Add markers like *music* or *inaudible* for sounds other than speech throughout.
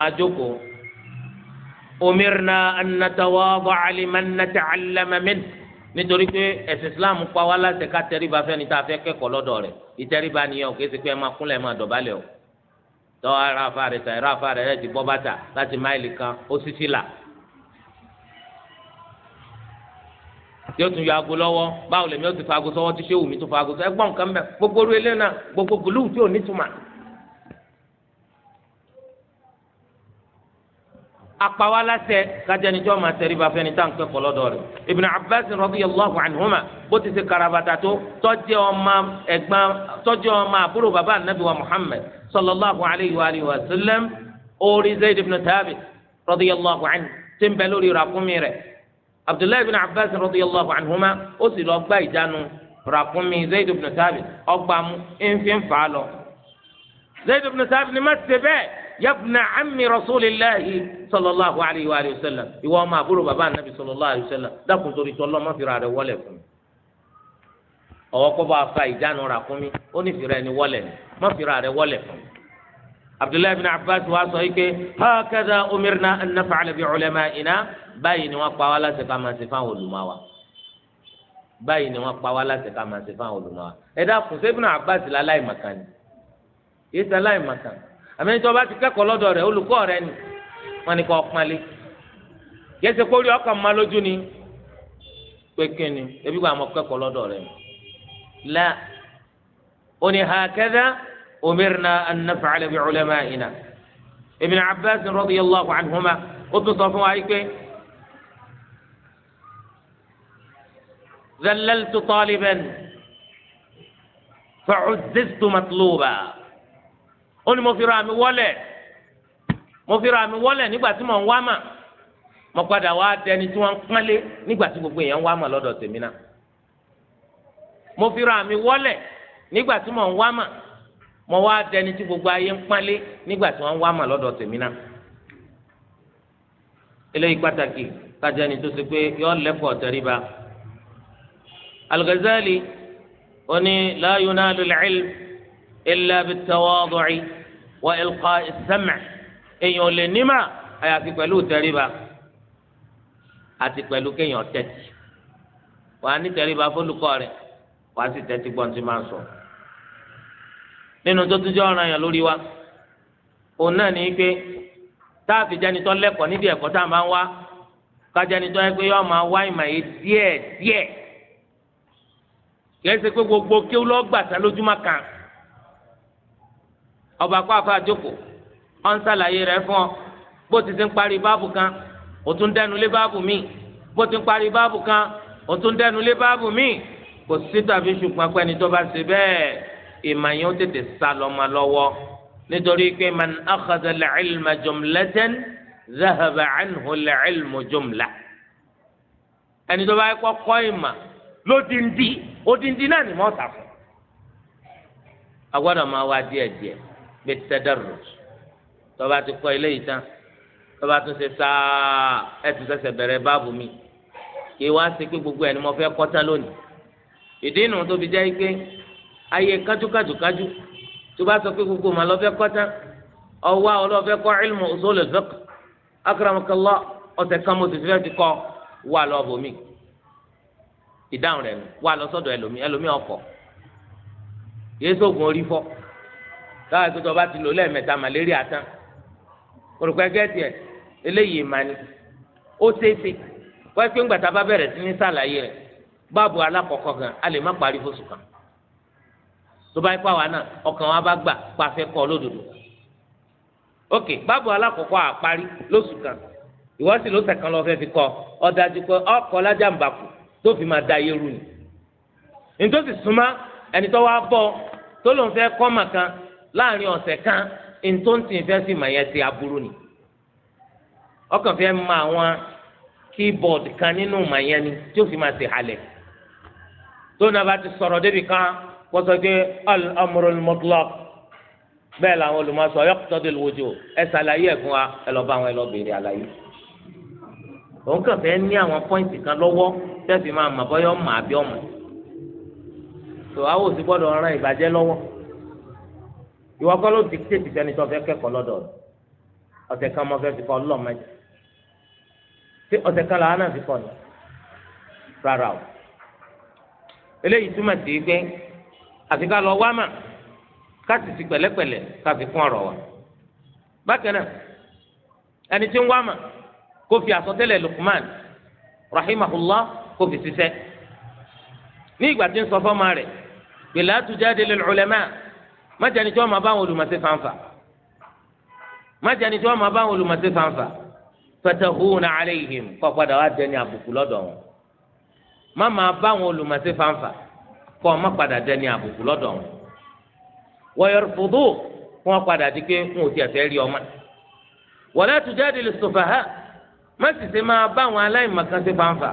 ajoko omirna anatawa bọcali manata alamamin nítorí pé ẹ̀sìn islam pa wá láti ká tẹríba fẹ́ni tá a fẹ́ kẹ́kọ̀ọ́ lọ́dọ̀ rẹ̀ ìtẹríba nìyẹn o kì í ṣe pé ẹ máa kúnlẹ̀ ẹ máa dọ̀bálẹ̀ o tọ́ ara afa rẹ̀ tà ẹ̀rọ afa ti bọ́ bàtà láti máìlì kan ó sì fìlà. yóò tún yọ aago lọ́wọ́ báwo lèmi yóò ti fa aago sọ́wọ́ tí ṣé wùmí tún fa aago sọ́wọ́ ẹgbọ́n nǹkan mẹ́ gbogbo orí ilé náà gbogbo gùlù tí ò ní tuma. akpawalasẹ kájẹnijọ ma sẹri ba fẹn tan kẹ kọlọ dọ rẹ Ibn Abbas radiyallahu anhuma bó ti ṣe karabata tó tó jẹ́ ọmọ ẹ̀gbọ́n tó jẹ́ ọmọ àbúrò bàbá Ànábì wa Muhammad sallallahu alayhi wa alihi wa sallam orí Zayd ibn Thabit radiyallahu anhu tí ń bẹ lórí ràkúnmí rẹ̀ Abdullahi ibn Abbas radiyallahu anhuma ó sì lọ gbá ìjánu ràkúnmí Zayd ibn Thabit ọgbàmú ẹnfin fàá lọ ibn Thabit ni má ti ṣe yabna ami rasulillahi sallallahu alayhi wa sallam ìwọ ọmọ àbúrò bàbá anabi sallallahu alayhi wa sallam dákun torí tọlọ má fira rẹ wọlé fún mi ọwọ kọ́ bá fa ìjánu rà fún mi ó ní fira ẹni wọlé ni má fira rẹ wọlé fún mi. abdullahi bin abbas wa sọ yìí pé hakadha umirna an naf'ala bi ulama'ina báyìí ni wọ́n pa wá láti máa ṣe fáwọn olùmọ̀ báyìí ni wọ́n pa wá láti máa ṣe fáwọn olùmọ̀ ẹ dákun sẹ́bùnà abbas láláì màkàn ni yìí sẹ́ láì màkàn ni àmì tó bá ti kẹ́kọ̀ọ́ lọ́dọ̀ rẹ̀ olùkọ́ rẹ̀ ni wọ́n ní kọ́ pọ́nlé yẹsẹ̀ kórìí ọkàn máa lójú ni pé kí ni ebi wà á mọ kẹ́kọ̀ọ́ lọ́dọ̀ rẹ̀ ni la oní hakadha umirna an naf'ala bi ulama'ina Ibn Abbas radiyallahu anhuma ó tún sọ fún wa yìí pé dhallaltu taliban fa'uzziztu matluba. ó ní mo fi ra mi wọ́lẹ̀ mo fi ra mi wọ́lẹ̀ nígbà tí mò ń wá mà mo padà wá dẹni tí wọ́n ń pánlé nígbà tí gbogbo èèyàn ń wá mà lọ́dọ̀ tèmi náà mo fi ra mi wọ́lẹ̀ nígbà tí mò ń wá mà mo wá dẹni tí gbogbo ayé ń pánlé nígbà tí wọ́n ń wá mà lọ́dọ̀ tèmi náà eléyìí pàtàkì kájà ni tó ṣe pé yọ lẹ́kọ̀ọ́ tẹríba Al-Ghazali ó ní la yunalu illa bit-tawadu'i wa ilqa'i as-sam' èèyàn lè nímà àyàfi pẹ̀lú tẹríba àti pẹ̀lú kéèyàn tẹ́tí wàá ní tẹríba fólùkọ́ rẹ̀ wàá sì tẹ́tí gbọ́n tí máa sọ. nínú tó tún jẹ́ ọ̀ràn yẹn lórí wa òun náà ní pé táàfì jẹ́nitọ́ lẹ́kọ̀ọ́ nídìí ẹ̀kọ́ tá a máa ń wá kájẹ́nitọ́ yẹ pé yọ́ máa wá ìmọ̀ yìí díẹ̀ díẹ̀ kìí ṣe pé gbogbo kí ó lọ́ọ́ gbàtà lójúmọ́ kan ọba kó afa àjòkò ọ ń sàlàyé rẹ̀ fún ọ bó ti ti ń parí báàbù kan ó tún dẹnu lé báàbù míì bó ti ń parí báàbù kan ó tún dẹnu lé báàbù míì kò sí tàbí ṣùgbọ́n pé ẹni tó bá ṣe bẹ́ẹ̀ ìmọ̀ yẹn ó tètè sá lọ́mọ lọ́wọ́ nítorí pé man akhadha al-ilma jumlatan zahaba anhu al-ilmu jumla ẹni tó bá kọ́kọ́ ìmọ̀ lódìndí odindi náà ni mọ́ta fún agbọ́dọ̀ máa wá díẹ̀díẹ̀ bitadarruj tọba ti kọ́ ilé yìí tán tọba tún ṣe sáà ẹ ti ṣẹ̀ṣẹ̀ bẹ̀rẹ̀ báàbù mi kí wá sí pé gbogbo ẹni mo fẹ́ kọ́ tán lónìí ìdí nu tó fi jẹ́ pé ayé kájúkájúkájú tó bá sọ pé gbogbo màá lọ fẹ́ kọ́ tán ọwọ́ àwọn lọ́ọ́ fẹ́ kọ́ ilmu usul al-fiqh akramakallah kan mo sì fẹ́ ti kọ́ wà lọ́ọ́ bòmí ìdáhùn rẹ̀ wà lọ sọ́dọ̀ ẹlòmí ẹlòmí ọkọ̀ yéésù ògùn orí fọ́ táwọn akẹ́kọ̀ọ́ bá ti lò lẹ́ẹ̀mẹ́ta malaria tán kòròkò ẹgẹ́ tiẹ̀ eléyìí máa ní ó ṣeéṣe wọ́n pé ńgbàtà bá bẹ̀rẹ̀ sí ní sàlàyé rẹ̀ báàbò alákọ̀ọ́kọ́ gan a lè má parí fóṣù kan tó bá ipá wa náà ọkàn wa bá gbà pa fẹ́ kọ́ lódodo ok báàbò alákọ̀ọ́kọ́ àparí lóṣù kan ìwọ sì ló tẹ̀kan lọ́ọ́ fẹ́ fi kọ́ ọ pé ọkọ̀ lájàmbàkù tó fi máa da iye rú ni nítòsí súnmọ́ ẹni tó wá bọ́ tó lòun fẹ́ kọ́ màkan láàrin ọ̀sẹ̀ kan ntòǹtì fẹ́ sì mà yẹn ti aburú ni ọkàn fẹ́ ma àwọn keyboard kan nínú mà yẹn ni tí o fi ma ti halẹ̀ tó náà bá ti sọ̀rọ̀ débi kan kọ́sọ́ pé al-amrul mutlaq bẹ́ẹ̀ làwọn wa lọ́ọ́ bá àwọn àlàyé òun kàn fẹ́ ní àwọn kan lọ́wọ́ bọ́yọ́ àbí tó gbọ́dọ̀ ìbàjẹ́ lọ́wọ́. ìwọ kọ́ ló dictate sẹ́ni tó fẹ́ kẹ́kọ̀ọ́ lọ́dọ̀ ọ̀sẹ̀ kan mo fẹ́ fi kọ́ ọlọ́mọdé tí ọ̀sẹ̀ kan làwọn náà fi kọ́ ni rárá o eléyìí túmọ̀ sí pé àfi ká lọ wá mà ká sì sí pẹ̀lẹ́pẹ̀lẹ́ ká fi kún ọ̀rọ̀ wa bákan fi àsọtẹ́lẹ̀ kó fi ṣiṣẹ́ ní ìgbà tí májàni tí wọ́n máa bá àwọn olùmọ̀ọ́sẹ́ fanfa májàni tí wọ́n máa bá àwọn olùmọ̀ọ́sẹ́ fanfa fatahuna alayhim kọ́ padà wá dẹni àbùkù lọ́dọ̀ wọn má máa bá àwọn olùmọ̀ọ́sẹ́ fanfa kọ́ má padà dẹni àbùkù lọ́dọ̀ wọn wọ́yọ̀rọ̀fọ̀dọ̀ kọ́ wọn padà di pé wọn ò tiẹ̀ fẹ́ rí ọmọ wala tujadilu sufaha má sì ṣe máa bá àwọn aláìmọ̀kànṣe fanfa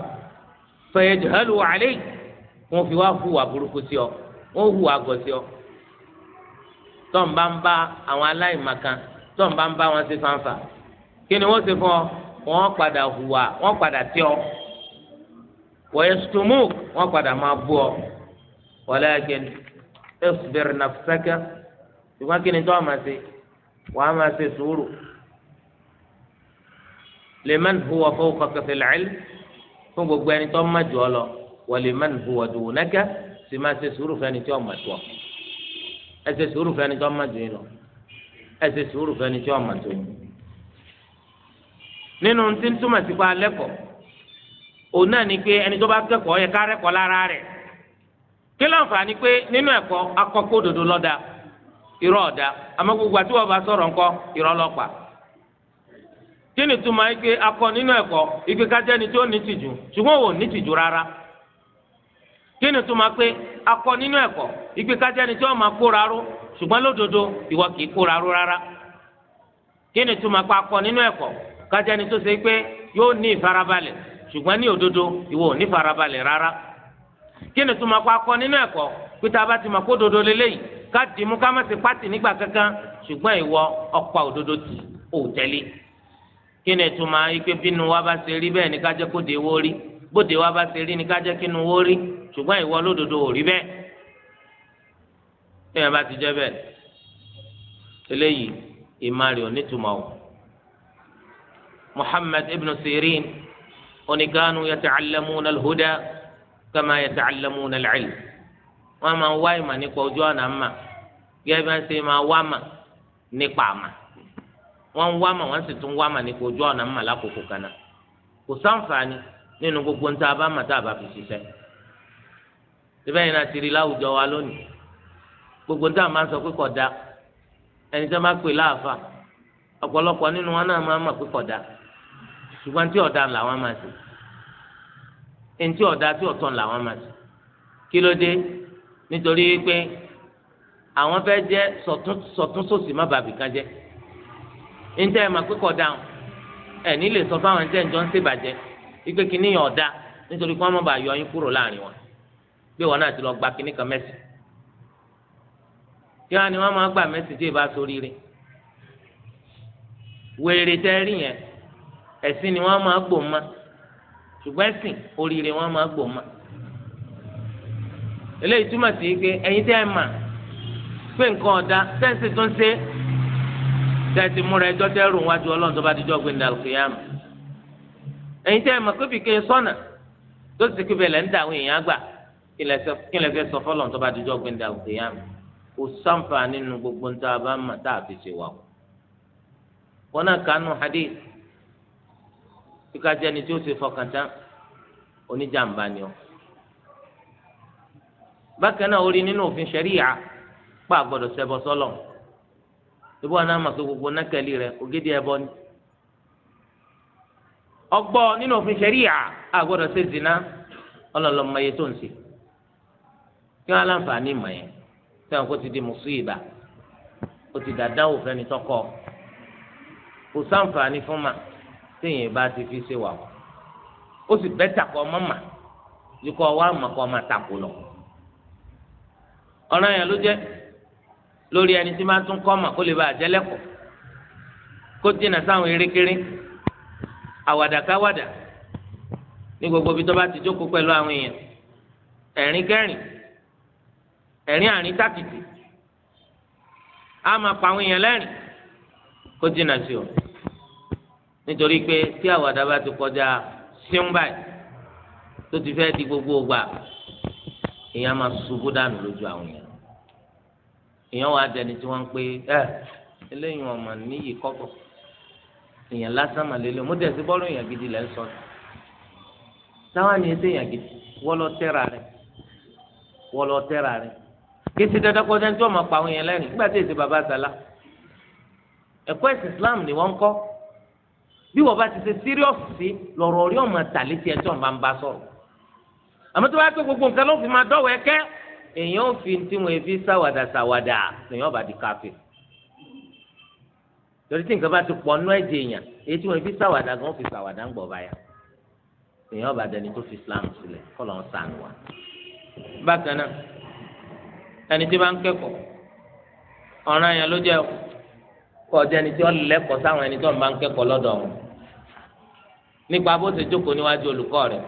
fẹ̀yẹ̀dì hàlù àlẹ́ fi wá hu àbúrúkú sí ọ wọn hu àgọ̀ sí ọ tọ́n bá ń bá àwọn aláìmọ̀kan tọ́n bá ń bá wọn ṣe fanfa kí ni wọ́n ṣe fún ọ wọ́n padà hùwà wọ́n padà tí ọ wọ́yẹ̀sùtùmù wọ́n padà máa bú ọ walakin isbir nafsaka ṣùgbọ́n kí ni tọ́ máa ṣe wàá máa ṣe sùúrù liman huwa fawqaka fil ilm fún gbogbo ẹni tó ń jù ọ lọ wa liman huwa dunaka sì máa ṣe sùúrù fẹ́ni tí ó má ẹ ṣe sùúrù fẹ́ni tó ọmọ jù yín lọ ẹ ṣe sùúrù fẹ́ni tó ọmọ tó nínú ń túmọ̀ sí pa lẹ́kọ̀ọ́ òun náà ni pé ẹni tó bá kẹ́kọ̀ọ́ yẹ ká rẹ́kọ̀ọ́ lára rẹ̀ kí ló ń fà ni pé nínú ẹ̀kọ́ akọ́kọ́ òdodo lọ́dà irọ́ ọ̀dà àmọ́ gbogbo àti wọ́n bá sọ̀rọ̀ ńkọ́ irọ́ kí ni túmọ̀ ike akọ nínú ẹ̀kọ́ ike kájẹ́ni ní tìjú ṣùgbọ́n ní ìgbé kájá ni tí wọn máa kóra ró ṣùgbọ́n lódodo ìwọ kì í kóra ró rárá kí ni tó máa pa akọ nínú ẹ̀kọ́ kájá ni tó ṣe pé yóò ní ìfarabalẹ̀ ṣùgbọ́n ní òdodo ìwọ ò ní ìfarabalẹ̀ rárá kí ni tó máa pa akọ nínú ẹ̀kọ́ pété abá ti máa kó dodo lélẹ́yìí ká dìímú ká má ti pàtì nígbà kankan ṣùgbọ́n ìwọ ọ̀pá òdodo tì ò tẹ́lẹ̀ kí ni tó máa yí pé bínú wa bá ṣe rí bẹ́ẹ̀ ni ká jẹ́ kó de wó rí bóde wa ni ká jẹ́ kínú wó rí ṣùgbọ́n ìwọ lódodo téèyàn bá ti jẹ́ bẹ́ẹ̀ eléyìí ìmárì onítùmọ̀ o muhammad ibn sirin oníkanu yata'allamuna al-huda kama yata'allamuna al-ilm wọn máa ń wá ìmọ̀ nípa ojú ọ̀nà mà gẹ́gẹ́ bí wọ́n ṣe máa wá mà nípa àmà wọ́n wá mà wọ́n sì tún wá mà nípa ojú ọ̀nà mà lákòókò kan kò sáǹfààní nínú gbogbo ń mà tá a bá fi ṣiṣẹ́ síbẹ̀ yìí náà ti rí láwùjọ wa lónìí gbogbo níta máa ń sọ pé kódà ẹni tí a máa pè láàfà ọ̀pọ̀lọpọ̀ nínú wọn náà máa ń mọ̀ pé kódà ṣùgbọ́n tí ọ̀dà làwọn máa ṣe ẹni tí ọ̀dà tí ọ̀tọ̀ làwọn máa ṣe kí ló dé nítorí pé àwọn fẹ́ jẹ́ sọ̀túnṣòsì má bàbí kan jẹ́ ẹni tí a máa pé kódà ẹni lè sọ fáwọn ẹni tí ń ṣèbàjẹ́ wípé kí níyàn nítorí kí wọ́n má bàa yọ ọyún kúrò láàrin wọn gbé wọn náà ti lọ gba kíní mẹ́sìn kí wọn ni wọn máa gbà mẹsìtì ìbá sórí rẹ wèrè tẹ rí yẹn ẹ̀sìn ni wọn máa gbò ẹ̀sìn oríire wọn máa gbò má eléyìí túmọ̀ sí pé ẹ̀yin tẹ́ ẹ mà pé nǹkan ọ̀dà sẹ́ǹsì tó ń ṣe tẹ̀sí múra ẹjọ́ tẹ́ rò wájú ọlọ́run tó bá tẹ́ ẹ mà pé bìkẹ́ sọ́nà tó sì kí bẹ̀lẹ̀ ń dà àwọn èèyàn àgbà kí kò sáǹfà nínú gbogbo nta bá mà tá a fi ṣe wà o wọn náà kánú hadith kíkà jẹni tí ó fọkàn tán oníjàmbá ni o bákan náà orí nínú òfin gbogbo nákẹ́lì rẹ ògidì ẹbọ ni ọgbọ nínú òfin ṣe zina tó ń ṣe kí sẹ́wọ̀n kó ti di mùsíbà ó ti dàdáwò fẹ́ni tọkọ kò sáǹfààní fún ma téèyàn bá ti fi ṣe wà wọ́n ó sì bẹ́ẹ̀ takọ ọmọ mà yíkọ wa mà kọ́ ọmọ takò lọ. ọ̀ràn yẹn ló jẹ́ lórí ẹni tí máa tún kọ́ mà kó lè bá àjẹlẹ́kọ̀ọ́ kó dínà sáwọn erékeré àwàdàkáwàdà ní gbogbo ibi tó bá ti jókòó pẹ̀lú àwọn èèyàn ẹ̀rín kẹ́rìn ẹ̀rín àrín tákìtì á máa pa àwọn èèyàn lẹ́rìn kó jìnnà sí o nítorí pé tí àwàdà bá ti kọjá síún báyìí tó ti fẹ́ di gbogbo ògbà èèyàn máa ṣubú dànù lójú àwọn èèyàn èèyàn wà á dẹni tí wọ́n ń pè ẹ́ eléyìí wọn mà níyì kọ́kọ́ èèyàn lásán mà lélẹ̀ mo tẹ̀sí bọ́ọ̀lù èèyàn gidi lẹ́ ń sọ táwọn ni ẹsẹ̀ èèyàn gidi wọ́lọ́ tẹ́ra rẹ̀ wọ́lọ́ tẹ́ra rẹ̀ kéésì dandan kọjá ní tí wọ́n máa pa àwọn yẹn lẹ́rìn nígbà tí èsì bàbá sálá ẹ̀kọ́ ẹ̀sìn Islam ni wọ́n ń kọ́ bí wọ́n bá ti ṣe serious sí lọ́rọ̀ orí ọ̀mà tàlẹ́ tiẹ̀ tí wọ́n bá ń bá sọ̀rọ̀ àmọ́ tó bá pé gbogbo nǹkan ló fi máa dọ́wọ́ ẹ̀kẹ́ èèyàn ò fi tí wọ́n fi sáwàdà sáwàdà lèèyàn bá di káfí torí tí nǹkan bá ti pọ̀ nú ẹ̀jẹ̀ èèyàn èyí tí wọ́n fi sáwàdà gan fi sáwàdà ń gbọ̀ báyà lèèyàn bá dẹni tó fi Islam sílẹ̀ kọ́ lọ́n sànù wa ẹni tí bá ń kẹ́kọ̀ọ́ ọ̀ràn yẹn ló jẹ́ kọjá ẹni tí wọ́n lẹ́kọ̀ọ́ sáwọn ẹni tí wọ́n bá ń kẹ́kọ̀ọ́ lọ́dọ̀ wọn nípa bó ṣe jókòó níwájú olùkọ́ rẹ̀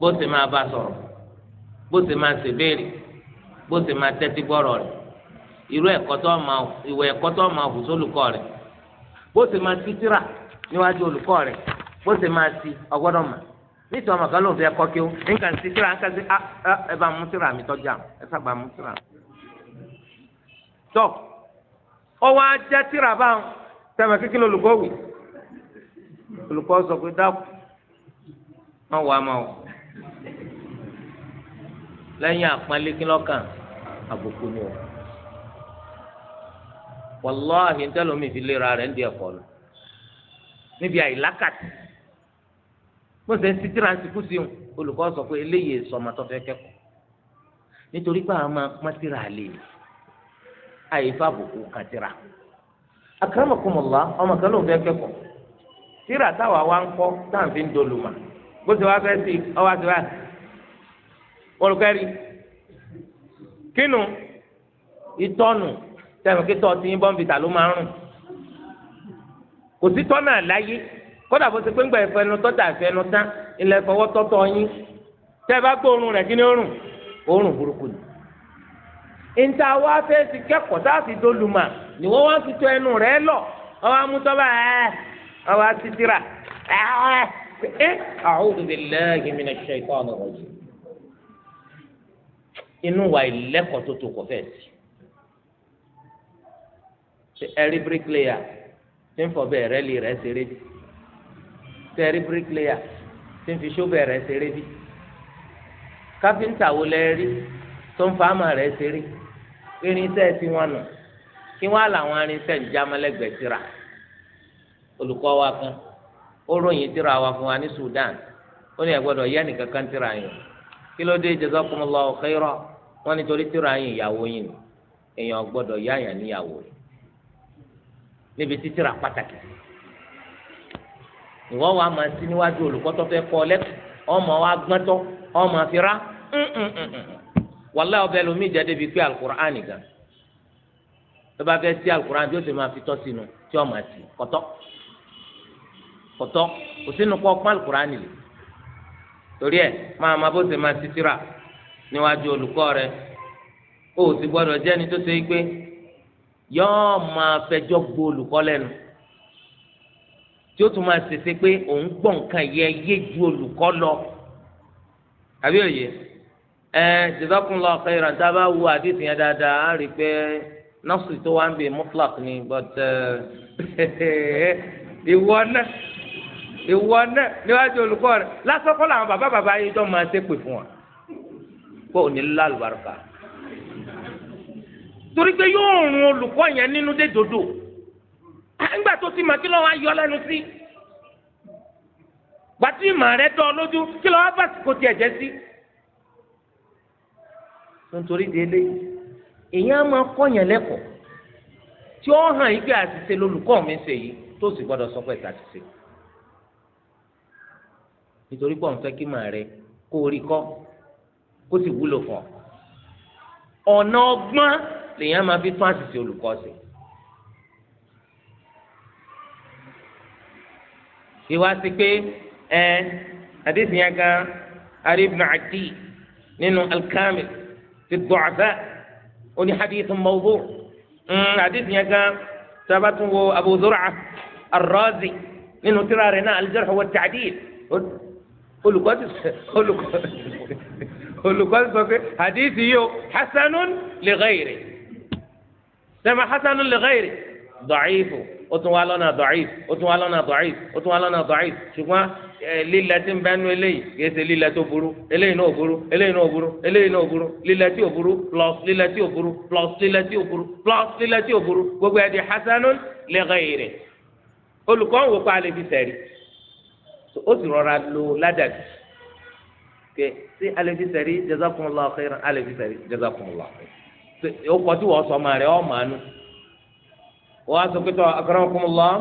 bó ṣe máa bá sọ̀rọ̀ bó ṣe máa ṣèbéèrè bó ṣe máa tẹ́tí gbọ́rọ̀ rẹ̀ irú ẹ̀kọ́ ẹ̀kọ́ tó máa nítorí ọmọ kan ló ń fẹ́ kọ́ kí ó nǹkan sí síra nǹkan sí ẹ bá mú síra mi tọ́jà ẹ sàgbà mú síra mi. tọ́ ọwọ́ ajá síra báwọn sẹ́mi kékeré olùkọ́ wì olùkọ́ sọ pé dákú má wàá má o lẹ́yìn àpọ́nlé kí àbùkù ni o wàlláhì ń tẹ́lómi fi léra rẹ̀ ń di ẹ̀kọ́ lọ níbi àìlákàtì. bó ṣe ń ti tíra kú sí òun olùkọ́ sọ pé eléyìí sọ fẹ́ kẹ́kọ̀ọ́ nítorí pé máa tíra e. àyè tíra àkàràmọ̀kùmọ̀lá ọmọ kan fẹ́ kẹ́kọ̀ọ́ tíra táwa wá ń kọ́ táà fi ń bó ṣe wá fẹ́ sí kódà bó ṣe pé ńgbà ìfẹnu tọ́tà ìfẹnu tán ilẹ̀ ìfọwọ́ tọ́tọ̀ yín tẹ́ ẹ bá gbọ́ òórùn rẹ̀ kí ni òórùn òórùn burúkú ni. ìta wa fẹ́ ti kẹ́kọ̀ọ́ tá a fi dolùmọ̀ ni wọ́n wá fi tó ẹnu rẹ̀ lọ ọwọ́ amútọ́ba ẹ̀ ọwọ́ asitira ẹ̀ ẹ̀ a'udhu billahi minash shaitanir rajim. inú wa ìlẹ́kọ̀ọ́ tó tó kọ̀ fẹ́ẹ̀ sí ṣe ẹ̀rí bíríkìlẹ̀yà tí ń fọ bẹ́ẹ̀ rẹ́lì rẹ̀ ṣeré bíi tẹ̀rí bíríkìlẹ́yà tí ń fi ṣọ́bẹ̀ rẹ̀ ṣeré bí káfíńtà wo lẹ rí tó ń fa àmà ṣeré irinṣẹ́ tí wọ́n nà kí wọ́n làwọn irinṣẹ́ ń jámọ́lẹ́gbẹ̀ẹ́ síra olùkọ́ wa kan ó ròyìn wa fún wa Sudan ó ní ẹ̀gbọ́dọ̀ yẹ́ nìkan kan yẹn kí ló dé wọ́n yẹn ìyàwó yìí èèyàn gbọ́dọ̀ níbi pàtàkì ìwọ wa máa sí níwájú olùkọ́tọ́ fẹ́ kọ́ lẹ́kọ̀ọ́ ọmọ wa gbọ́ntọ́ ọmọ àfira wàláyé ọbẹ̀ lomi jáde bíi pé alukur'an gan tó bá fẹ́ sí alukur'an tí ó sì máa fi tọ́ sínú tí ọmọ àti kọ́tọ́ kọ́tọ́ kò sínú kọ́ pọ́n alukur'an lè torí ẹ máa ma bó ṣe máa ti tira níwájú olùkọ́ rẹ ó sì gbọ́dọ̀ jẹ́ni tó ṣe é pé yọ́ọ́ máa fẹjọ́ gbó olùkọ́ lẹ́nu tí ó tún máa ṣèṣe pé òun gbọ́ nǹkan yẹ yé ju olùkọ́ lọ àbí òye ẹ jazakumullahu khairan tá a bá wo àdìsí yẹn dáadáa á rí i pé nọ́ọ̀sì tó wá ń bè mutlaq ni but *laughs* ìwọ náà ìwọ náà níwájú olùkọ́ rẹ lásán kọ́ làwọn bàbá bàbá yìí tó máa ṣépè fún wa kó o ní lálùbáràkà torí pé yóò rún olùkọ́ yẹn nínú dé dodo nígbà tó ti mà kí lọ́wọ́ ayọ́ lẹ́nu sí gbàtí ìmọ̀ rẹ dán lójú kí lọ́wọ́ bá kò tiẹ̀ jẹ́ sí. nítorí délé èèyàn á máa kọ́yàn lẹ́kọ̀ọ́ tí ó hàn yí pé àṣìṣe lolùkọ́ mi ṣe yìí tó sì gbọ́dọ̀ sọ pé àṣìṣe. nítorí pọ̀ ń fẹ́ kí màá rẹ kó orí kọ́ kó sì wúlò fún ọ. ọ̀nà ọgbọ́n lèèyàn máa fi tún àṣìṣe olùkọ́ sí i. ìwà sí pé ẹ àdéhùn yẹn gan arif nàcàdì nínú alkamil ti dọ̀càfẹ́ oní hadithu mawdu àdéhùn yẹn gan sabatun wo abu zura arrazi nínú tiraare náà aljarhu wa tacdil olùkọ́ ti olùkọ́ olùkọ́ ti sọ pé hadithi yìí o hasanun lè ghayri sẹ́mi hasanun lè ghayri dọ̀cifu. ó tún wá lọ́nà da'if ó tún wá lọ́nà da'if ó tún wá lọ́nà da'if ṣùgbọ́n eh, lílẹ̀ tí ń bẹ́ nu eléyìí kìí ṣe lílẹ̀ tó burú eléyìí náà burú eléyìí náà burú eléyìí náà burú lílẹ̀ tí ò burú plus lílẹ̀ tí ò burú plus lílẹ̀ tí ò burú plus lílẹ̀ tí ò burú gbogbo ẹ̀ di hasanun li ghayri olùkọ́ ń wò pa alẹ́ fi ó sì rọra lo ládàbí ké sí alẹ́ fi wọ́n á sọ pé tọ́ akramakumullah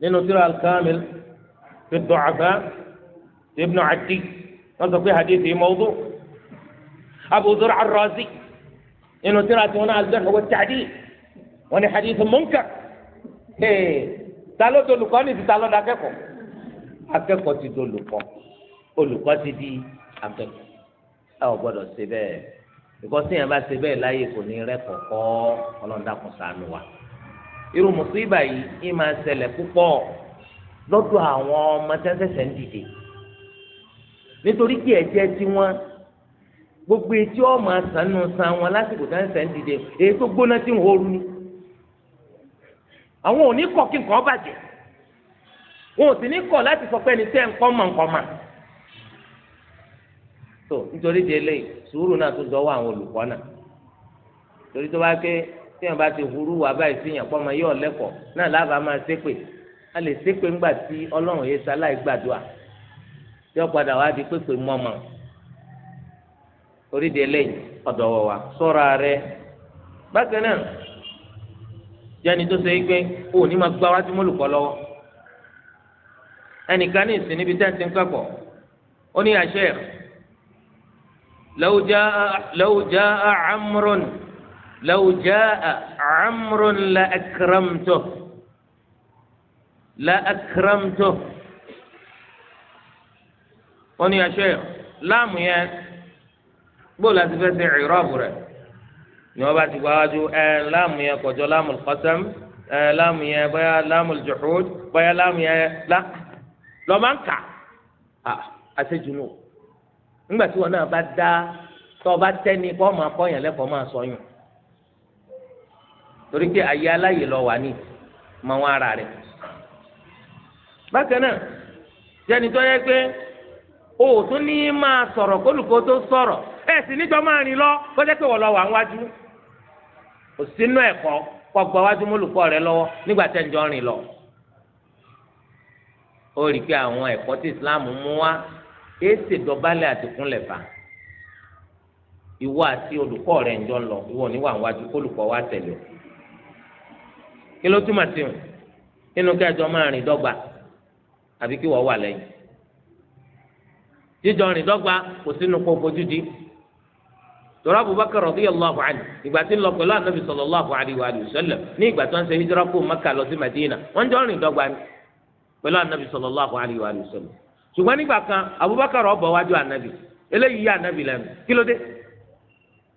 nínú tírà al-kamil fi du'afa ibnu adi wọ́n sọ pé hadith yìí mawdu abu zur'a ar-razi nínú tírà tí wọ́n náà al-jarh wa at-ta'dil wọ́n ní hadith munkar ta ló dolùkọ́ ní ti ta lọ́dọ̀ akẹ́kọ̀ọ́ akẹ́kọ̀ọ́ ti dolùkọ́ olùkọ́ ti di akẹ́kọ̀ọ́ ẹ ò gbọ́dọ̀ ṣe bẹ́ẹ̀ ìkọ́sí bá ṣe bẹ́ẹ̀ láyé kò ní rẹ́ kọ̀ọ̀kọ́ ọlọ́dàkùn ṣàánú wa. irú mùsíbà yìí ì máa ṣẹlẹ̀ púpọ̀ lọ́dọ̀ àwọn ọmọ tí wọ́n ṣẹ̀ṣẹ̀ ń dìde nítorí kí ẹ̀jẹ̀ tiwọn gbogbo etí san wọn lásìkò tí wọ́n ṣẹ̀ṣẹ̀ ń dìde èyí tó gbóná tí wọ́n rú ni àwọn ò ní kọ̀ kí nǹkan bàjẹ́ wọn ò sì ní kọ̀ láti sọ pé ẹni tẹ́ nǹkan mọ̀ nǹkan mọ̀ tó nítorí délé sùúrù náà téèyàn bá ti hurú wà báyìí séèyàn pọ́ ọmọ yóò lẹ́kọ̀ọ́ náà lábàá máa ṣépè a lè ṣépè ńgbà tí ọlọ́run yẹn ṣaláì gbàdúrà yóò padà wá di pépè mọ́mọ́ orídìí eléyìí ọ̀dọ̀ wọ̀ wá sọ́ra rẹ bákan náà jẹ́ni tó ṣe é pé òní máa gbá wájú mọ́lùkọ́ lọ́wọ́ ẹnìkan ní ìsìn níbi tẹ́ǹtì ń kẹ́kọ̀ọ́ ó ní àṣẹ law jaa law لو جاء عمرو لأكرمته لأكرمته wọ́n ní aṣọ yẹn láàmù yẹn gbọ́dọ̀ láti fẹ́ ṣe ìrọ́bù rẹ̀ ni wọ́n bá ti gba wájú ẹ láàmù yẹn kọjọ láàmù kọ́sẹ́m ẹ láàmù yẹn bóyá láàmù jùhùd bóyá láàmù yẹn lá lọ́mọ ń kà á àṣejù nù nígbà tí wọn náà bá dá tọ́ ọ bá tẹ́ni kọ́ máa kọ́ yẹn lẹ́kọ̀ọ́ máa sọ yùn torí pé ayé aláyè lọ wà ní mọ wọn ara rẹ bákan náà jẹni tó yẹ pé o tún ní máa sọ̀rọ̀ kólùkó tó sọ̀rọ̀ ẹ sì níjọ máa rìn lọ kọjá pé wọ́n lọ wà ń wájú òsínú ẹ̀kọ́ kọ gba wájú mólùkọ́ rẹ lọ́wọ́ nígbà tẹ́ ń jọ rìn lọ ó rí i pé àwọn ẹ̀kọ́ tí Islam mú wá èé ṣèdọ̀bálẹ̀ àtìkúnlẹ̀ bá ìwọ àti olùkọ́ rẹ̀ ń jọ lọ ìwọ níwà ń wájú kólùkọ́ wá tẹ̀lé kí ló túmọ̀ sí wọn nínú kẹjọ máa rìn dọ́gba àbí kí wọ́n wà lẹ́yìn jíjọ rìn dọ́gba kò sínú tòrọ Abubakar radiyallahu anhu ìgbà tí ń lọ pẹ̀lú anabi sallallahu alaihi wa sallam ní ìgbà tí wọ́n ṣe Mẹ́kà lọ sí Madina wọ́n jọ rìn dọ́gba ni pẹ̀lú wa ṣùgbọ́n kan Abubakar eléyìí yá anabi lẹ́nu kí ló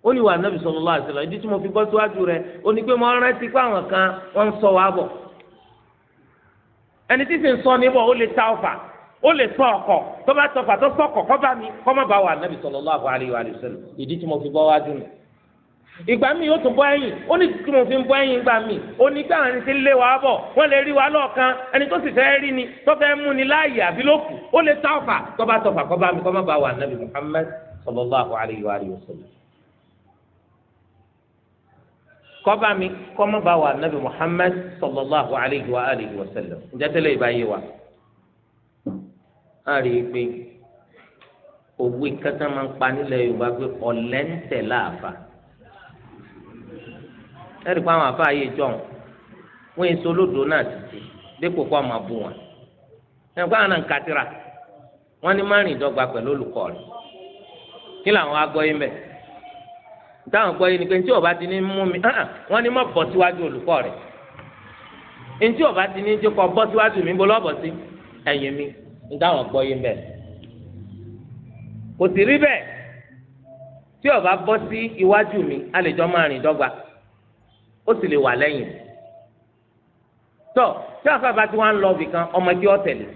ó ní wà nábì sallallahu alaihi wasallam ìdí tí mo fi bọ́ síwájú rẹ̀ ó ní pé mo rántí pé àwọn kan wọ́n ń sọ wá bọ̀ ẹni tí sì ń sọ níbọ̀ ó lè ta ọfà ó lè sọ ọkọ̀ tó bá tọfà tó sọkọ̀ kọ́ bá mi kọ́ má bá wà nábì sallallahu alaihi wasallam ìdí tí mo fi bọ́ wájú nù ìgbà míì yóò tún bọ́ ẹ̀yìn ó ní kí mo fi ń bọ́ ẹ̀yìn gbà míì ó ní gbà wọn ti lé wa bọ̀ wọ́n lè rí wa lọ́ọ̀kan ẹni tó sì fẹ́ rí ni tó fẹ́ mú ni láàyè àbí ló ó lè ta ọfà tó bá tọfà kọ́ bá mi kọ́ má bá wà nábì Muhammad sallallahu alaihi wasallam kọ́ba mi kọ́mọ́ bá wà nabi muhammed sallallahu alayhi wa alihi wa sallam njẹ́tẹ́lẹ̀ ìbáyé wa. a rí i pé òwe kẹta máa ń pa nílẹ̀ yorùbá pé ọ̀lẹ́ ń tẹ̀ láàfà. ẹ̀rí pa àwọn àfáà yìí jọ̀ wọ́n yẹn so lódò náà títí dípò kó ọmọ bù wọn. ẹ̀rí pa àwọn náà ń katira ní márùn-ún ìdọ́gba pẹ̀lú olùkọ́ kí làwọn agbọ́ yín bẹ́ẹ̀ táwọn gbọ́ yìí ni pé ntí ọba ti ní mú mi wọ́n ní mọ̀ bọ́ síwájú olùkọ́ rẹ̀ ntí ọba ti ní jẹ́ kọ́ bọ́ síwájú mi bó lọ́bọ̀ sí ẹ̀yìn mi ntáwọn gbọ́ yìí bẹ́ẹ̀ kò sì rí bẹ́ẹ̀ tí ọba bọ́ sí iwájú mi a lè jọ máa rìn dọ́gba ó sì lè wà lẹ́yìn tọ́ tí àfàbà tí wọ́n á lọ ibìkan ọmọdé ọ̀tẹ̀lì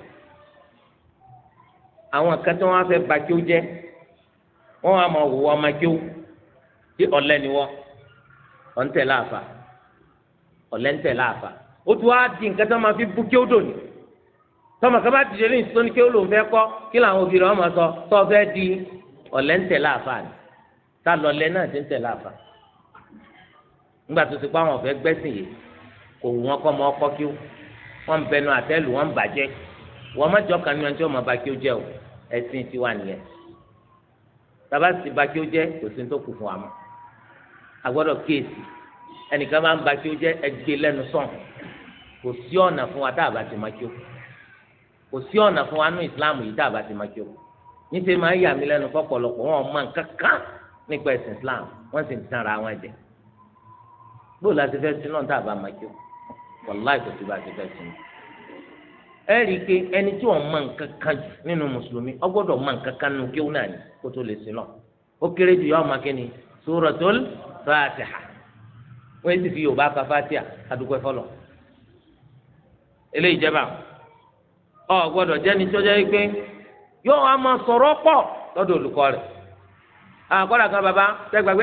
àwọn kan tí fẹ́ bàjẹ́ jẹ́ wọ́n á máa wò ọmọdé ọ̀tẹ̀lì tí ọ̀lẹ ni wọ́n ọ̀ ń tẹ̀ láàfà ọ̀lẹ ń tẹ̀ láàfà ó tún wá di nǹkan tó máa fi bú kí ó dò ní tọmọ kaba dìde ní ìsúnni kí ó lòun fẹ́ kọ́ kí làwọn òbí rẹ̀ wọ́n máa sọ tó fẹ́ di ọ̀lẹ ń tẹ̀ láàfà ni tá lọ́lẹ náà ti ń tẹ̀ láàfà nígbà tó ti pa àwọn ọ̀fẹ́ gbẹ́sìn yìí kò wù wọn kọ́ ọmọ ọkọ́ kí wọ́n ń bẹnu àtẹ́lù wọ́n ń bàjẹ́ wọ́n má jọ kànú ẹni tí wọ́n máa ba kí ó jẹ́ o ẹ̀sìn tiwa nìyẹn tàbá ba kí ó jẹ́ kò sí ní tó kù fún wa mọ́. agbọ́dọ̀ kéèsì ẹnìkan máa ń ba ó sàn kò sí ọ̀nà fún wa tá a bá ti máa kí ó kò sí ọ̀nà fún wa nú islam yìí tá a bá ti máa kí ó níṣẹ́ máa ń yà mí lẹ́nu fọ́pọ̀lọpọ̀ wọn nípa islam wọ́n sì ń tan ara wọn jẹ gbọ́dọ̀ láti fẹ́ sí tá a bá máa wàláì kò bá ti fẹ́ ẹ rí i pé ẹni tí wọn jù nínú fatiha wọ́n ti fi yorùbá ka fatiha adúgbò fọlọ́ eléyìí jẹba ọ jẹni sọjá yìí pé yóò wá máa sọ̀rọ̀ pọ̀ lọ́dọ̀ rẹ̀ kan bàbá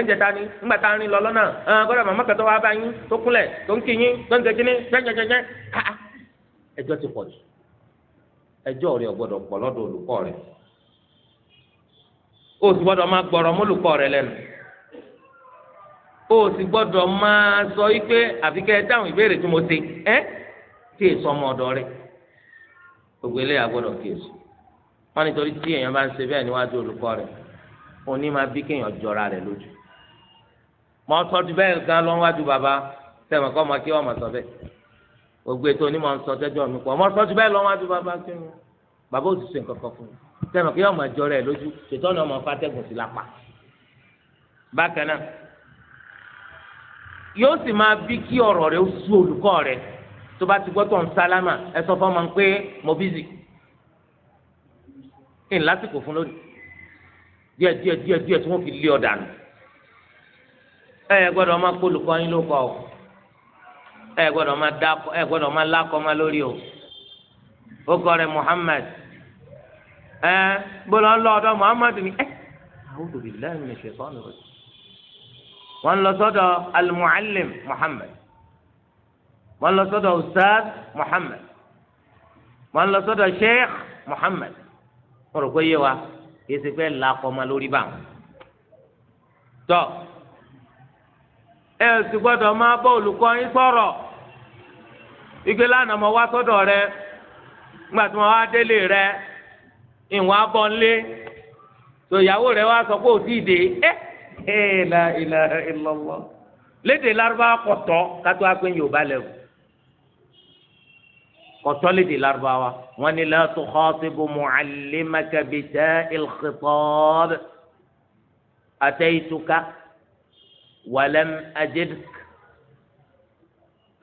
ń jẹta ni ńgbà tá a rìn lọ lọ́nà àkọ́dà màmá kẹtọ́ wa bá yín tó kúnlẹ̀ tó ń tó ń ẹjọ́ ti pọ̀ jù ẹjọ́ ọgbọdọ pọ̀ lọdọ o sì gbọ́dọ̀ máa gbọ́rọ̀ mọ́ o sì gbọ́dọ̀ máa sọ wípé àfi kẹ́ ẹ dáhùn ìbéèrè tí mo ṣe ẹ́ kí èso ọmọ ọ̀dọ̀ rẹ gbogbo eléyà gbọ́dọ̀ kí èso wọn nítorí tí èèyàn bá ń ṣe bẹ́ẹ̀ níwájú olùkọ́ rẹ̀ òní máa bí kéèyàn jọra rẹ̀ lójú mọ tọ́jú bẹ́ẹ̀ gan lọ wájú bàbá sẹ́wọ̀n kọ́ ọmọ kí wọ́n mọ̀ sọ bẹ́ẹ̀ gbogbo ètò onímọ̀ ń sọ tẹ́jọ́ mi pọ̀ mọ tọ́jú bẹ́ẹ̀ lọ wájú bàbá kí wọ́n bàbá òṣìṣẹ́ nǹkan kan fún mi sẹ́wọ̀n kí wọ́n mọ̀ jọra rẹ̀ lójú ṣètọ́ ni ọmọ yóò sì máa bí kí ọ̀rọ̀ rẹ̀ sú olùkọ́ rẹ̀ tó bá ti gbọ́ tó ń sálámà ẹ sọ fọ́ọ̀mù pé mo bízì kí n lásìkò fún lónìí díẹ̀ díẹ̀ díẹ̀ díẹ̀ tí wọ́n fi lé ọ̀dà nù ẹ ẹ gbọ́dọ̀ máa kó yín ló kọ́ ọ ẹ gbọ́dọ̀ máa dákọ ẹ gbọ́dọ̀ máa lákọ máa lórí o ó kọ rẹ Muhammad ẹ gbọ́dọ̀ ń lọ ọ̀dọ̀ Muhammad ni ẹ àwọn òbí lẹ́yìn ẹ̀ṣẹ̀ fọ́ọ̀nù rẹ̀ wọ́n lọ sọ́dọ̀ almuallim muhammed wọ́n lọ sọ́dọ̀ ustaz muhammed wọ́n lọ sọ́dọ̀ sheikh muhammed wọ́n rò pé yé wa kì í ṣe pé làákọ́mọ lórí bá wọn. tọ́ ẹ ò sì gbọ́dọ̀ máa bọ́ olùkọ́ yín sọ̀rọ̀ igbe lánàá mo wá sọ́dọ̀ rẹ nígbà tí mo wá délé rẹ ìwọ̀n abọ́ ńlé tòyàwó rẹ wá sọ pé ò tí dé ẹ́. Eh? ee la ilaha illallah lédè Lárúbáwá kọ̀tọ́ kátó wá pé Yorùbá lẹ́wọ̀ kọ̀tọ́ lédè Lárúbáwá wọn ni la tukhatibu mu'allimaka bita'il khitab ataytuka walam ajidka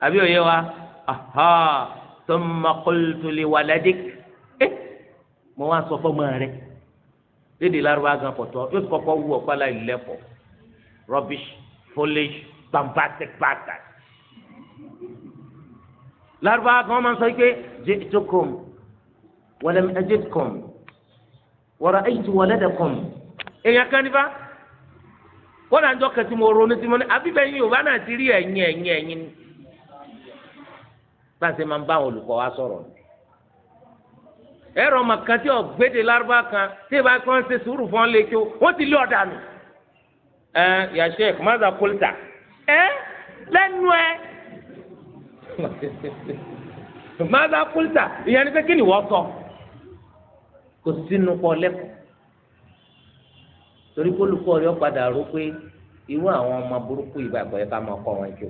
àbí òye wa aha thumma qultu li waladik eh, mo wá sọ fọmọ rẹ. lédè lárúbá gan pọ̀tọ́ yóò kọ́kọ́ wú ọ̀pá láì lẹ́pọ̀ rubbish foliage bombastic bastard. lárúbá gan máa ń sọ pé jẹ́tùkùm wọlẹ́m ẹ̀jẹ̀tùkùm wọ̀rọ̀ ẹ̀yìtì wọlẹ́dẹ̀kùm. èèyàn kan nípa wọ́n náà ń jọ kẹtì mo ronú sí mo ní àbíbẹ̀yìn yorùbá náà ti rí ẹ̀yìn ẹ̀yìn ẹ̀yìn ni. báńsẹ̀ máa ń bá olùkọ́ wa ẹ̀rọ ọmọ kan tí ọ̀gbẹ́dẹ lárúbá kan tí ìbá kí wọ́n ṣe sùúrù fún ọ́n lé kí wọ́n ti lé ọ̀dà nù. ẹ yà sheikh maza kulta ẹ lẹ́nu ẹ *laughs* maza kulta ìyẹn ni pé kí ni wọ́n sọ kò sínú kọ lẹ́kọ̀ọ́ torí kólukọ́ rẹ̀ ọ̀padà rò pé irú àwọn ọmọ burúkú ìbàgbọ́ yẹ ká máa kọ́ wọn jù.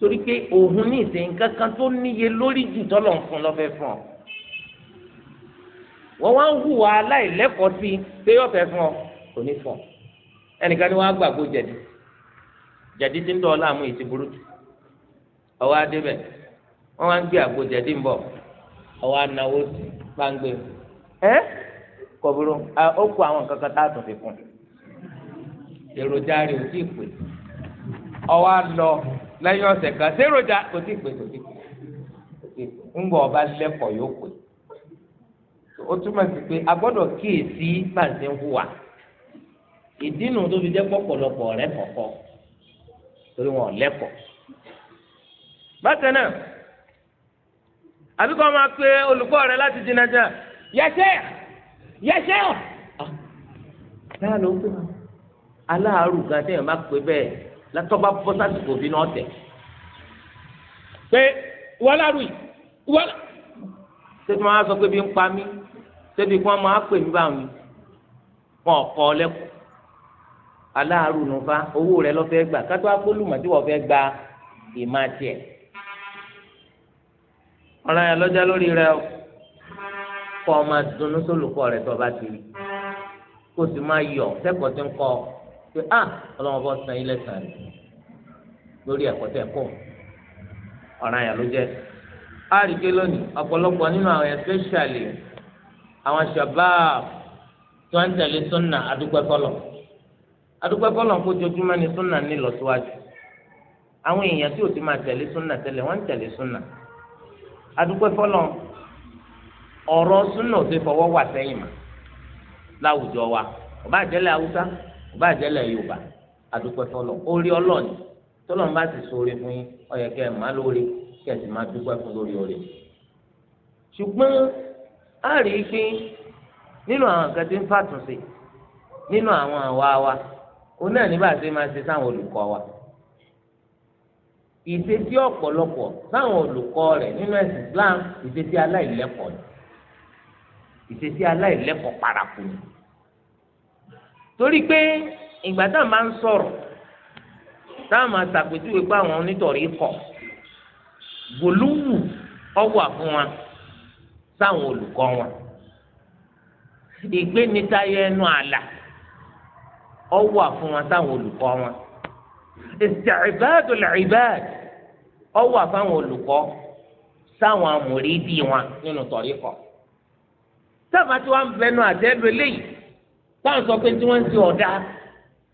torí pé òun ní ìsìn kankan tó níye lórí jù tọ́lọ̀ ń fún lọ́fẹ́ fún ọ. wọ́n wá ń hùwà aláìlẹ́kọ̀ọ́ sí pé yóò fẹ́ ní fún ọ. ni wọ́n á gbàgbọ́ jẹ̀dí jẹ̀dí tí ń tọ́ láàmú ìtì burú ọwọ́ adébẹ̀ wọ́n wá ń gbé àgbo jẹ̀dí ń bọ̀ ọwọ́ anáwó gbàǹgbé e. ẹ́ kọ̀bùrú ó kó àwọn kankan tá a tún fi lẹ́yìn ọ̀sẹ̀ kan sẹ́rọ̀jà kò tí pè kò tí ọba lẹ́kọ̀ọ́ yóò pè O túmọ̀ sí pé a gbọ́dọ̀ kíyèsí bàǹsẹ̀ ń hùwà ìdínú tó fi jẹ́ pọ̀pọ̀lọpọ̀ torí wọn ò ma náà àbíkọ́ máa pe olùkọ́ rẹ̀ láti jìnnàjà yẹsẹ̀ ló ń pè aláàárù gan látọ́ba bọ́ sásìkò bí náà tẹ̀. pé wọ́n lárú yìí wọ́n. sẹ́bi máa sọ pé bí ń pa mí sẹ́bi kí wọ́n máa pè mí báwọn wọn kọ́ ọ lẹ́kọ̀ọ́ aláàrú nù fa owó rẹ lọ fẹ́ gbà kátó akólùmọ̀tí wọ́n fẹ́ gba ìmá tiẹ̀. ọ̀ràn yẹn lọ́jà lórí rẹ o kọ́ ọ máa dunnú sólùkọ́ rẹ tó o bá ti rí kó o sì máa yọ̀ sẹ́kọ̀ọ́ tí ń kọ́ ọ pé á ah, ọlọ́wọ́n bọ́ san ilé sàn rẹ̀ lórí ẹ̀kọ́ tẹ̀ kọ́ ọ̀ràn yà ló jẹ́ á rí pé lónìí ọ̀pọ̀lọpọ̀ nínú àwọn especially àwọn shabab tó ń tẹ̀lé sunna adúgbẹ́kọ́lọ̀ adúgbẹ́kọ́lọ̀ kó jojúmọ́ ni sunna ní lọ́síwájú àwọn èèyàn tí ò ti máa tẹ̀lé sunna tẹ́lẹ̀ wọ́n ń tẹ̀lé sunna adúgbẹ́kọ́lọ̀ ọ̀rọ̀ sunna ò ti fọwọ́ wà sẹ́yìn mà láwùjọ wa ọba àjẹlẹ̀ haúsá ìbáàjẹ́lẹ̀ yorùbá àdúpẹ́ fọlọ́ orí ọlọ́ọ̀ni tọ́lọ́n bá sì sóore fún yín ó yẹ kẹ́ ẹ̀ má lóore kẹ́ ẹ̀ sì má dúpẹ́ fún lórí oore. ṣùgbọ́n a rí i pé nínú àwọn nǹkan tí ń fàtúnṣe nínú àwọn àwa wa òun náà ní bá a ṣe máa ṣe sáwọn olùkọ́ wa ìṣesí ọ̀pọ̀lọpọ̀ sáwọn olùkọ́ rẹ̀ nínú ẹ̀sìn Islam ìṣesí aláìlẹ́kọ̀ọ́ ìṣesí aláìlẹ́kọ̀ọ́ paraku ni torí pé ìgbà tá a máa ń sọ̀rọ̀ tá a máa ṣàpèjúwe pé àwọn onítọ̀rí kọ̀ gòlúwù ọwà fún wa sáwọn olùkọ́ wọn ìgbénitayọ ẹnu àlà ọwà fún wa sáwọn olùkọ́ wọn ìsìtìrìbáàdùl ìbáàd ọwà fáwọn olùkọ́ sáwọn amòrídìí wọn nínú tọ̀rí kọ̀ sábà tí wọ́n ń bẹnu àtẹ́lu eléyìí táwọn sọ pé tí wọ́n ń ṣe ọ̀dà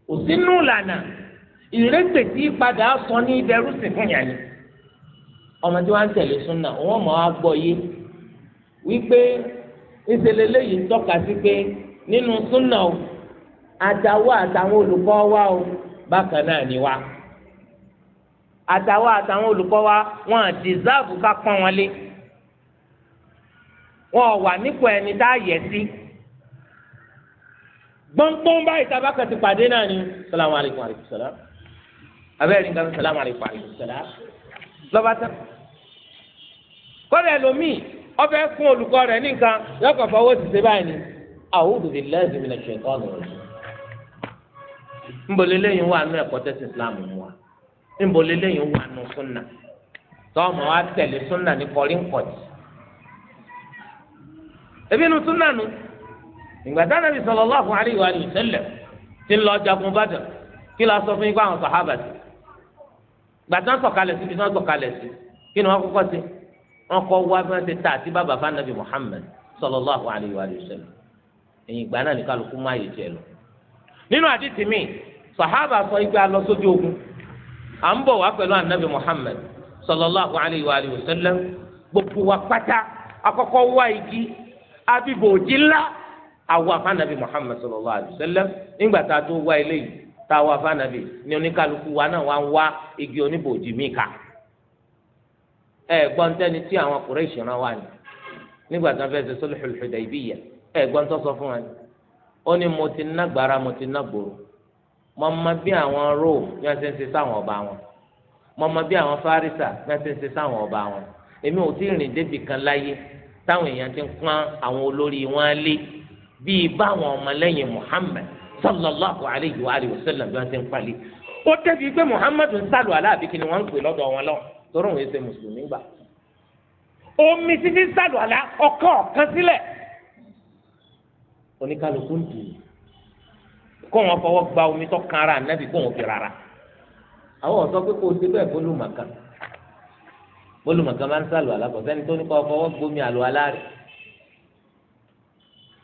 kò sínú lànà ìrètè tí padà sọ ní ìdẹrù sí fún yàn ni ọmọ tí wọ́n ń tẹ̀lé súnà wọ́n mọ̀ á gbọ́ yé wípé ìṣẹ̀lẹ̀ lẹ́yìn ń tọ́ka sí pé nínú súnà o àtàwọn àtàwọn olùkọ́ wa o bákan náà ni wa àtàwọn àtàwọn olùkọ́ wa wọ́n àdìsáàbù ká pọ́n wọn lé wọ́n wà nípò ẹni tá a yẹ sí. Si gbọ́ngbọ́n báyìí tá a bá kàn ti pàdé náà ni salamu alaykum alaykum salam abẹ́rẹ́ nǹkan salamu alaykum alaykum salam lọ́ba tán. kọ́dà ẹlòmíì ọbẹ̀ fún olùkọ́ rẹ̀ nìkan yọkọ̀ fọwọ́ ti ṣe báyìí ni a'udhu billahi minash shaitani rajim. nbọ̀lẹ́ lẹ́yìn wà nù ẹ̀kọ́ tẹ́sí islam mu wa nbọ̀lẹ́ lẹ́yìn wà nù súnà tọ́ọ̀mù wa tẹ̀lé súnà ní kọrí nkọ̀tì. ebi nu súnà nu. No ìgbà tí anabi sallallahu alayhi ti lọ jagun Badr kí lọ sọ fún yín pé àwọn sàhábà sí ìgbà tí sọ̀kalẹ̀ sí ibi tí sọ̀kalẹ̀ sí kí ni kọ́kọ́ sí wá bí ti ta àti bàbà fún anabi Muhammad sallallahu alayhi wa sallam ẹ̀yìn ìgbà náà kálukú má yé jẹ lọ. awa fanabi muhammed sallallahu alayhi wa sallam nígbà tá a tó wá eléyìí tá a wá fanabi ní oníkálukú wa náà wá ń wá igi oníbòjì míì ká ẹ gbọ́n tẹ́ni tí àwọn Quraysh rán wa ni nígbà tá a fẹ́ ṣe sulhul Hudaybiyah ẹ gbọ́n tó sọ fún wa ni ó ní mo ti ná gbàrà mo ti ná gbòòrò mo mọ bí àwọn Rome ní wọ́n ṣe ń ṣe sáwọn ọba wọn mo mọ bí àwọn Fárísà ní wọ́n ṣe ń ṣe sáwọn ọba wọn èmi ò tí ì rìn débi kan láyé táwọn èèyàn ti ń pọ́n àwọn olórí wọn lé bíi báwọn ọmọlẹ́yìn Muhammad sallallahu alayhi wa sallam bí wọ́n ti ń palẹ̀ ó tẹ́bi pé Muhammad ń sálù aláàbí kí ni wọ́n ń pè lọ́dọ̀ wọn lọ torí òun ṣe mùsùlùmí gbà omi ti fi sálù alá ọkàn ọ̀kan sílẹ̀ oníkálukú ń dùn kó wọn fọwọ́ gba omi tó kan ara ànábì kó wọn fi rárá àwọn ọ̀sọ́ pé kó o ṣe bẹ́ẹ̀ bólúmọ̀kan bólúmọ̀kan máa ń sálù alá kọ̀ sẹ́ni tó ní kọ́ fọwọ́ gbomi àlọ́ alá rẹ̀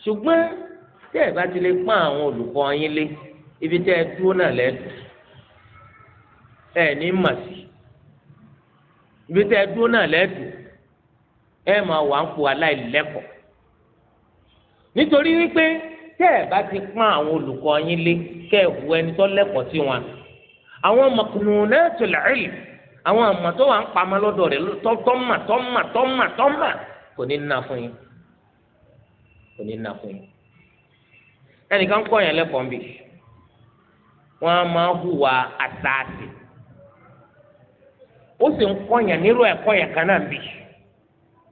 ṣùgbọ́n tẹ́ ẹ bá ti lè pọ́n àwọn olùkọ́ yín lé ibi tẹ́ ẹ dúró náà lẹ́dùn ẹ ní mà sí ibi tẹ́ ẹ dúró náà lẹ́dùn ẹ máa wà ń po aláìlẹ́kọ̀ọ́ nítorí wípé tẹ́ ẹ bá ti pọ́n àwọn olùkọ́ yín lé kẹ́ ẹ hu ẹni tó lẹ́kọ̀ọ́ sí wọn àwọn makununatul ilm àwọn àmọ́ tó wà ń pamọ́ lọ́dọ̀ rẹ̀ tọ́mà tọ́mà tọ́mà tọ́mà kò ní ná fún yín. kò ní nà fún yín ẹnìkan kọ́ yẹn lẹ́kọ̀ọ́ nbì wọ́n á máa hùwà àtàtì ó sì ń kọ́ yẹn nírú ẹ̀kọ́ yẹn kan náà bì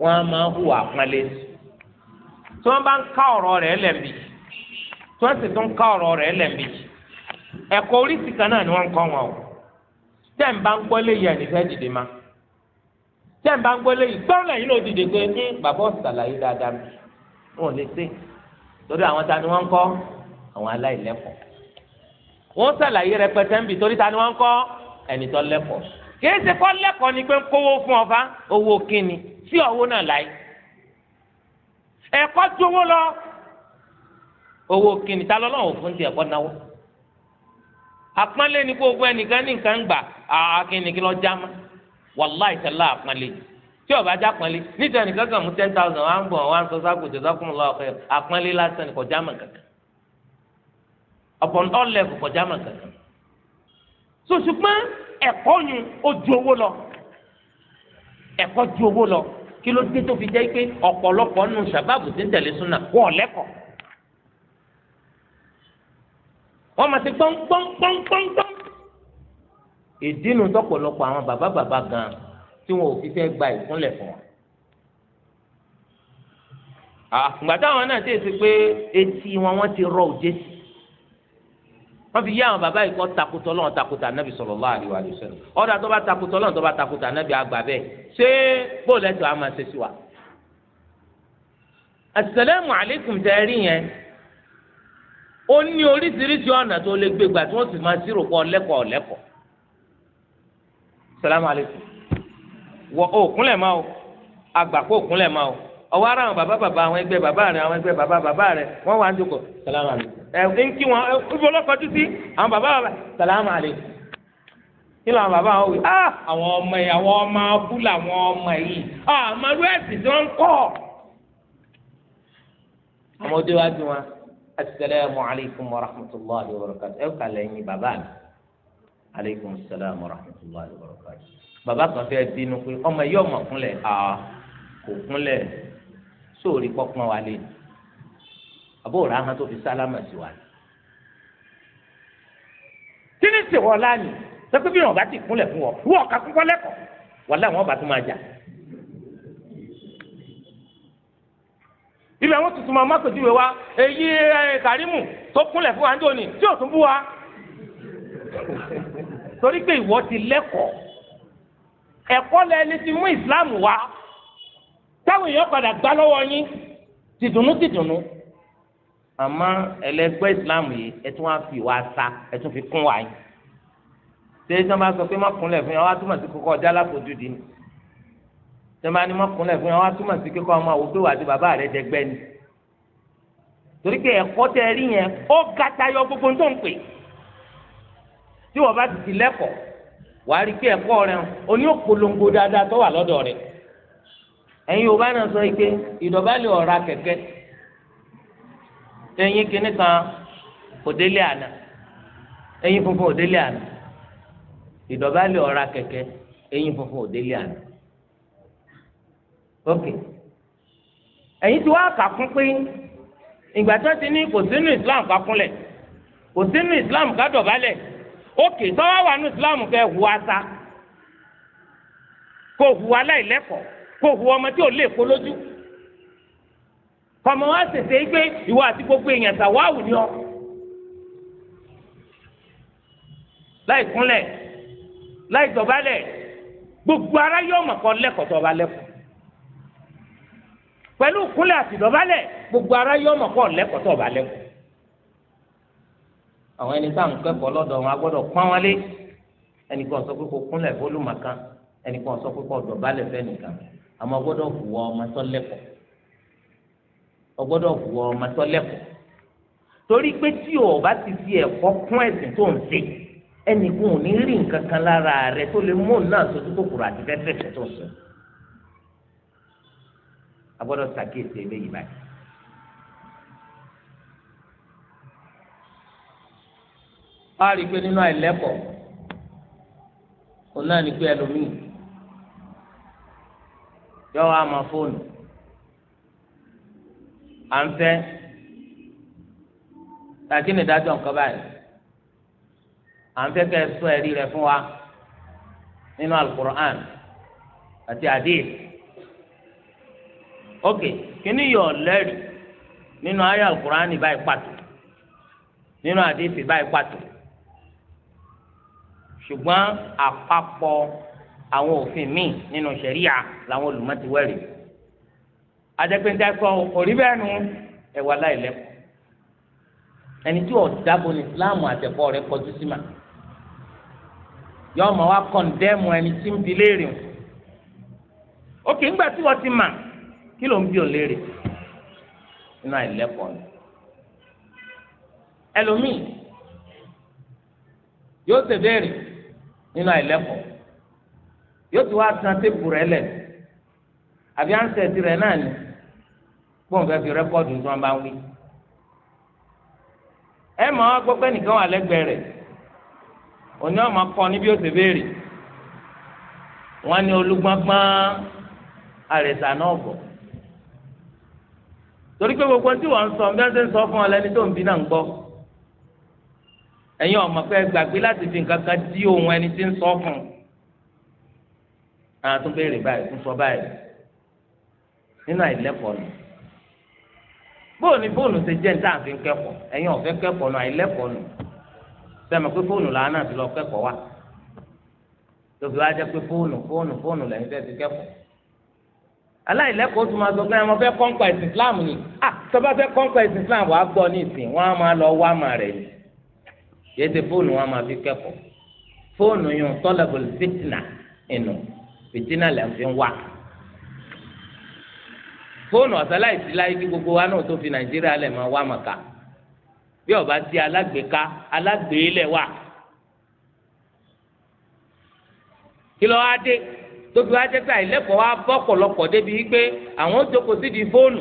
wọ́n á máa hùwà àpọ́nlé tí wọ́n bá ń ká ọ̀rọ̀ rẹ̀ lẹ́m̀bì tí wọ́n sì tún ká oríṣi kan náà ni ń wọn o tẹ́ ń bá ń gbọ́ léyìí dìde ma tẹ́ ba bá ń gbọ́ léyìí lẹ́yìn ló dìde pé ní hm, bàbá wọn ò lè ṣe torí àwọn ta ni wọ́n ń kọ́ àwọn aláìlẹ́kọ̀ọ́ wọ́n ṣàlàyé rẹpẹtẹ ń bì torí ta ni wọ́n ń kọ́ ẹni tó lẹ́kọ̀ọ́ kìí ṣe kọ́ lẹ́kọ̀ọ́ ni pé ń kówó fún ọba owó kíni sí ọ̀wọ́ náà láì ẹ̀kọ́ jówó lọ owó kíni ta lọ́lọ́run fún ti ẹ̀kọ́ náwó àpọ́nlé ni kó fún ẹnìkan ní nǹkan gbà àkíní kí lọ́ọ́ já mọ́ wàláì tẹ́lá àpọ́nlé yìí tí ọba ajá pọnlé níta nìkan kan mú ten thousand wà ń bọ̀ wà ń sọ sáàkù jọ̀dá fún un lọ́wọ́ àpọnlé lásán ní kọjá mọ̀ kankan upon all level kọjá mọ̀ kankan so ṣùgbọ́n ẹ̀kọ́ yun ó ju owó lọ ẹ̀kọ́ ju owó lọ kí ló dé tó fi jẹ́ pé ọ̀pọ̀lọpọ̀ nù sàbáàbù tí ń tẹ̀lé súnà wọ́n lẹ́kọ̀ọ́ wọ́n máa ti gbọ́ngbọ́ngbọ́ngbọ́ng ìdí nu tọ́pọ̀lọpọ̀ àwọn tí wọn ò fi fẹ́ gba ìkúnlẹ̀ fún wọn. àgbà táwọn náà ti ṣe pé etí wọn wọn ti rọ òjé sí wọn fi yí àwọn bàbá yìí kọ́ takùtọ̀ lọ́wọ́ takùtà nàbì sallallahu alaihi wa sallam ọ̀dà tó bá takùtọ̀ lọ́wọ́ tó bá takùtà nàbì àgbà bẹ́ẹ̀ ṣé bóòlù ẹ̀tọ́ àmà ṣe sí wa. assalamu alaikum tẹ́ ẹ rí yẹn ó ní oríṣiríṣi ọ̀nà tó lè gbégbà tí wọ́n sì máa ṣírò pọ̀ lẹ́kọ̀ọ́ lẹ́kọ̀ọ́. assalamu alaykum. wọ òkúnlẹ̀ máa o agbàpọ̀ òkúnlẹ̀ máa o ọwọ́ ara àwọn bàbá bàbá àwọn ẹgbẹ́ bàbá rẹ àwọn ẹgbẹ́ bàbá bàbá rẹ wọ́n ń ẹ ń kí wọn ibi ọlọ́kọ̀ọ́jú sí àwọn baba, baba, sàlámù àlè kí ló àwọn baba, wọn wí ah àwọn ọmọ yìí àwọn ọmọ abúlé àwọn ọmọ yìí ah màlúù tí ń àwọn ọdẹ wa dùn wa asalaamu alaykum wa rahmatulahi wa ẹ baba, mi alaykum salaam wa rahmatulahi wa bàbá kan fẹ́ bínú pé ọmọ yìí ọmọ kúnlẹ̀ àá kò kúnlẹ̀ sóòrí pọ́pọ́n wa lé ní àbó òrà hàn tó fi sálámà sí wa. kí ni ìsìnwọ̀ lánìí sọ́kú bí wọn bá ti kúnlẹ̀ fún wọn wọ́n ọ̀ka kúkọ́ lẹ́kọ̀ọ́ wọ́n láwọn bá tún máa jà. ibẹ̀ wọ́n tuntun máa má pèjúwe wa èyí Kàrímù tó kúnlẹ̀ fún wa ń dòní tí ò tún bú wa. *laughs* torí pé ìwọ ti lẹ́kọ̀ọ́ ẹ̀kọ́ lẹ ní ti mú islam wá táwọn èèyàn padà gbá lọ́wọ́ yín tìdùnnú tìdùnnú àmọ́ ẹlẹgbẹ́ islam yìí ẹ tún wá fi wá sa ẹ tún fi kún wá yín ṣé tí wọ́n bá sọ pé má kúnlẹ̀ fún yẹn wá túmọ̀ sí kókó ọjà aláfojú di ni tí wọ́n bá ní má kúnlẹ̀ fún yẹn wá túmọ̀ sí kíkọ́ ọmọ àwọn òbí àti bàbá rẹ̀ dẹgbẹ́ ni torí pé ẹ̀kọ́ tẹ rí yẹn ó gàtayọ gbogbo tó ń pè tí wọ́n bá ti ti lẹ́kọ̀ọ́ wàá rí pé ẹ̀kọ́ rẹ oní òpolongo dáadáa tó wà lọ́dọ̀ rẹ ẹ̀yin ò bá náà sọ pé ìdọ̀bálẹ̀ ọ̀ra kẹ̀kẹ́ ẹ̀yin kìíní kan òdélé àná ẹ̀yin funfun òdélé àná ìdọ̀bálẹ̀ ọ̀ra kẹ̀kẹ́ ẹ̀yin funfun òdélé àná ok ẹ̀yin tí wàá kà kún pé ìgbà tó ti ní kò sínú Islam kakunlẹ̀ kò sínú Islam kádọ̀bálẹ̀ òkè sọ́wọ́ wà ní islam kẹ́ hu asa kò hu aláìlẹ́kọ̀ọ́ kò hu ọmọ tí ò lè kó lójú kọmọ wa sèse gbé ìwọ àti gbogbo èèyàn sà wá àwùjọ ọ láì kúnlẹ̀ láì dọ̀bálẹ̀ gbogbo ara yọ ọmọ kan lẹ́kọ̀ọ́ tó lẹ́kọ̀ọ́ pẹ̀lú kúnlẹ̀ àti dọ̀bálẹ̀ gbogbo ara yọ ọmọ kan lẹ́kọ̀ọ́ tó lẹ́kọ̀ọ́ àwọn ẹni tá à ń kẹ́kọ̀ọ́ lọ́dọ̀ wọn a gbọ́dọ̀ pọ́n wọn lé ẹnìkan sọ pé kò kúnlẹ̀ fólùmọ̀ kan ẹnìkan sọ pé kò dọ̀bálẹ̀ fẹ́ nìkan àmọ́ gbọ́dọ̀ wọ ọmọ tó lẹ́kọ̀ọ́ ọgbọ́dọ̀ wọ ọmọ tó lẹ́kọ̀ọ́ torí pé tí o bá ti fi ẹ̀kọ́ kún ẹ̀sìn tó ń ṣe ẹnìkan ò ní rí nǹkan kan lára rẹ tó lè mú náà sojú kòkòrò àti fẹ́fẹ́ tó ń ṣe a gbọ́dọ̀ a rí i pé nínú àìlẹ́kọ̀ọ́ òun náà ní pé ẹlòmíì yọ wá máa fóònù à ń fẹ́ tàkì ní ìdájọ́ nǹkan báyìí à ń fẹ́ kẹ́ ẹ sọ ẹ̀rí rẹ̀ fún wa nínú alukur'an àti hadith ok kíní yọ lẹ́rìí nínú ayé alukur'an báyìí pàtó nínú hadith báyìí pàtó. ṣùgbọ́n àpapọ̀ àwọn òfin míì nínú ṣẹ̀ríà làwọn olùmọ̀ ti wẹ̀rì adẹ́gbẹ́ndá sọ òrí bẹ́ẹ̀ nu ẹ̀wà láìlẹ́kọ̀ọ́ ẹni tí ọ̀dàbọ̀ ní islam àtẹ̀kọ́ rẹ̀ kọjú sí ma yọ ọmọ wa kọ̀ǹdẹ́mù ẹni tí ń bi léèrè o òkè ńgbà tí wọ́n ti mà kí ló ń bi ò léèrè nínú àìlẹ́kọ̀ọ́ ni ẹlòmíì yóò ṣèbéèrè nínú àìlẹ́kọ̀ọ́ yóò ti wá tan téèpù rẹ̀ lẹ̀ àbí ánsẹ̀tì rẹ̀ náà ni gbọ́n fẹ́ fi rẹ́kọ́ọ̀dù tí wọ́n bá wí. ẹ mọ̀ ọ́ gbọ́pẹ́ nìkan wà lẹ́gbẹ̀ẹ́ rẹ̀ òní ọmọ kọ níbi ó ti béèrè wọ́n ní olúgbọ́ngbọ́n àrẹ̀sà náà bọ̀ torí pé gbogbo tí wọ́n ń sọ bí wọ́n ti ń sọ fún ọ lẹ́ni tó ń bí náà ń gbọ́ ẹ̀yin ọmọ fẹ́ gbàgbé láti fi nǹkan kan dí ohun ẹni tí ń sọ fún un àwọn tó béèrè báyìí ń sọ báyìí nínú àìlẹ́kọ̀ọ́ nù bóòlù ni fóònù ṣe jẹ́ níta àfi ń kẹ́kọ̀ọ́ ẹ̀yin ọ̀fẹ́ kẹ́kọ̀ọ́ nù àìlẹ́kọ̀ọ́ nù sẹ́mi pé fóònù làwọn náà ti lọ kẹ́kọ̀ọ́ wa tóbi wá jẹ́ pé fóònù fóònù fóònù lẹ́yìn fẹ́ ti kẹ́kọ̀ọ́ aláìlẹ́kọ̀ọ́ tún máa sọ pé wọ́n fẹ́ kọ́ńpa ẹ̀sìn Islam ni ah tọ́ba fẹ́ kọ́ńpa ẹ̀sìn Islam wàá gbọ́ ní ìsìn wọ́n á máa lọ wá màrẹ̀ ni kìí ṣe fóònù wọn máa fi kẹ́kọ̀ọ́ fóònù yìí tọ́lẹ̀bù fìtínà ìnù fìtínà lẹ̀ fi ń wà. fóònù ọ̀sáláìsí láyé kí gbogbo wa náà tó fi nàìjíríà lẹ̀ máa wá màkà bí ọba ti alágbèéká alágbèélẹ̀ wà. kí ló wá dé tóbi wá jẹ́ pé àìlẹ́kọ̀ọ́ wa bọ́ pọ̀lọpọ̀ débi wípé àwọn jókòó sídìí fóònù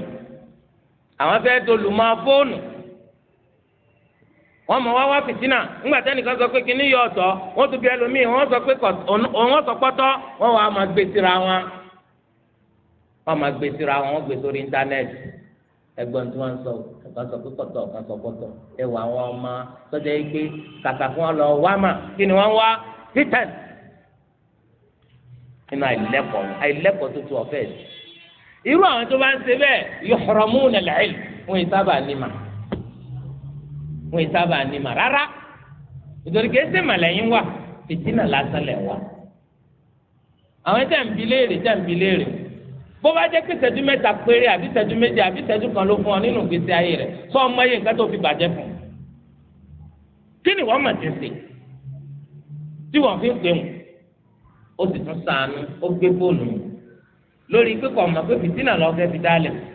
àwọn fẹ́ẹ́ dolùmọ́ fóònù. wọ́n mọ̀ wá wá fìtínà ńgbà tẹ́nìkan sọ pé kíní yọ ọ̀tọ̀ wọ́n tún bí ẹlòmíì wọ́n sọ pé wọ́n sọ pọ́tọ́ wọ́n wá máa gbé síra wọn wọ́n máa gbé síra wọn gbé sórí íńtánẹ́ẹ̀tì tí sọ sọ pé sọ ọmọ yìí pé kàkà fún lọ wá mà kí ni fún ìsábà ní mà rárá nítorí kìí ṣe màlẹ́yìn fìtínà lásán lẹ̀ wà. àwọn ẹ̀jẹ̀ ń bi léèrè ẹ̀jẹ̀ ń bi léèrè bó bá jẹ́ pé ìṣẹ́jú mẹ́ta péré àbí ìṣẹ́jú méje àbí ìṣẹ́jú kan ló fún ọ nínú ìgbésí ayé rẹ̀ sọ ọmọ yẹn nǹkan tó fi bàjẹ́ fún un. kí ni wọ́n mọ̀ ti sè tí wọ́n fi ń pè wọ́n ó sì tún sànù ó gbé fóònù lórí pé kò pé fìtínà lọ́ọ́ fi dálẹ̀ fún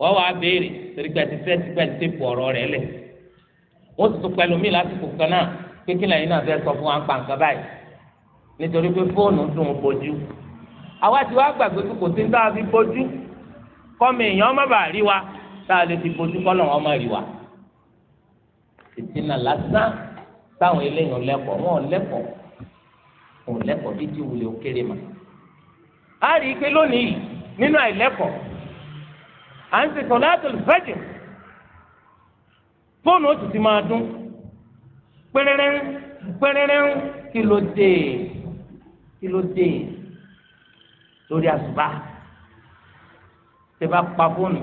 wọ́n wá béèrè torí pé ẹtì sẹ́ẹ̀tì pé ẹtì tẹ̀pù ọ̀rọ̀ rẹ̀ lẹ̀ wọ́n sì tún pẹ̀lú mi lásìkò kan náà kékeré lẹ́yìn náà fẹ́ sọ fún wa ń pa nǹkan báyìí nítorí pé fóònù dùn bójú àwa ti wá gbàgbé pé kò sí ní táwa fi bójú kọ́mi èèyàn má bàa rí wa táwa lè fi bójú kọ́lọ̀ wọn má rí wa ìtìnà lásán táwọn eléyàn lẹ́kọ̀ọ́ wọn ò lẹ́kọ̀ọ́ wọn ò lẹ́kọ̀ọ́ bí ti wulẹ̀ à ń ṣe sọ̀láàtùl fajr fóònù ó sì ti máa dún pẹ́rẹ́rẹ́ pẹ́rẹ́rẹ́ kí ló dé kí ló dé lórí àsùbá tẹ bá pa fóònù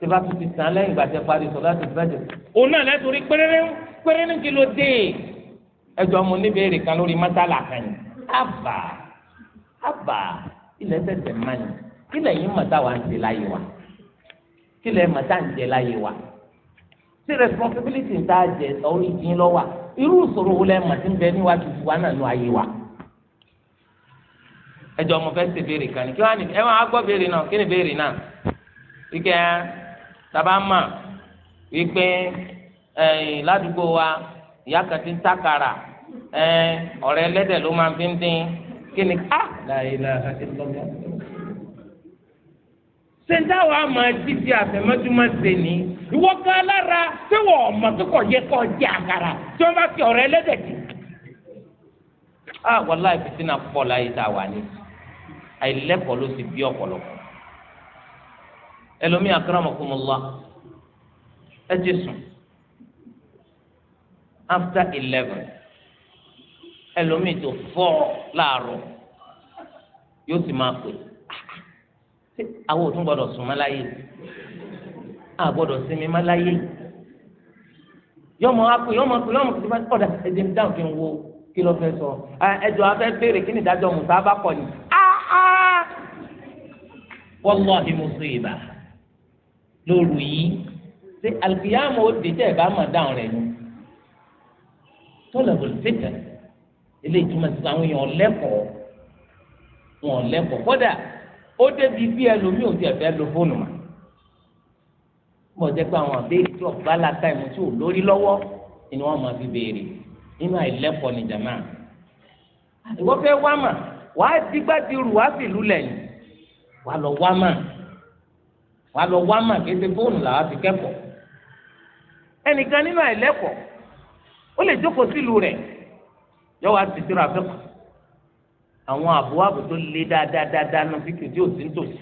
tẹ bá tún ti tàn lẹ́yìn ìgbà tẹ parí sọ̀láàtùl fajr òun náà lẹ́tọ̀ọ́ rí pẹ́rẹ́rẹ́ pẹ́rẹ́rẹ́ kí ló dé ẹjọ́ mo ní béèrè kan lórí mọ́tàlá kan yìí àbà àbà ilẹ̀ tẹ̀sẹ̀ mọ́ni ilẹ̀ yìí mọ̀tà wà ń ṣe láyé wa kí lè mà tá à ń jẹ láyé wa sí responsibility tá a jẹ orí jìn lọ wa irú ìṣòro wo lè mà tí ń bẹ níwájú wa náà nù ayé wa ẹjọ mo fẹ́ ṣe béèrè kan ní kí wọn ẹ wọn á gbọ́ béèrè náà kí ni béèrè náà wíkẹ tàbá mà wípé ẹ̀yìn ládùúgbò wa ìyá kan ti ń takara ọ̀rẹ́ ẹlẹ́dẹ̀ ló máa fi ń dín kí ni ká. Ah! láyé sẹ́ńtà wa máa títí àfẹ̀mọ́túmọ́ ṣe ní ìwọ kan lára ṣé wọ́n ọmọ tó kọ̀ yẹ kọ́ jẹ àkàrà tí wọ́n bá fi ọ̀rọ̀ ẹlẹ́dẹ̀ jù. a wàlá láyé tá a wà ní after eleven tó yóò sì máa àwọn òtún gbọ́dọ̀ sùn má láyé a gbọ́dọ̀ sinmi má láyé yọmọ akpè yọmọ akpè yọmọ akpè ọdà ẹdí mi dáhùn kí n wo kí ló fẹ́ sọ ẹjọ afẹ béèrè kí ni ìdájọ́ musa bá kọ ni aa wallahi musiba lóru yìí ṣe alùpùpù ó dé tẹ ẹ bá máa dáhùn rẹ ni tọ́lá bò fìtẹ̀ eléyìí túmọ̀ sí àwọn èèyàn lẹ́kọ̀ọ́ wọn lẹ́kọ̀ọ́ kódà. o débi bí ẹlòmíì ò ti ẹ̀fẹ́ lo fóònù mà mo jẹ́ pé àwọn àbẹ́rẹ́ tí ọ̀gbá làkà ìmọ̀ tí ò lórí lọ́wọ́ ni wọ́n máa fi nínú àìlẹ́pọ̀ ni ìwọ fẹ́ wá mà wàá dígbà ti rù wá lẹ́yìn lọ wá mà lọ wá mà fóònù làwa fi kẹ́kọ̀ọ́ ẹnìkan nínú ó lè jókòó sílùú rẹ̀ yọ wá àwọn àbúwàbù tó lé dáadáa nù fíkì tí ò sí nítòsí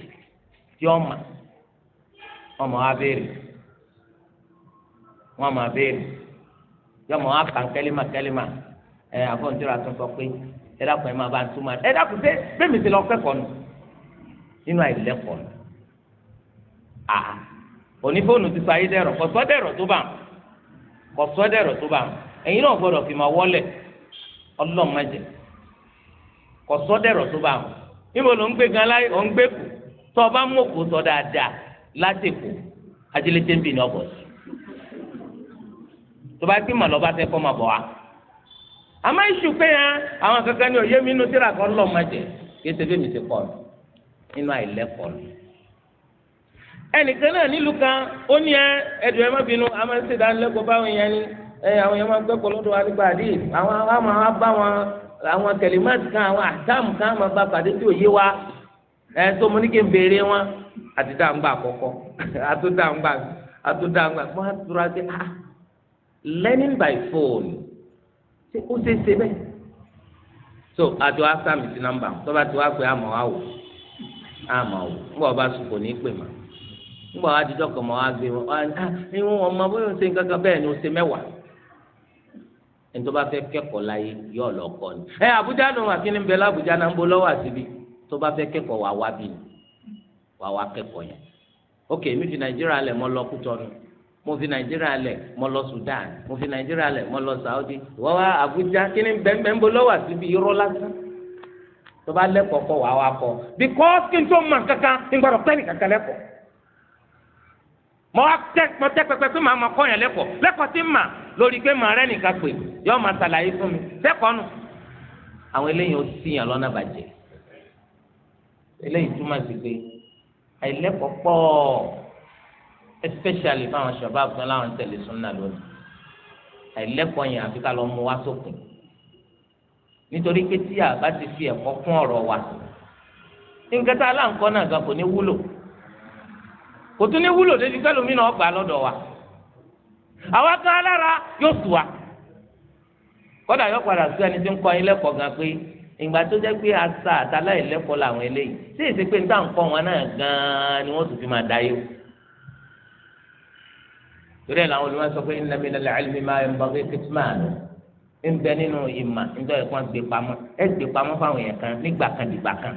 tí ọmọ ọmọ wa béèrè wọn máa béèrè yọmọ wa kàn kẹlímà kẹlímà ẹ àbọ̀ntìrà tó sọ pé ẹ dákun ẹ máa bá ń túmọ̀ ẹ dákun pé bẹ́ẹ̀ mi ti lọ kẹ́kọ̀ọ́ nù nínú àìlẹ́kọ̀ọ́ nù à onífóònù ti sọ ayé dẹ̀rọ̀ kọ̀sọ́ dẹ̀rọ̀ tó bá kọ̀sọ́ dẹ̀rọ̀ tó bá ẹ̀yin náà gbọ́dọ̀ fi máa wọ́lẹ̀ ọlọ́mọdé kò sọ́dẹ̀rọ̀ tó bá wọn níbo ló ń gbé gan láyé ò ń gbé kù tó o bá mú òkú sọ dáadáa lásìkò ajílété ń bì ní ọ̀bọ̀ sí tó bá tí màlúwa bá fẹ́ kọ́ máa bọ̀ wá. àmọ́ iṣu pé ya àwọn kankan ní òye mi inú tíra kan lọ́ máa jẹ kí ẹsẹ̀ bẹ́ẹ̀ ti kọ́ mi nínú àìlẹ́kọ̀ọ́ mi ẹnìkan náà nílùú kan ó ní ẹdùn ẹ má bínú a máa ń báwọn èèyàn ni àwọn èèyàn máa ń gbẹ́kọ̀ọ́ lọ́dọ̀ wa nígbà àwọn kẹlímàtì kan àwọn àtàmù kan máa bá pàdé tí ò wa ẹ tó mo ní kí n béèrè wọn àti dáńgbà àkọ́kọ́ àtúndáńgbà wọn sí ah learning by phone ṣé ó ṣe so àjọ asàmì sí nọ́mbà tọ́ba tí wàá pè àmọ́ wa wò àmọ́ wò ńgbà wàá bá sùkò ní pè mà ńgbà wàá dídọ́kọ̀ mọ́ gbé wọn ah, mọ ẹni tó bá fẹ́ kẹ́kọ̀ọ́ láyé yóò lọ kọ́ ni. ẹ abuja nù wà kí ni bẹ́ẹ̀ lábújá náà ń bọ́ lọ́wọ́ àtibí tó bá fẹ́ kẹ́kọ̀ọ́ wà wá bí wà wá kẹ́kọ̀ọ́ yẹn. ok mi fi nàìjíríà lẹ̀ mọ́ lọ kútọ́nu mo fi nàìjíríà lẹ̀ mọ́ lọ sudan mo fi nàìjíríà lẹ̀ mọ́ lọ saudi wọ́n wá àbújá kí ni bẹ́ẹ̀ ń bọ́ lọ́wọ́ àtibí irọ́ lásán tó bá lẹ́kọ̀ọ́ kọ́ wà wá kọ́ because kí n tó mọ̀ kankan ń gbọ́dọ̀ pẹ́ nìkankan lẹ́kọ̀ọ́ mọ tẹ mọ tẹ pẹpẹ pé màá ma kọ́ yẹn lẹ́kọ̀ọ́ lẹ́kọ̀ọ́ tí mà lórí pé màá rẹ́ nìkan pè yọ máa ṣàlàyé fún mi lẹ́kọ̀ọ́ nù. àwọn eléyìí ó sì yàn lọ́nà bàjẹ́ eléyìí túmọ̀ sí pé àìlẹ́kọ̀ọ́ pọ̀ especially fáwọn shabab gan láwọn tẹ̀lé súnà lónìí àìlẹ́kọ̀ọ́ yẹn àfi ká lọ mú wá sópin nítorí pé tí a bá ti fi ẹ̀kọ́ kún ọ̀rọ̀ wa nǹkan tá a láǹkọ́ náà gan kò ní wúlò kò tún ní wúlò débi pẹ́lúmi náà gbà lọ́dọ̀ wa àwa kan alára yóò tù wa kọ́dà yóò padà sí ẹni tí ń kọ́ yín lẹ́kọ̀ọ́ gan pé ìgbà tó jẹ́ pé asa àtàlà ìlẹ́kọ̀ọ́ làwọn eléyìí sí èsì pé níta nǹkan wọn náà gan-an ni wọ́n tún fi máa dá yó. torí ẹ̀ làwọn olùmọ̀ sọ pé inna minal ilmi ma yanbaghi kitmanu ń bẹ nínú ìmọ̀ nítorí kan gbé pamọ́ ẹ gbé pamọ́ fáwọn èèyàn kan nígbà kan dìgbà kan.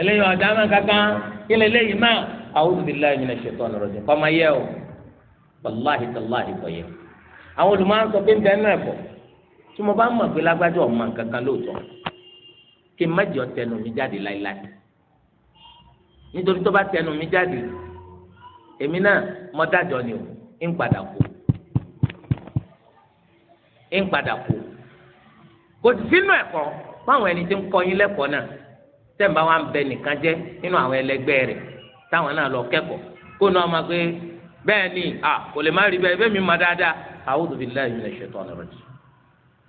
eléyìí ọjà máa kankan kí lè léyìí máa a'udhu billahi minash shaitani rajim yẹ o wàláhi tàláhi kọ́ yẹ. àwọn olùmọ̀ọ́ sọ ń bẹ tí mo bá mọ̀ pé lágbájọ́ ọ̀ máa kankan lóòótọ́ kí n má jọ tẹnu mi jáde nítorí èmi náà dájọ́ ni o ń padà kú ń padà kú kò ẹ̀kọ́ fáwọn ẹni tí tẹ́ǹbà wa ń bẹ nìkan jẹ́ nínú àwọn ẹlẹgbẹ́ rẹ̀ táwọn náà lọ kẹ́kọ̀ọ́ kó náà máa pé bẹ́ẹ̀ ni à kò lè má rí bẹ́ẹ̀ bẹ́ẹ̀ mi má dáadáa a'udhu billahi minash shaitani rajim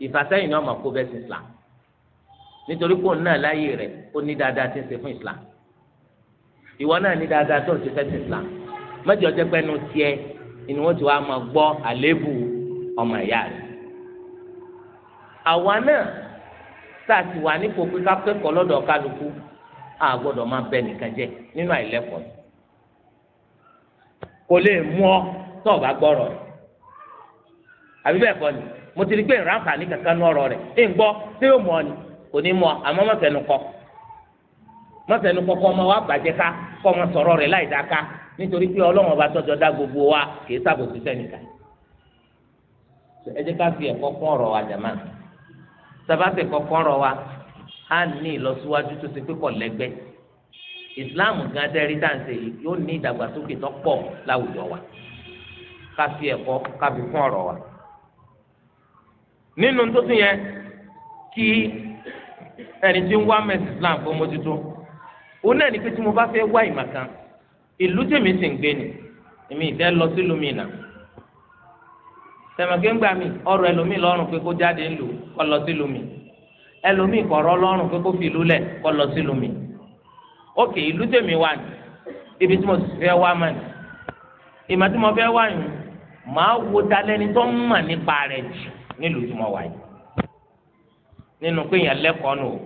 ìfàsẹ́yìn náà máa kó bẹ́ẹ̀ sí Islam nítorí kó náà láyé rẹ̀ ó ní dáadáa tí ń ṣe fún Islam ìwọ náà ní dáadáa tó ń ṣe fẹ́ẹ́ Islam mẹ́jọ jẹ́ pẹ́ẹ́nu tiẹ̀ ni wọ́n ti wá máa gbọ́ àléébù ọmọ ìyá rẹ̀ àwa náà tá a ti wà nípò pé ká kẹ́kọ̀ọ́ lọ́dọ̀ kálukú a gbọ́dọ̀ máa bẹ nìkan jẹ nínú àìlẹ́kọ̀ọ́ kò lè mú ọ tó o bá gbọ́rọ̀ rẹ̀ àbí bẹ́ẹ̀ kọ́ ni mo ti rí pé ìrànfà ní kankan ní ọ̀rọ̀ rẹ̀ ẹ̀ ń gbọ́ tí yóò mú ọ ni kò ní mú ọ àmọ́ mọ̀sẹ̀nu kọ́ mọ̀sẹ̀nu kọ́ kọ́ ọmọ wa bàjẹ́ ká kọ́ ọmọ sọ̀rọ̀ rẹ̀ láì dáká nítorí pé ọlọ́run ọba tọ́jọ́ dá gbogbo wa kì í sábò sí sẹ́nìkan ẹ jẹ́ ká fi ẹ̀kọ́ kún ọ̀rọ̀ wa sabase kọkọrọ wa a ní ìlọsíwájú tó ṣe pé kò lẹ́gbẹ́ islam gan tẹrí dáǹsẹ yìí yóò ní ìdàgbàsókè tó pọ̀ láwùjọ wa ká fi ẹ̀kọ́ ká fi kún ọ̀rọ̀ wa nínú tó tún yẹ kí ẹni tí ń wá mẹsì islam fún mójútó o náà ní pé tí mo bá fẹ́ wá ìmọ̀ kan ìlú tèmi sì ń gbé ni èmi ìfẹ́ lọ sílùú mi náà tẹmẹkẹ ńgbà mi ọ̀rọ̀ ẹlòmíì lọ́rùn pé kó jáde ńlò kó lọ sí lómi ẹlòmíì kọrọ lọ́rùn pé kó fi ìlú lẹ kó lọ sí lómi ókè ìlú tèmi wà ní ibi tí mo sì fẹ́ wá mọ ní ìmọ̀ tí mo fẹ́ wá yìí màá wo ta lẹni tó ń mọ̀ nípa rẹ̀ jù nílùú tí mo wà yìí nínú pé èèyàn lẹ́kọ̀ọ́ nù o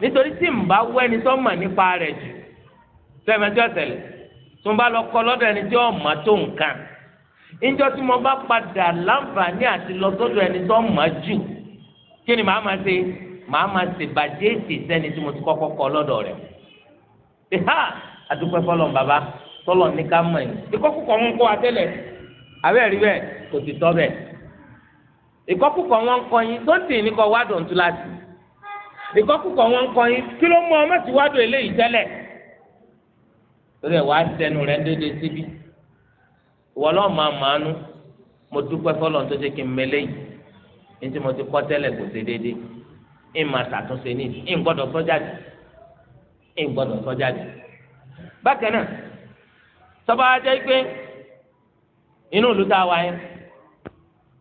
nítorí tí n bá wọ ẹni tó mọ̀ nípa rẹ̀ jù tẹmẹtí ọ̀sẹ̀ tó ń bá lọ kọ́ lọ́dọ̀ ẹni tí ọ̀ níjọ́ tí mo bá padà láǹfààní àti lọ sọ́dọ̀ ẹni tó mọ̀ jù kí ni màá máa ṣe màá máa ṣe bàjẹ́ èsì sẹ́ni tí mo ti kọ́kọ́ kọ́ lọ́dọ̀ rẹ̀ ṣe ha àdúpẹ́ fọlọ́n bàbá tọ́lọ̀ ní ká mọ̀ ẹ̀ ìkọ́kùkọ̀ ń kọ́ àtẹ́lẹ̀ àbẹ́ẹ̀rí bẹ́ẹ̀ kò sì tọ́ bẹ́ẹ̀ ìkọ́kùkọ̀ wọn ń kọ́ yín tó ń tì ní kọ́ wádùn tún láti ìkọ́kùkọ̀ wọn ń kọ́ yín kí ló mú ọmọ ti wádùn eléyìí tẹ́lẹ̀ torí ẹ̀ wá sẹ́nu rẹ̀ ń dédé síbí. Si wọ́n lọ́ọ́ máa màánú mo dúpẹ́ fọlọ́n tó ṣe kí n mẹlẹ́ yìí ní tí mo ti kọ́ tẹ́lẹ̀ kò ṣe déédéé ń máa ṣàtúnṣe ní ìsìn ń gbọ́dọ̀ sọ́jà dì ń gbọ́dọ̀ sọ́jà dì. bákan náà tọ́ba ajẹ́ pé inú ìlú tá a wá yẹn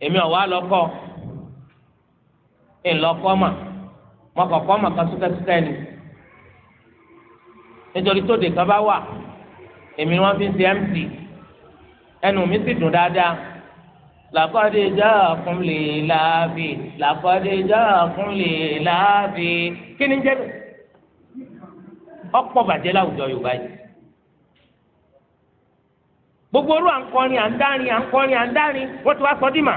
èmi ọ̀wá lọ́kọ́ ńlọkọ́ mà mọ́kọ̀kọ́ mà kan súkẹ́súkẹ́ ni nítorí tóde kan bá wà èmi ni fi ń ṣe mc ẹnu mi sì dùn dáadáa làkọ́dé jáàkún lè láàbì làkọ́dé jáàkún lè láàbì kí ni jẹ́ bẹ́ẹ̀ ọ̀pọ̀ bàjẹ́ láwùjọ yorùbá yìí gbogbo olú à ń kọrin à ń dárin à ń kọrin à ń dárin wọ́n ti wá sọ dì mà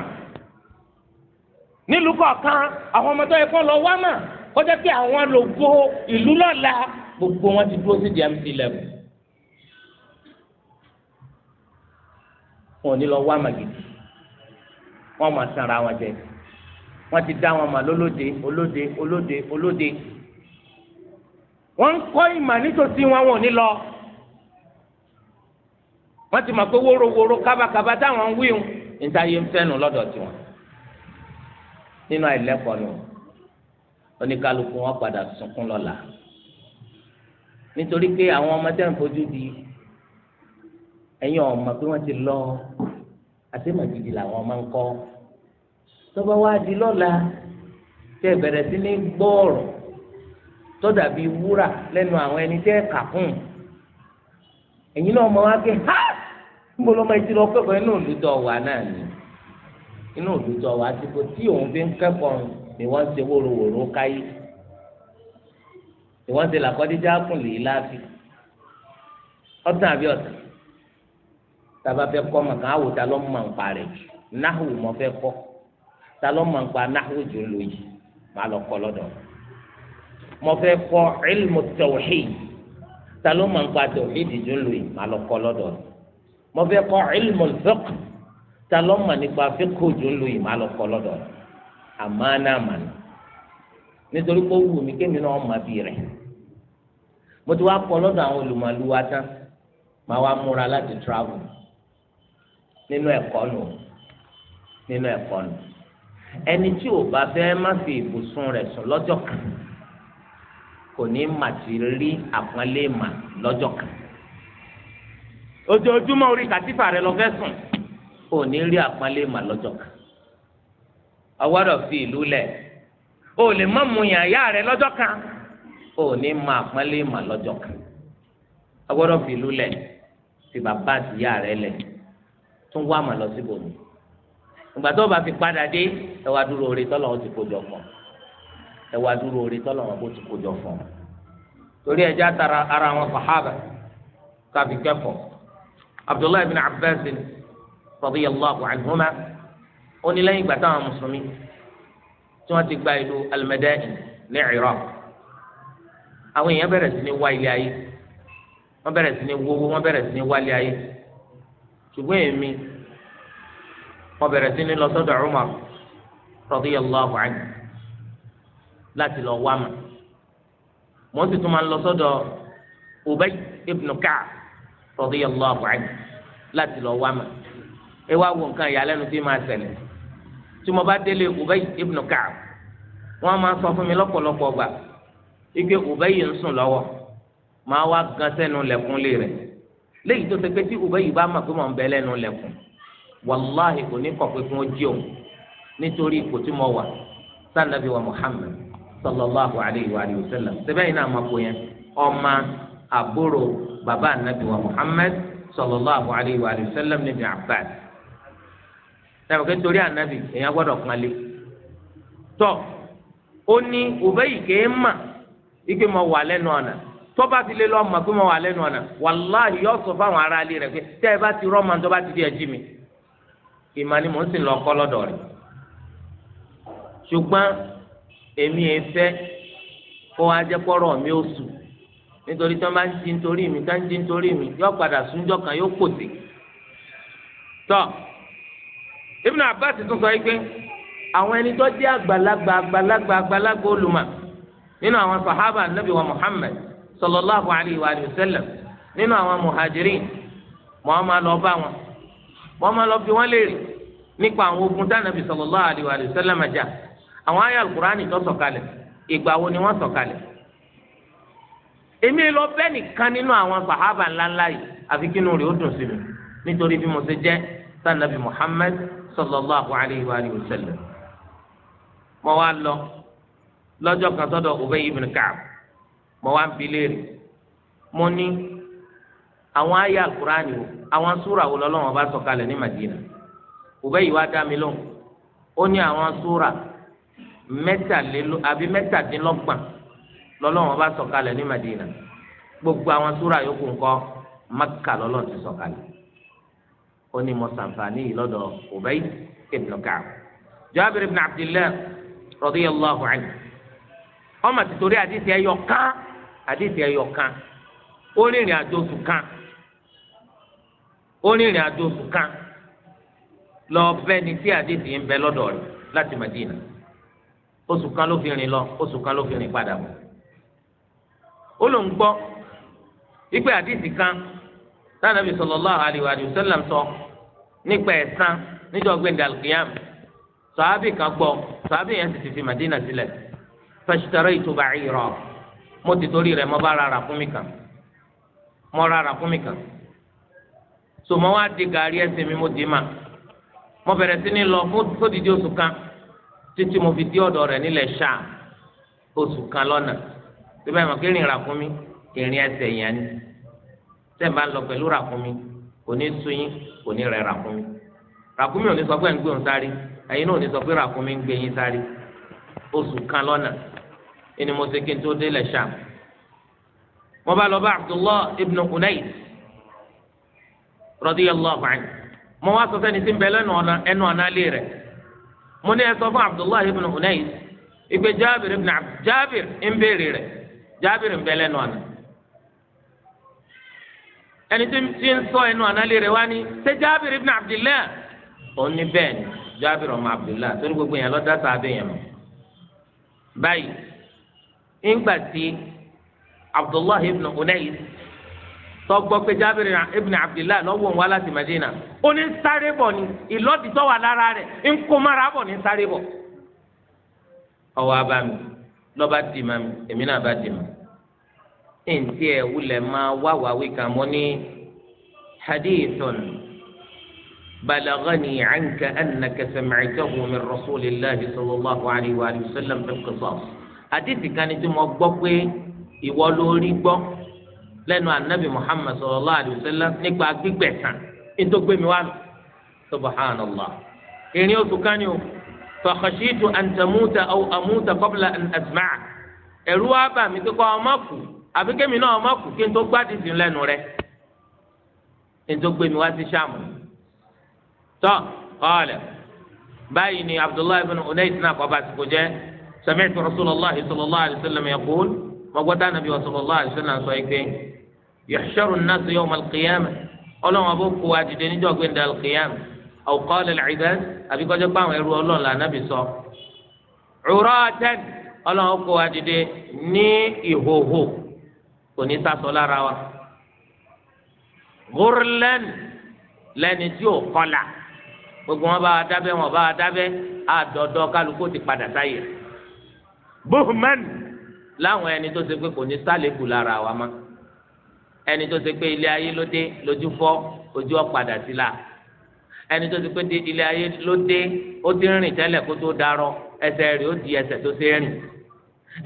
nílùú kọ̀ọ̀kan àwọn ọmọdé yẹ kó lọ wá mà kọjá pé àwọn lògbó ìlú lọ́la gbogbo wọn ti dúró sí di level wọn ò ní lọ wá màgìdì wọn máa sanra wọn jẹ wọn ti dá wọn mà lólóde olóde olóde olóde wọn ń kọ́ ìmà nítòsí wọn wọn ò ní lọ wọn ti mọ̀ pé wórówóró kábàkábà táwọn ń wíwù níta yé ń fẹ́nu lọ́dọ̀ tiwọn nínú àìlẹ́kọ̀ọ́ nù oníkálukú wọn padà sunkún lọ́la nítorí pé àwọn ọmọdé ń fojú di ẹ̀yin ọmọ pé wọ́n ti lọ àti màjèjì làwọn ọmọ ń kọ́ tọ́ba wá di lọ́la tẹ́ bẹ̀rẹ̀ sí ní gbọ́ọ̀rọ̀ tọ́dà bíi wúrà lẹ́nu àwọn ẹni tẹ́ kà fún ẹ̀yin náà ọmọ wa ké ha níbo lọ́mọ etí lọ kẹ́kọ̀ọ́ inú òdùtọ̀ wà náà ni inú òdùtọ̀ wà ti kò tí òun fi ń kẹ́kọ̀ọ́ ni wọ́n ṣe wóróworó káyé ni wọ́n ṣe làkọ́díjà kùn lè láàfin ọ̀tàn àbí ọ̀tàn tàbá fẹ́ kọ́ mọ̀ káwò ta ló mọ̀ nípa rẹ̀ jù náhù mọ̀ fẹ́ kọ́ ta ló mọ̀ nípa náhù jù lò yìí màá lọ ilmu tawhid ta ló mọ̀ nípa tawhid jù lò yìí màá lọ kọ́ lọ́dọ̀ mọ̀ fẹ́ kọ́ ilmu fiqh ta ló mọ̀ nípa fiqh jù lò yìí màá lọ kọ́ lọ́dọ̀ àmàna màna nítorí pé ó wù mí kémi náà mọ̀ bí rẹ̀ mo ti wá kọ́ lọ́dọ̀ àwọn olùmọ̀lúwa tán màá wá múra láti travel nínú ẹ̀kọ́ nù nínú ẹ̀kọ́ nù ẹni tí ò bá fẹ́ má fi ibùsùn rẹ̀ sùn lọ́jọ́ kan kò ní mà ti rí àpọ́nlé mà lọ́jọ́ kan ojoojúmọ́ orí kàtífà rẹ̀ lọ fẹ́ sùn ò ní rí àpọ́nlé mà lọ́jọ́ kan ọwọ́dọ̀ fi ìlú lẹ̀ o lè má mu yàn yá rẹ̀ lọ́jọ́ kan ò ní ma àpọ́nlé mà lọ́jọ́ kan ọwọ́dọ̀ fi ìlú lẹ̀ fi bàbá àti yá rẹ̀ lẹ̀ tún wá mà lọ síbò mi ìgbà tó o bá fi padà dé ẹ wá dúró orí tọ́lọ̀ wọn ti kójọ fún ọ ẹ wá dúró orí tọ́lọ̀ wọn kó ti kójọ fún ọ torí ẹja tara ara wọn sàhábà káfi kẹ́kọ̀ọ́ abdullahi bin abbas radiyallahu anhuma ó ní lẹ́yìn ìgbà táwọn mùsùlùmí tí wọ́n ti gba ìlú al ní Iraq àwọn èèyàn bẹ̀rẹ̀ sí ní wá ilé ayé wọ́n bẹ̀rẹ̀ sí ní wówó wọ́n bẹ̀rẹ̀ sí ní wá ilé ayé ṣùgbọ́n èmi mo bẹ̀rẹ̀ sí ní lọ sọ́dọ̀ Umar radiyallahu anhu láti lọ wá mà mo sì tún máa ń lọ sọ́dọ̀ Ubay ibn Ka'b radiyallahu anhu láti lọ wá mà ẹ wá wo nǹkan ìyàlẹ́nu tí máa ṣẹlẹ̀ tí mo bá délé Ubay ibn Ka'b wọ́n máa sọ fún mi lọ́pọ̀lọpọ̀ gbà ike Ubay ń sùn lọ́wọ́ màá wá gan sẹ́nu lẹ̀kúnlé rẹ̀ léyìí tó ṣe pé tí Ubay yìí bá mà pé mò ń bẹ lẹ́nu lẹ́kùn wàláhì kò ní kọ̀ pé kí wọ́n jí òun nítorí ipò tí mo wà sànàbí wa Muhammad sallallahu alayhi wa sallam sẹ́bẹ̀yìn náà máa kó yẹn ọmọ àbúrò bàbá ànàbí wa Muhammad sallallahu alayhi wa sallam níbi Abbas sẹ́wọ̀n kí nítorí ànàbí èèyàn gbọ́dọ̀ kan lé tọ́ ó ní Ubay yìí kéé mà ipe mo wà lẹ́nu ọ̀nà. tọ́ba ti lé lọ́mọ pé mo wà lẹ́nu ọ̀nà wàláhì yóò sọ fáwọn ará ilé rẹ̀ pé tẹ́ ẹ bá ti rọ́mọ tọ́ba ti di ẹjí mi ìmọ̀ ni mò ń sì lọ kọ́ lọ́dọ̀ rẹ̀ ṣùgbọ́n èmi ẹ fẹ́ kó wá jẹ́ mi ó sùn nítorí tí wọ́n bá ń jí nítorí mi tá ń nítorí mi yóò padà súnjọ́ kan yóò sallallahu الله wa sallam وسلم àwọn muhajirin wọ́n máa lọ bá wọn wọ́n máa lọ bí wọ́n léèrè nípa àwọn ogun tánàbí sallallahu alayhi wa sallam jà àwọn ayé alukurani tó sọ̀kalẹ̀ ìgbà wo ni wọ́n sọ̀kalẹ̀ èmi lọ bẹ́ẹ̀ nìkan nínú àwọn sàhábà ńláńlá yìí àfi kínú rẹ̀ ó dùn sí mi nítorí bí mo ṣe jẹ́ sànàbí muhammad sallallahu alayhi wa sallam mo wá lọ lọ́jọ́ kan sọ́dọ̀ Ubay ibn Ka'b mo wá ń bi léèrè mo ní àwọn ayé alukurani o àwọn súra wo lọ́lọ́wọ́ bá sọ̀kalẹ̀ ní Madina Ubay wá dá mi lóhùn ó ní àwọn súra mẹ́tàlélo àbí mẹ́tàdínlọ́gbọ̀n lọ́lọ́wọ́ bá sọ̀kalẹ̀ ní Madina gbogbo àwọn súra yòókù ńkọ́ Makka lọ́lọ́wọ́ ti sọ̀kalẹ̀ ó ní mo sàǹfààní yìí lọ́dọ̀ Ubay ibn Ka'b Jabir ibn Abdillah radiyallahu anhu ọmọ tìtorí àdìsí ẹ̀yọ̀ kán. àdìsí ẹyọ kan ó àjò kan kan lọ bẹ́ẹ̀ ni tí àdìsí ń bẹ láti Madina oṣù kan ló fi rìn lọ oṣù kan ló fi rìn padà bọ̀ ó ló ń ipe àdìsí kan tánàbí sallallahu alaihi sallam sọ nípa ẹ̀san níjọ́ gbẹ̀ndẹ̀ alqiyam sàábì kan gbọ́ sàábì yẹn sì ti fi mo ti torí rẹ̀ mo bá rárá fún mi kàn mo rárá fún mi kàn so mo wá di gàrí ẹsẹ̀ mi mo dì í mà mo bẹ̀rẹ̀ sí ní lọ fódìdí oṣù kan títí mo fi dí ọ̀dọ̀ rẹ̀ nílẹ̀ ṣáà oṣù kan lọ́nà tó bẹ́ẹ̀ mọ̀ kí rìn rà fún mi ìrìn ẹsẹ̀ yẹn ni tẹ́ lọ pẹ̀lú rà fún mi kò ní sún yín kò ní rẹ̀ rà fún mi rà fún mi ò ní sọ pé ń gbé òun sáré ẹ̀yin náà ò ní sọ pé rà fún mi ń gbé yín sáré oṣù kan lọ́nà ẹni mo ṣe kí n tó dé lẹ̀ ṣáà mo bá lọ bá abdullah ibn unais radiyallahu anhu mo wá sọ sẹ́ni tí ń bẹ lẹ́nu ọ̀nà ẹnu ọ̀nà alẹ́ rẹ̀ mo ní ẹ sọ fún abdullah ibn unais ìgbé jábìrì ibn abd jábìrì ń béèrè rẹ̀ jábìrì ń bẹ lẹ́nu ọ̀nà ẹni tí ń sọ ẹnu ọ̀nà alẹ́ rẹ̀ wá ní ṣé jábìrì ibn abdillah ó ní bẹ́ẹ̀ ni jábìrì ọmọ abdillah torí gbogbo yẹn lọ́dá sáà bẹ́ẹ̀ yẹn mọ́ báyìí ńgbà tí abdullahi ibn unais tọgbọ pé jábìrì ibn abdullahi lọ́wọ́ wọn láti madina ó ní sáré bọ̀ ni ìlọ́dì tó wà lára rẹ̀ ń kó mara bọ̀ ní sáré bọ̀ ọwọ́ abami lọ́ba dìímà mi èmi náà bá dìímà ntí ẹ̀ wulẹ̀ máa wá wàwí kan mọ́ ní hadithun balagani anka annaka sami'tahu min rasulillahi sallallahu alayhi wa sallam fi qisas àdìsí kan ni tí mo gbọ́ pé ìwọ ló rí gbọ́ lẹ́nu anabi muhammad sallallahu alayhi wa sallam nípa gbígbẹ̀san nítorí gbé mi wá nù subhanallah ìrìn oṣù kan ni o fàkàṣìtù àǹtàmúta àwọn àmúta kọ́bìlà àtìmáà ẹ̀rú wa bà mí kíkọ́ ọmọ kù àbí kémi náà ọmọ kù kí n tó gbádìsí lẹ́nu rẹ̀ kí n sí sàmù tọ́ ọ̀ọ́lẹ̀ báyìí ni abdullahi bin unais náà bá ti kò jẹ́ sami'tu rasulallah sallallahu alayhi wa sallam yaqul mọgbọdá nàbí wa sallallahu alayhi wa sallam sọ yìí pé yuhsharu an-nasu yawma al-qiyamah Ọlọ́run àbó kó wa dìde níjọ́ gbẹndé al-qiyamah aw qala al-ibad àbí kọjá pé àwọn ẹrú Ọlọ́run là nàbí sọ. uratan Ọlọ́run kó wa dìde ní ìhòhò kò ní sásọ lára wa ghurlan lẹni tí ò kọlà gbogbo wọn bá wa dábẹ́ wọn bá wa dábẹ́ àdọ̀dọ̀ kálukú ti padà sáyè buhman láwọn ẹni tó ṣe pé kò ní sálẹ̀kù lára wa mọ́ ẹni tó ṣe pé ilé ayé ló dé lójú fọ́ ojú ọ̀padà sí la ẹni tó ṣe pé ilé ayé ló dé ó ti rìn tẹ́lẹ̀ kó tó darọ ẹsẹ̀ rẹ̀ ó di ẹsẹ̀ tó ṣe rìn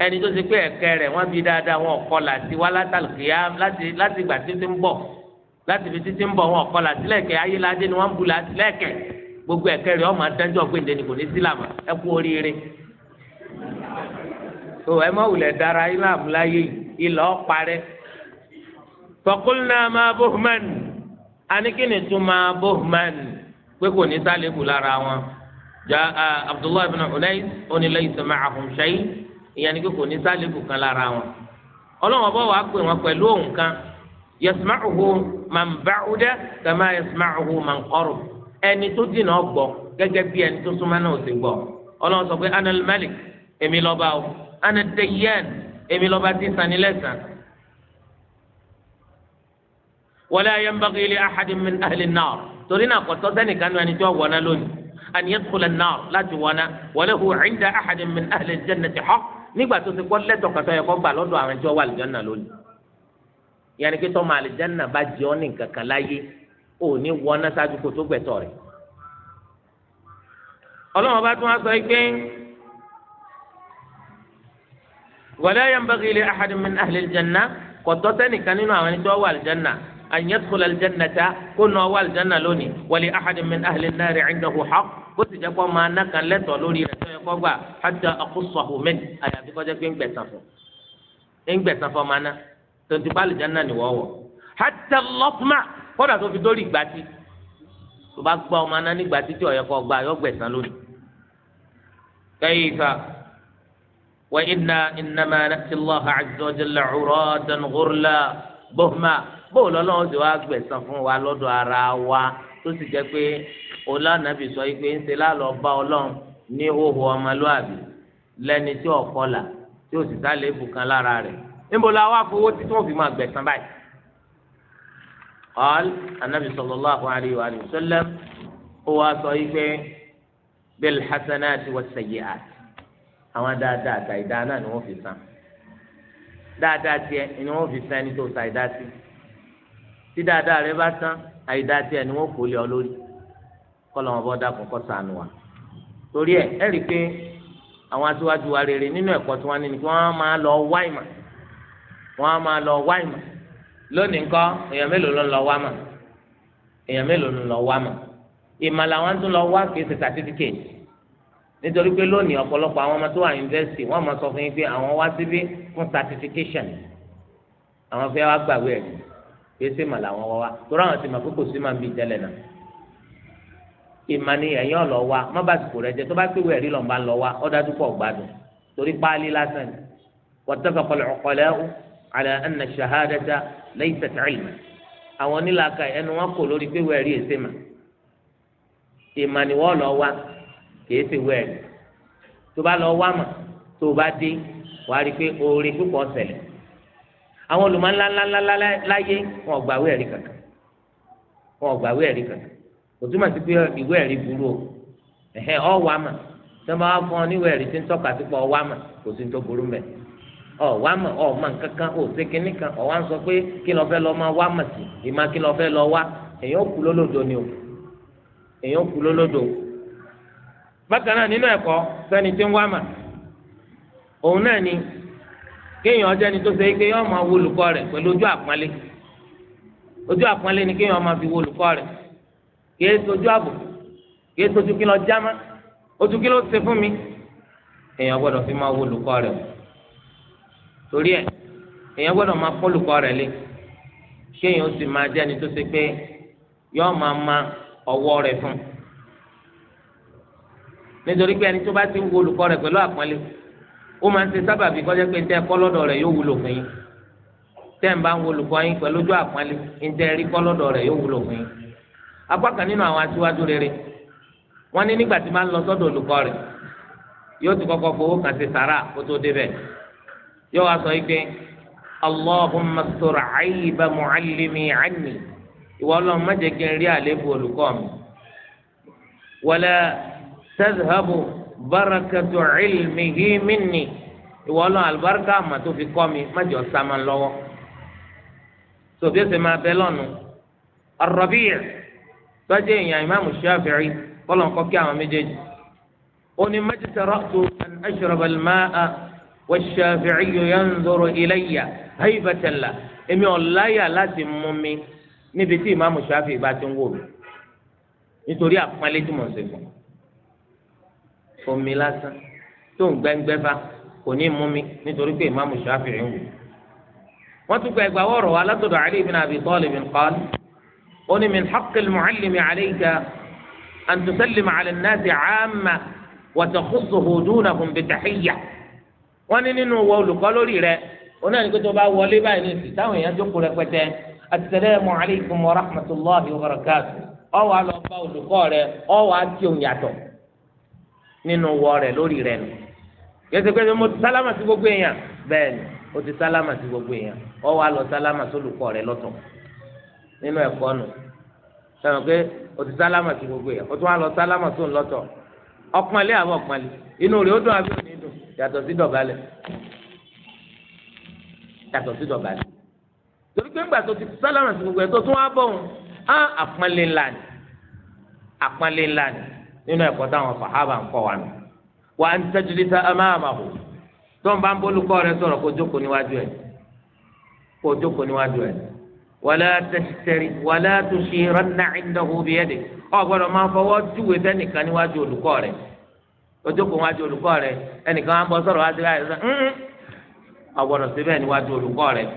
ẹni tó ṣe pé ẹ̀kẹ́ rẹ̀ wọ́n bí dáadáa wọn kọ́ là sí wá látàlùkìyà láti ìgbà títí ń bọ̀ láti fi títí ń bọ̀ wọn kọ́ là sí lẹ́kẹ̀ ayélujáde ni wọ́n ń bu là sí lẹ́kẹ̀ gbogbo ẹ̀kẹ́ rẹ̀ ọmọ adájọ́ gbèǹde ni kò ní sílàmù ẹ oríire tó ẹ má wulẹ̀ dára islam láyé ilẹ̀ ọ̀parẹ́ fọkúlnà máa bohman anikini tún máa bohman pé kò ní sálẹ̀kù lára wọn ja abdullahi bin unais onílẹ̀ ìsọ̀mọ́ àfọ̀nṣẹ́yì ìyẹn ni pé kò ní sálẹ̀kù kan lára wọn ọlọ́wọ́n bọ́ wàá pè wọn pẹ̀lú òun kan yasma'uhu man ba'uda kama yasma'uhu man qarub ẹni tó dìnnà gbọ́ gẹ́gẹ́ bí ẹni tó súnmọ́ náà ò sì gbọ́ ọlọ́wọ́n pé anal malik èmi lọ́ba ana dayyan èmi lọ́ba ti sani lẹ́sàn. wala yanbaghi li ahadin min ahli an-nar torí náà kò tọ́ sẹ́nìkan ní ẹni tí wọ́n wọ̀ náà lónìí an yadkhula an-nar láti wọ̀ náà wa lahu 'inda ahadin min ahli al-jannati haqq nígbà tó ti kọ́ lẹ́tọ̀ kàtọ́ yẹ kọ́ gbà lọ́dọ̀ àwọn ẹjọ́ wà àlùjáná lónìí yẹnni pé tọ́mọ àlùjáná bá jẹ́ ọ́ ní láyé ò ní wọ́n náà ṣáájú kó gbẹ̀tọ̀ rẹ̀ ọlọ́run tún wá sọ pé wala yanbaghi li ahadin min ahli aljanna kọtọ sẹ́nìkan nínú àwọn ẹni tó wà aljanna an yadkhula aljannata kó nà wà aljanna lónìí wa li ahadin min ahli an-nari 'indahu haqq kó sì jẹ́ kó máa ná kan lẹ́tọ̀ lórí rẹ̀ tó yẹ kó gbà hatta aqussahu min àyàfi kó jẹ́ pé ń gbẹ̀san fún ń gbẹ̀san fún ọmọ náà tontu bá aljanna ni wọ́wọ́ hatta lọ́kùmá kódà tó fi dórí ìgbà tí tó bá gbọ́ ọmọ náà nígbà tí tí ọ̀yẹ́kọ́ gbà yọ gbẹ̀san lónìí kayfa وإنا إنما نأتي الله عز وجل عراة غرلا بهما bóò lọ́lọ́run ti wá gbẹ̀san fún wa lọ́dọ̀ ara wa tó sì jẹ́ pé olánàbì sọ pé ń ṣe lálọ́ bá ọlọ́run ní hóhó ọmọlúàbí lẹ́ni tí ò kọlà tí ò sì sálẹ̀ ibùkan lára rẹ̀ níbo la wá fowó tí wọ́n fi máa gbẹ̀san báyìí. قال النبي صلى الله عليه وآله وسلم هو صيب بالحسنات والسيئات àwọn dáadáa àti àìdáa náà ni wọ́n fi san dáadáa tiẹ̀ ni wọ́n fi san ẹni tó sa àìdáa sí tí dáadáa rẹ bá san àìdáa tiẹ̀ ni wọ́n kò lé ọ lórí kọlọ wọn bọ dákun kọ sànù wa torí ẹ ẹ rí i pé àwọn aṣíwájú wa rere nínú ẹ̀kọ́ tí wọ́n ní ni wọ́n máa lọ wá ìmọ̀ wọ́n máa lọ wá ìmọ̀ lónìí ńkọ́ èèyàn mélòó ló ń lọ wá mà èèyàn mélòó ló ń lọ wá mà ìmọ̀ làwọn tún lọ wá kì í ṣe sàtífíkèétì nítorí pé lónìí ọ̀pọ̀lọpọ̀ àwọn ọmọ tó wà yunifásitì wọ́n máa sọ fún yín pé àwọn wá síbí fún certification àwọn fẹ́ wá gbàwé ẹ̀rí pé sèmà làwọn wá wá torí àwọn ti mà pé kò sí màá bí tẹ́lẹ̀ náà ìmà ni ẹ̀yìn ọ̀lọ́ wa má bá sìkò rẹ jẹ tó bá pèwé ẹ̀rí lọ́nba lọ wa ọ́ dájú pọ̀ gbádùn torí páálí lásán wọ́n lọ wa kìí sì wẹ̀ ẹ́ tó bá lọ wá mà tó bá dé wàá rí i pé oore púpọ̀ ṣẹlẹ̀ àwọn olùmọ̀ ńláńláńlá láyé wọn ò gbàwé ẹ̀rí kankan wọn ò gbàwé ẹ̀rí kankan kò túmọ̀ sí pé ìwé ẹ̀rí burú o ẹ̀hẹ́ ọ̀ wá mà tí wọ́n bá wá fún ọ níwèé ẹ̀rí tí ń tọ́ka sí pé ọ wá mà kò sí tó burú mẹ́ ọ wá mà ọ mà kankan ò sí kinní kan ọ wá ń sọ pé kí lọ fẹ́ lọ máa wá mà sí ìmá kí lọ fẹ́ lọ wá èèyàn kú lólódo ni o èèyàn kú lólódo o bákan náà nínú ẹ̀kọ́ sẹ́ni tí ń wá mà òun náà ni kéèyàn jẹ́ni tó ṣe é kéèyàn máa wo olùkọ́ rẹ̀ pẹ̀lú ojú ojú ni kéèyàn máa fi wo olùkọ́ rẹ̀ kìí sojú àbò kìí sojú kí lọ jámá ojú kí ló ṣe fún mi èèyàn fi máa wo olùkọ́ rẹ̀ torí ẹ̀ èèyàn máa lé kéèyàn sì máa tó ma ọwọ rẹ̀ fún nítorí pé ẹni tó bá ti ń wo olùkọ́ rẹ̀ pẹ̀lú àpọ́nlé ó máa ń ṣe sábàbí kọjá pé tẹ́ kọ́ lọ́dọ̀ rẹ̀ yóò wúlò fún yín tẹ́ ń bá ń wo olùkọ́ yín pẹ̀lú ojú àpọ́nlé ń tẹ́ rí kọ́ lọ́dọ̀ rẹ̀ yóò wúlò fún yín. apá kan nínú àwọn aṣíwájú rere wọ́n ní nígbà tí máa ń lọ sọ́dọ̀ olùkọ́ rẹ̀ yóò ti kọ́kọ́ fowó kan ṣe sàrà kó tó débẹ̀ yóò wá sọ tadhhabu barakatu ilmihi minni ìwọ ọlọ́run àlùbáríkà àmà tó fi kọ́ mi má jọ sá máa lọ́wọ́ tòbí ẹsẹ̀ máa bẹ lọ́nu Ar-Rabi' tọ́jú èèyàn ìmáàmù Shafi'i kọ́lọ̀ ń kọ́ kí àwọn méjèèjì ó ní majtara'tu an ashraba al-ma'a wash-Shafi'i yanzuru ilayya haybatan la èmi ọ̀láyà láti mú mi níbi tí ìmáàmù Shafi'i bá ti ń wò mí nítorí àpọ́nlé tí mò ń ṣe fún un omi lásán tó ń gbẹ́ngbẹ́ bá kò ní mú mi nítorí pé ìmáàmù Ṣáfi'í ń wò. wọ́n tún gba ẹgbà wọ̀rọ̀ wa látọ̀dọ̀ Ali ibn Abi Talib qala ó ní min haqqil mu'allimi alayka an tusallima ala an-nasi 'amma wa takhussuhu dunahum bi tahiyya. wọ́n ní nínú wọ olùkọ́ lórí rẹ̀ ó náà ní kó bá wọlé báyìí ní ìsìn táwọn nínú wọ rẹ̀ lórí rẹ̀ nù yẹsẹ pé mo ti sálámà sí gbogbo èèyàn bẹ́ẹ̀ ni o ti sálámà sí gbogbo èèyàn ọ wà lọ sálámà sólùkọ́ rẹ̀ lọ́tọ̀ nínú ẹ̀kọ́ nù sọ̀rọ̀ pé o ti sálámà sí gbogbo èèyàn o tún wà lọ sálámà sóun lọ́tọ̀ ọpọnlé àbọ̀ ọpọnlé inú rẹ̀ ó dùn àbí òní dùn yàtọ̀ sí dọ̀bálẹ̀ yàtọ̀ sí dọ̀bálẹ̀ torí pé ńgbà ti sálámà sí gbogbo èèyàn tó tún wà bọ̀ ọ́n á àpọnlé ńlá ni àpọnlé ńlá ni nínú ẹ̀kọ́ táwọn sàhábà ń kọ́ wa nù wà á ń tajilisa amáàmàhù tó ń bá ń bólúkọ́ rẹ sọ̀rọ̀ kó jókòó níwájú ẹ̀ kó jókòó níwájú ẹ̀ wàlá tẹsítẹrì wàlá tuṣe rọ́nà ìdáhù bí ẹ̀ dẹ̀ ọ gbọ́dọ̀ máa fọwọ́ júwe sẹ́nìkan níwájú olùkọ́ rẹ̀ kó jókòó níwájú olùkọ́ rẹ̀ ẹnìkan á bọ́ sọ̀rọ̀ wá sí sọ ọ gbọ́dọ̀ síbẹ̀ níwájú olùkọ́ rẹ̀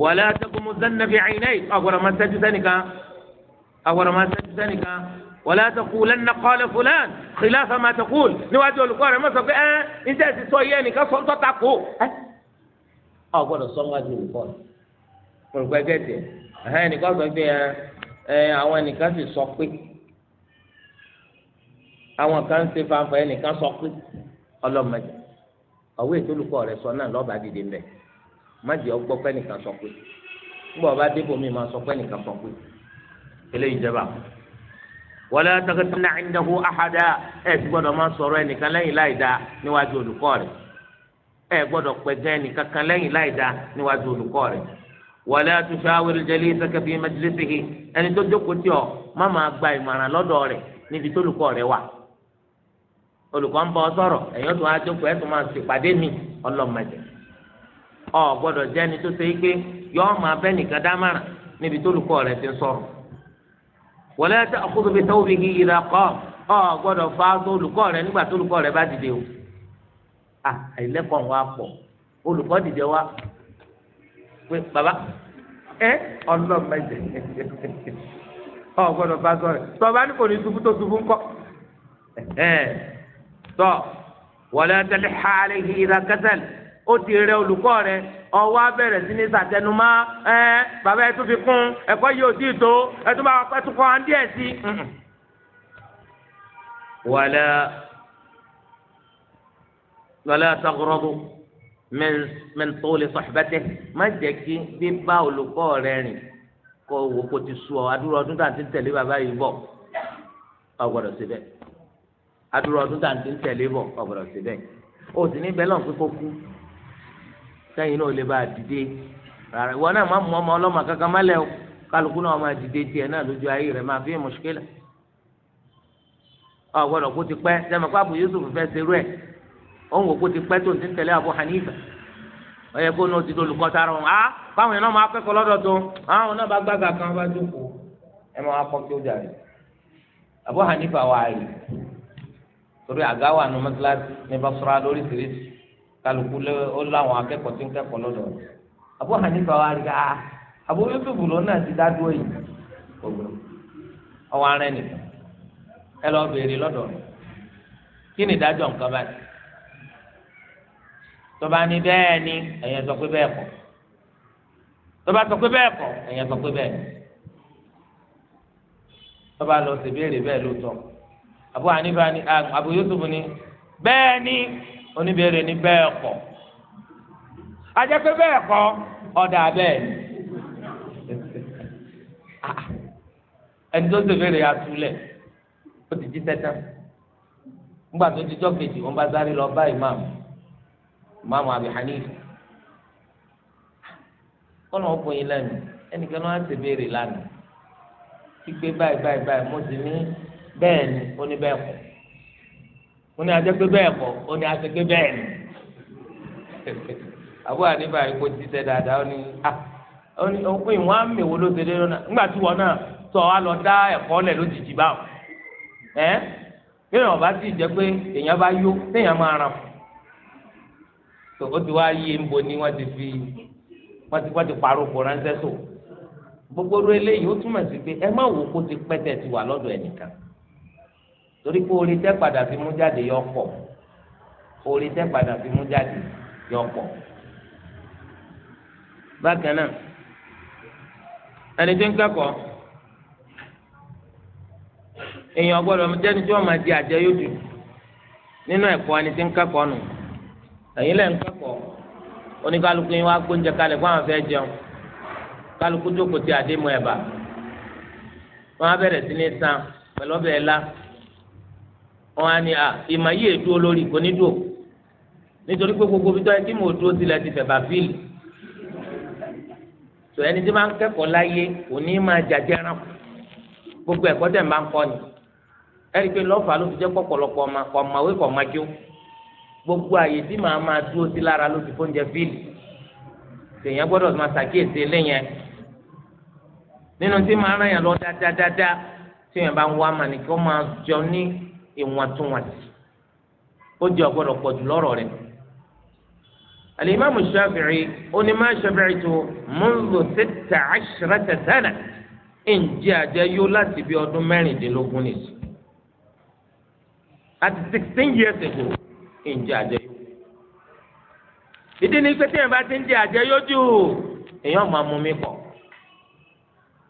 wàlá wala taqulanna qala fulan khilafa ma taqul níwájú olùkọ́ rẹ̀ mọ̀sọ̀ pé ẹ́ níta ẹ̀sìn sọ yẹ́ nìkan sọ ń tọ́ta kó. ọ gbọ́dọ̀ sọ wájú olùkọ́ rẹ̀ olùkọ́ ẹgbẹ́ tiẹ̀ ẹ̀hẹ́n nìkan sọ pé ẹ àwọn nìkan sì sọ pé àwọn kan ń ṣe fanfa ẹ nìkan sọ pé ọlọ́mọdé ọ̀wé ètò olùkọ́ rẹ̀ sọ náà lọ́ba dìde mbẹ́ májì ọgbọ́ pẹ́ nìkan sọ pé nígbà ọba débò mi máa sọ pé nìkan sọ pé eléyìí jẹba wọlé tẹkẹtẹ náà ń dẹkọ àhàdá ẹ ti gbọ́dọ̀ máa sọ̀rọ̀ ẹnìkan lẹ́yìn láì dáa níwájú olùkọ́ rẹ̀ ẹ gbọ́dọ̀ pẹgẹ ẹnìkan kan lẹ́yìn láì dáa níwájú olùkọ́ rẹ̀ wọlé àtúnṣe awèrè jẹlé sẹkẹfì mẹjìlẹsìkì ẹni tó jókòó tí ọ má máa gba ìmọ̀ràn lọ́dọ̀ rẹ̀ níbi tó olùkọ́ rẹ̀ wà olùkọ́ ń bọ sọ̀rọ̀ ẹ̀yọ́ tó wá jókòó ẹ̀ tó máa ṣèpàdé mi ọlọ́mọdé ọ gbọ́dọ̀ jẹ́ ẹni tó wala ta'khudhu bi thawbihi idha qama ọ gbọ́dọ̀ fa olùkọ́ rẹ nígbà tó olùkọ́ rẹ bá dìde o à àìlẹ́kọ̀ọ́ wa pọ̀ olùkọ́ dìde wa pé bàbá ẹ ọlọ́mọdé ọ gbọ́dọ̀ fa sọ rẹ tọba ní kò ní ṣubú tó ṣubú ńkọ́ tọ wala talihha alayhi idha kasal ó ti rẹ olùkọ́ rẹ ọwọ́ abẹ́rẹ́ sí ní sàtẹnumá ẹ bàbá ẹ tún fi kún ẹ̀kọ́ yìí ò tí ì tó ẹ tún bá ẹ tún kọ́ andí ẹ̀ sí. wàlẹ́ wàlẹ́ àtàkùrọ́bù mẹ́ntòlè sọ̀xbẹ́tẹ̀ má jẹ́ kí bíbá olùkọ́ rẹ rìn kó wò kó ti sú adúrò ọdún tàǹtí tẹ̀lé bàbá yìí bọ̀ ọ síbẹ̀ adúrò ọdún tàǹtí tẹ̀lé bọ̀ ọ síbẹ̀ ó sì ní bẹ́ẹ̀ lọ́n kó kú. sẹ́yìn náà lè bá a dìde rárá ìwọ náà má mú ọmọ ọlọ́mọ kankan má lẹ́ o kálukú náà máa dìde tiẹ̀ náà lójú ayé rẹ̀ máa fi mùṣkílà ọ gbọ́dọ̀ kó ti pẹ́ sẹ́mi kó Abu Yusuf fẹ́ serú ẹ̀ òun kò kó ti pẹ́ tó ti Abu Hanifa ọyẹ kó náà ti sára wọn a báwọn náà máa tó àwọn náà bá kan bá jókòó ẹ máa kí ó Abu Hanifa wà á yìí torí àgáwà kálukú ó láwọn akẹ́kọ̀ọ́ tí ń kẹ́kọ̀ọ́ lọ́dọ̀ rẹ̀ Abu Hanifa wa rí a Abu ah, Yusuf ló náà ti dá dúró yìí òwúrọ̀ ọwọ́ arẹ nìkan ẹ lọ béèrè lọ́dọ̀ rẹ̀ kí ni ìdájọ́ nǹkan báyìí tọba ni bẹ́ẹ̀ ni ẹ̀yẹn sọ pé bẹ́ẹ̀ kọ́ tọba sọ pé bẹ́ẹ̀ kọ́ ẹ̀yẹn sọ pé bẹ́ẹ̀ tọba lọ sí béèrè bẹ́ẹ̀ lóòótọ́ Abu Hanifa ni Abu Yusuf ni bẹ́ẹ̀ ni oníbèrè ní bẹ́ẹ̀ kọ́ ajẹ́ pé bẹ́ẹ̀ kọ́ ọ̀dà bẹ́ẹ̀ *laughs* ah, ẹni tó ṣe fèrè atúlẹ̀ ó ti jí tẹ́tán nígbà tó ti jọ́ kejì wọn bá sáré lọ bá ìmáàmù ìmáàmù Abi Hanifa kọ́nà ó bóyin lẹ́nu ẹnìkan náà ṣe béèrè lánàá gbígbé báyìí báyìí báyìí mo sì ní bẹ́ẹ̀ ni ó kọ́ ó ni adé pé bẹ́ẹ̀ kọ́ ó ní adé pé bẹ́ẹ̀ ni *laughs* àbúrò àníbà rí kó ti tẹ dáadáa ó ní ó ní wọn á mèwó ló délé lọ́nà nígbà tí wọn náà tọ́ wa lọ dá ẹ̀kọ́ lẹ̀ lójijì báwọn bí wọn bá ti jẹ pé èèyàn bá yó téèyàn máa ràn tó ti wá ni wọ́n ti fi ti ti gbogbo eléyìí ó túmọ̀ sí pé ẹ má wò kó ti pẹ́ tẹ̀ ti wà lọ́dọ̀ torí pé orí tẹ́ padà fi mú jáde yọ pọ̀ orí tẹ́ padà fi mú jáde yọ pọ̀ bákan náà ẹni tó ń kẹ́kọ̀ọ́ èèyàn gbọ́dọ̀ jẹ́ni tí wọ́n máa di àjẹyójú nínú ẹ̀kọ́ ẹni tí ń kẹ́kọ̀ọ́ nù ẹ̀yin lẹ ń kẹ́kọ̀ọ́ oníkálukú yín wá gbóúnjẹ kalẹ̀ fún àwọn fẹ́ẹ́ jẹun kálukú jókòó ti àdémù ẹ̀bà wọ́n á bẹ̀rẹ̀ sí ní san pẹ̀lú ọbẹ̀ ẹ̀la wọn á ní à ìmọ̀ yìí èdú olórí kò ní dùn nítorí pé gbogbo bitọ́ ẹ kí mo dúró sílẹ̀ ti fẹ̀bà fíìlì tò ẹni tí máa ń kẹ́kọ̀ọ́ láyé kò ní máa jàjẹ́ rán gbogbo ẹ̀kọ́ tẹ̀ máa ń kọ́ ni ẹni pé lọ́fà ló fi jẹ́ pọ̀pọ̀lọpọ̀ ọmọ ọ̀mọ̀wé kọ̀ máa jó gbogbo àyè tí màá máa dúró sí lára ló ti fóúnjẹ fíìlì tèèyàn gbọ́dọ̀ máa ṣàkíyèsí eléyẹn nínú tí màá rán yàn lọ dáadáa tí yàn bá ń wá màní kí wọ́n máa jọ ní ìwọ̀ntúnwọ̀nsì ó jẹ́ ọ̀gbọ́dọ̀ pọ̀ jù lọ́rọ̀ rẹ̀. alimami shafi'i onímọ̀ shafi'i tó mundu sitta ashrata sana ǹjẹ́ àjẹ́ yó láti bí ọdún mẹ́rìndínlógún nìyí. àti sixteen years ago ǹjẹ́ àjẹ́ yó. ìdí ni pé téèyàn bá ti ń jẹ àjẹ́ yó jù èèyàn máa mú mi pọ̀.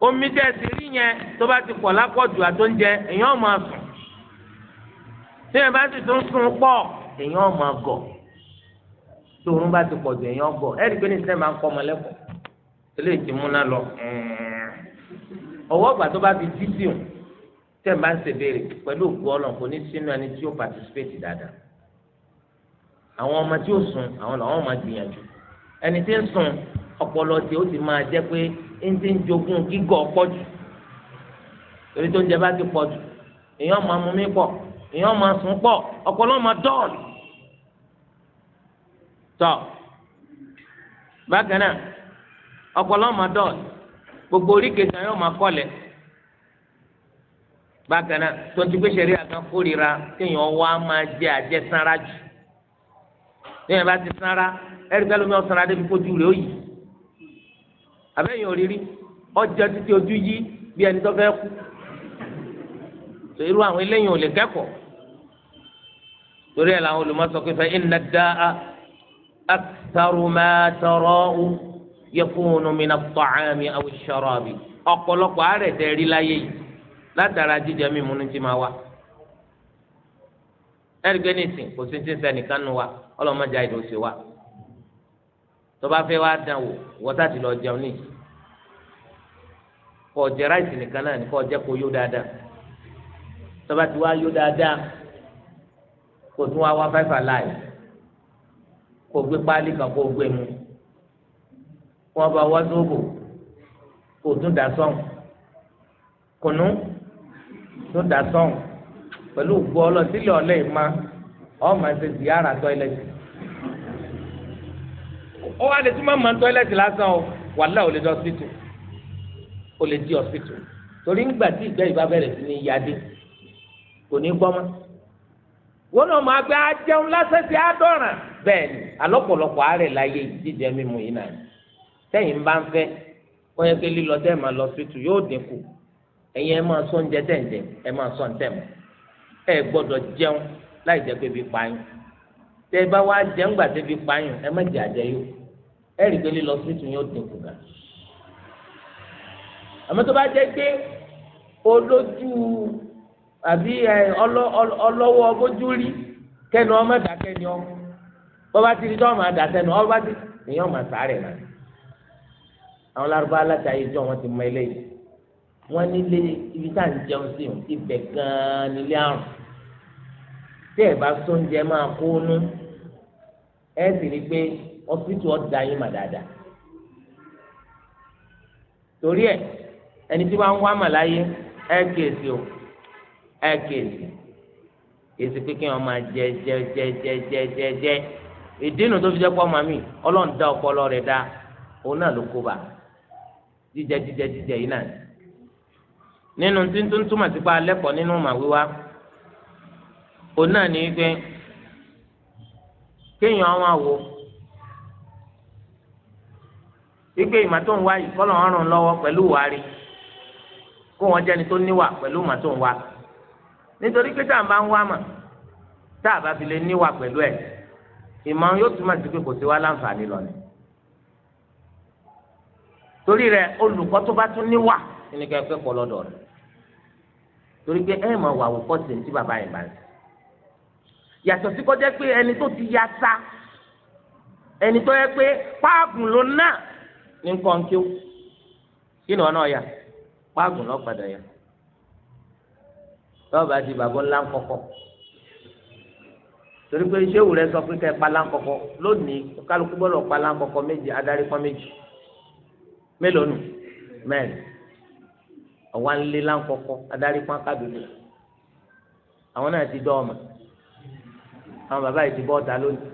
omi dẹ́sí rí yẹn tó bá ti pọ̀ lápọ̀jù àtúnjẹ èèyàn máa sùn tí ẹ bá sì tún sùn pọ̀ èèyàn máa gọ̀ tí oorun bá ti pọ̀ jù èèyàn gọ̀ ẹ rí i pé ní sinimá ń kọ́ ọmọ lẹ́kọ̀ọ́ eléyìí ti múná lọ ọwọ́ ọgbà tó bá fi jí sí òun tẹ́ ẹ bá ń ṣèbéèrè pẹ̀lú òkú ọlọ́run kò ní sínú ẹni tí ó participate dáadáa àwọn ọmọ tí ó sùn àwọn làwọn máa gbìyànjú ẹni tí ń sùn ọpọlọ tí ó ti máa jẹ́ pé ń ti ń jogún gígọ̀ pọ̀ jù torí tó ń jẹ bá ti pọ̀ jù èèyàn máa mú mi pọ̀ èèyàn máa sùn pọ̀ ọpọlọ máa dọ́ọ̀lù tọ bákan náà ọpọlọ máa dọ́ọ̀lù gbogbo oríkèéjà yóò máa kọ́lẹ̀ bákan náà tonti gbé sẹ̀rí àgán kórìíra kéèyàn wá máa jẹ àjẹsára jù téèyàn bá ti sára ẹ̀rí pẹ́ lómi ọ̀sára débi kójú rẹ̀ ó yìí àbẹ́yìn òrírí ọjà títí ojú yìí bí ẹni tó fẹ́ kú irú àwọn eléyìí ò lè kẹ́kọ̀ọ́ torí ẹ̀ làwọn olùmọ̀sọ pé fẹ́ iná dáa akitarumatọrọ́wù yẹfúnnu mina tọ́cámi àwọn sọ̀rọ̀bì ọ̀pọ̀lọpọ̀ àárẹ̀ tẹ̀rí láyé yìí látara jíjẹ mímu ní ti máa wá. ẹ̀rí pé nísìn kò sí ti ń sẹ́nìkan nu wa ọlọ́mọdé àìdò sí wa tó bá fẹ́ wá wò wọ́tá ti lọ jẹun níyì kọ̀ jẹ́ ráìsì nìkan náà ní kọ̀ jẹ́ kó yó dáadáa tó ti wá yó dáadáa kò tún wá wá five alive kò gbé páálí kan kò gbé mu wọn bá wá sóbò kò tún dà sọ̀n kùnú tún dà sọ̀n pẹ̀lú gbọ́ ọlọ́sílẹ̀ ọ̀lẹ́ ìmá ọmọ ẹsẹ̀ ti yára tọ́ilẹ̀tì ó wá lè tún máa ń tọ́ilẹ̀tì lásán o wàhálà ò lè di hospital ò di hospital torí ńgbà tí ìgbẹ́ ìbá bẹ̀rẹ̀ sí ní yadé kò ní gbọ́ mọ́. wọn náà máa gbé ajẹun lásẹsẹ àdọràn bẹ́ẹ̀ ni alọpọlọpọ àárẹ̀ láyé jíjẹ mímu yìí náà tẹ̀yin bá ń fẹ́ wọn yẹ lílọ tẹ máa lọ sítu yóò dínkù ẹ̀yin ẹ máa sọ oúnjẹ tẹǹjẹ ẹ máa sọ ntẹmọ ẹ gbọ́dọ̀ jẹun láì jẹ pé bí pààyàn tẹ ẹ bá wá jẹun gbà bí pààyàn ẹ má jẹ ẹ rí i sítu yóò gà tó bá àbí ọlọ́wọ́ bójú rí kẹ́nu ọmọ dàkẹ́ ni ọ bọ́ba ti di tọ́ọ̀mù àdàkẹ́ nu ọba ti nìyọ́n mà sáré náà àwọn lárúbá aláta yìí jọ wọn ti mọ eléyìí wọn nílé ibi tá à ń jẹun sí wọn ibẹ̀ gan-an nílé àrùn tí ẹ bá sóúnjẹ máa kó nú ẹ sì rí i pé ọsítù ọ̀dà yín mà dáadáa torí ẹ ẹni tí wọn wá mà láyé ẹ kìí sí o. ekele èsì pé kí wọn jẹ jẹ jẹ jẹ jẹ jẹ jẹ ìdínú tó fi jẹ pọ́ màmí ọlọ́run dá ọpọlọ rẹ̀ dá òun náà ló kó bá jíjẹ jíjẹ jíjẹ yìí náà nínú tuntun túmọ̀ sí pa alẹ́kọ̀ọ́ nínú ma wa òun náà ní pé kéèyàn wọn wò wípé ìmọ̀ tó ń wá yìí kọ́ nítorí pé tá à ń bá ń wá mà tá a bá fi lè níwà pẹ̀lú ẹ̀ ìmọ̀ yóò túmọ̀ sí pé kò sí wá láǹfààní lọ ni torí rẹ̀ olùkọ́ tó bá tún níwà ẹni ká ẹgbẹ́ pọ̀ lọ́dọ̀ rẹ̀ torí pé ẹ̀ mọ̀ wà wòkọ́ sí ti bàbá yẹn bá ń yàtọ̀ sí kọjá pé ẹni tó ti ya sa ẹni tó yẹ pé páàgùn ló ná ní nǹkan kí ni wọn náà yà páàgùn lọ́ọ́ padà yà tọ́ọ̀bù àti bàbá ńlá ń kọ́kọ́ torí pé iṣẹ́ òwúrẹ́ sọ pé ká ẹ palá ń kọ́kọ́ lónìí kálukú gbọ́dọ̀ palá ń kọ́kọ́ méjì adarí kan méjì mélòó nù mẹ́rin àwọn alẹ́ lá ń kọ́kọ́ adarí kan kábìlì àwọn náà ti dọ́ ọmọ àwọn bàbá yìí ti bọ́ ọ̀tá lónìí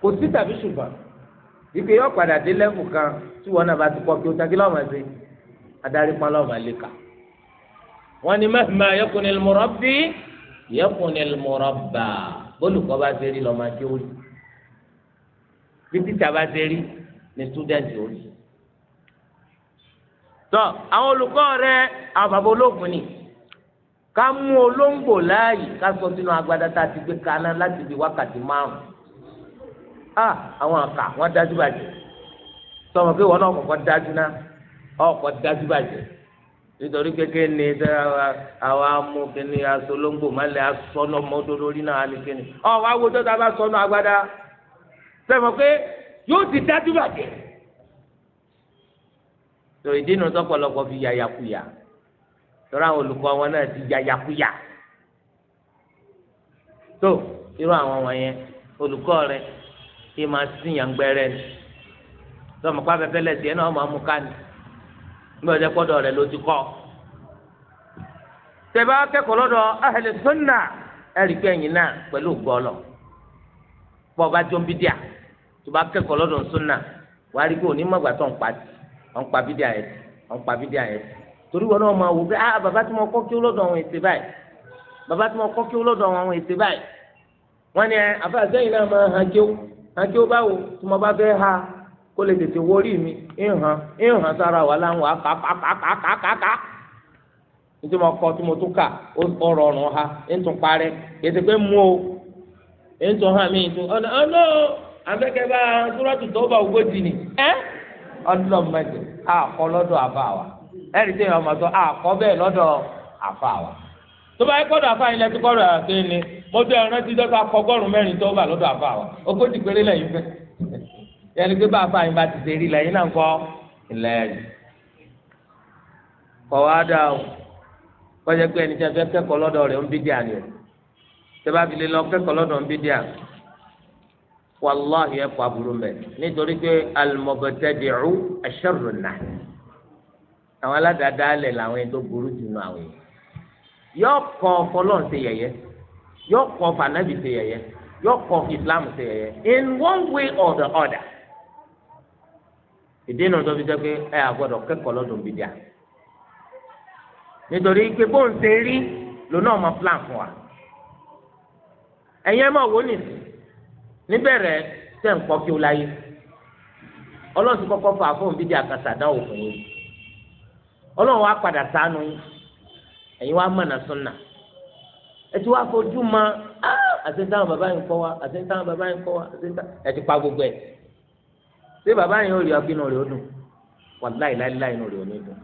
kò sí tàbí ṣùgbọ́n ike yọ padà dé lẹ́fù kan tí wọn náà bá ti kọ́ kí o tagi lọ́mọ sí adarí kan lọ́mọ lè kà wọ́n ní mahma yakunil murabbi yakunil murabba bólùkọ́ bá ṣe rí lọ́mọ tí ó rí bí títà bá ṣe rí ni túdẹ̀ǹtì ó rí. tọ́ àwọn olùkọ́ rẹ àwọn bàbá olóògùn ni ká mú olóńgbò láàyè ká sọ sínú agbada tá a ti gbé kaná láti bí wákàtí márùn a àwọn àkà wọn dájú bàjẹ́ sọmọ pé wọn náà kọ̀kọ́ dájú ná ọkọ̀ dájú bàjẹ́ nítorí kékeré ni àwa mú kíni asolóńgbò mọ́lẹ̀ asọ́nà mọ́tòlórí náà ní kíni ọ wá wo tó dábàá sọnù agbada sẹ́mi pé yóò ti dájú bàjẹ́ tó ìdí nu tọpọlọpọ fi yàyàkuyà tọ́ra àwọn olùkọ́ wọn náà ti yàyàkuyà tó irú àwọn wọ̀nyẹn olùkọ́ rẹ kí máa sìn yàngbẹ́rẹ́ ni tọmọkọ afẹ́fẹ́ lẹ̀ tiẹ̀ náà máa mú ká ni. nígbà tó kpọ́dọ̀ rẹ̀ ló ti kọ́ tẹ̀bá kẹ́kọ̀ọ́ lọ́dọ̀ ahli sunna ẹ̀rí pé ọba náà pẹ̀lú gbọ́lọ̀ pọ̀ bá jọ bídíà tó bá kẹ́kọ̀ọ́ lọ́dọ̀ sunna rí pé òní tó ń pa pa pa torí wọn náà máa wò pé ah bàbá tí mo kọ́ kí ó lọ́dọ̀ àwọn ètè ha kó lè tètè wọrí mi ìhàn ìhàn sára wà láwọn àkàkàkàkàkà nítorí mo kọ tí mo tún kà ha ntún ịtụ yẹtẹ pé mú o ntún hàn mí ntún ọ̀nà ọ̀nà oh túrọ́tù tó bá ogójì ni ẹ́ àkọ́ lọ́dọ̀ wa ẹ̀rí tí èèyàn àkọ́ bẹ́ẹ̀ lọ́dọ̀ wa tó bá yẹ kọ́dọ̀ àti ẹni mo dọ́ta kọ́gọ́rùn mẹ́rin tó bá lọ́dọ̀ wa ogójì péré lẹ́yìn fẹ́ yẹn gbé bàbá yín bá ti ṣe rí lẹ́yìn náà kọ́ ìlẹ́yìn kọ́ wá dà o kọjá pé ẹni tí a fẹ́ kẹ́kọ̀ọ́ lọ́dọ̀ rẹ̀ ń bí díà ni o tẹ́bá fi lè lọ kẹ́kọ̀ọ́ lọ́dọ̀ ń bí díà wàláhi ẹ̀ kọ́ aburú mẹ́ nítorí pé alimọ̀gọ́tẹ́dìrú ẹ̀ṣẹ̀rùnà àwọn aládàáda alẹ̀ làwọn ẹni tó burú jù nù àwìn yọ kọ́ fọlọ́n ṣe yẹ̀yẹ́ yọ kọ́ fànábì ṣe yẹ̀yẹ́ yọ kọ́ Islam ṣe yẹ̀yẹ́ in one way or the other. ìdí náà tó fi jẹ́ pé ẹ àgbọ́dọ̀ kẹ́kọ̀ọ́ lọ́dún bìdíà nítorí pé bóun ṣe rí lónà ọmọ plan fún wa ẹ̀yin ẹ máa wò nìsí níbẹ̀rẹ̀ tẹ̀ ń kọ́ kí ó láyé ọlọ́run ti kọ́kọ́ fà fún ọlọ́run wa padà sànù ẹ̀yin wa ma àti ṣé bàbá yẹn ò rí ọkọ inú rẹ̀ ó dùn wàláì láìláì inú rẹ̀ ò ní dùn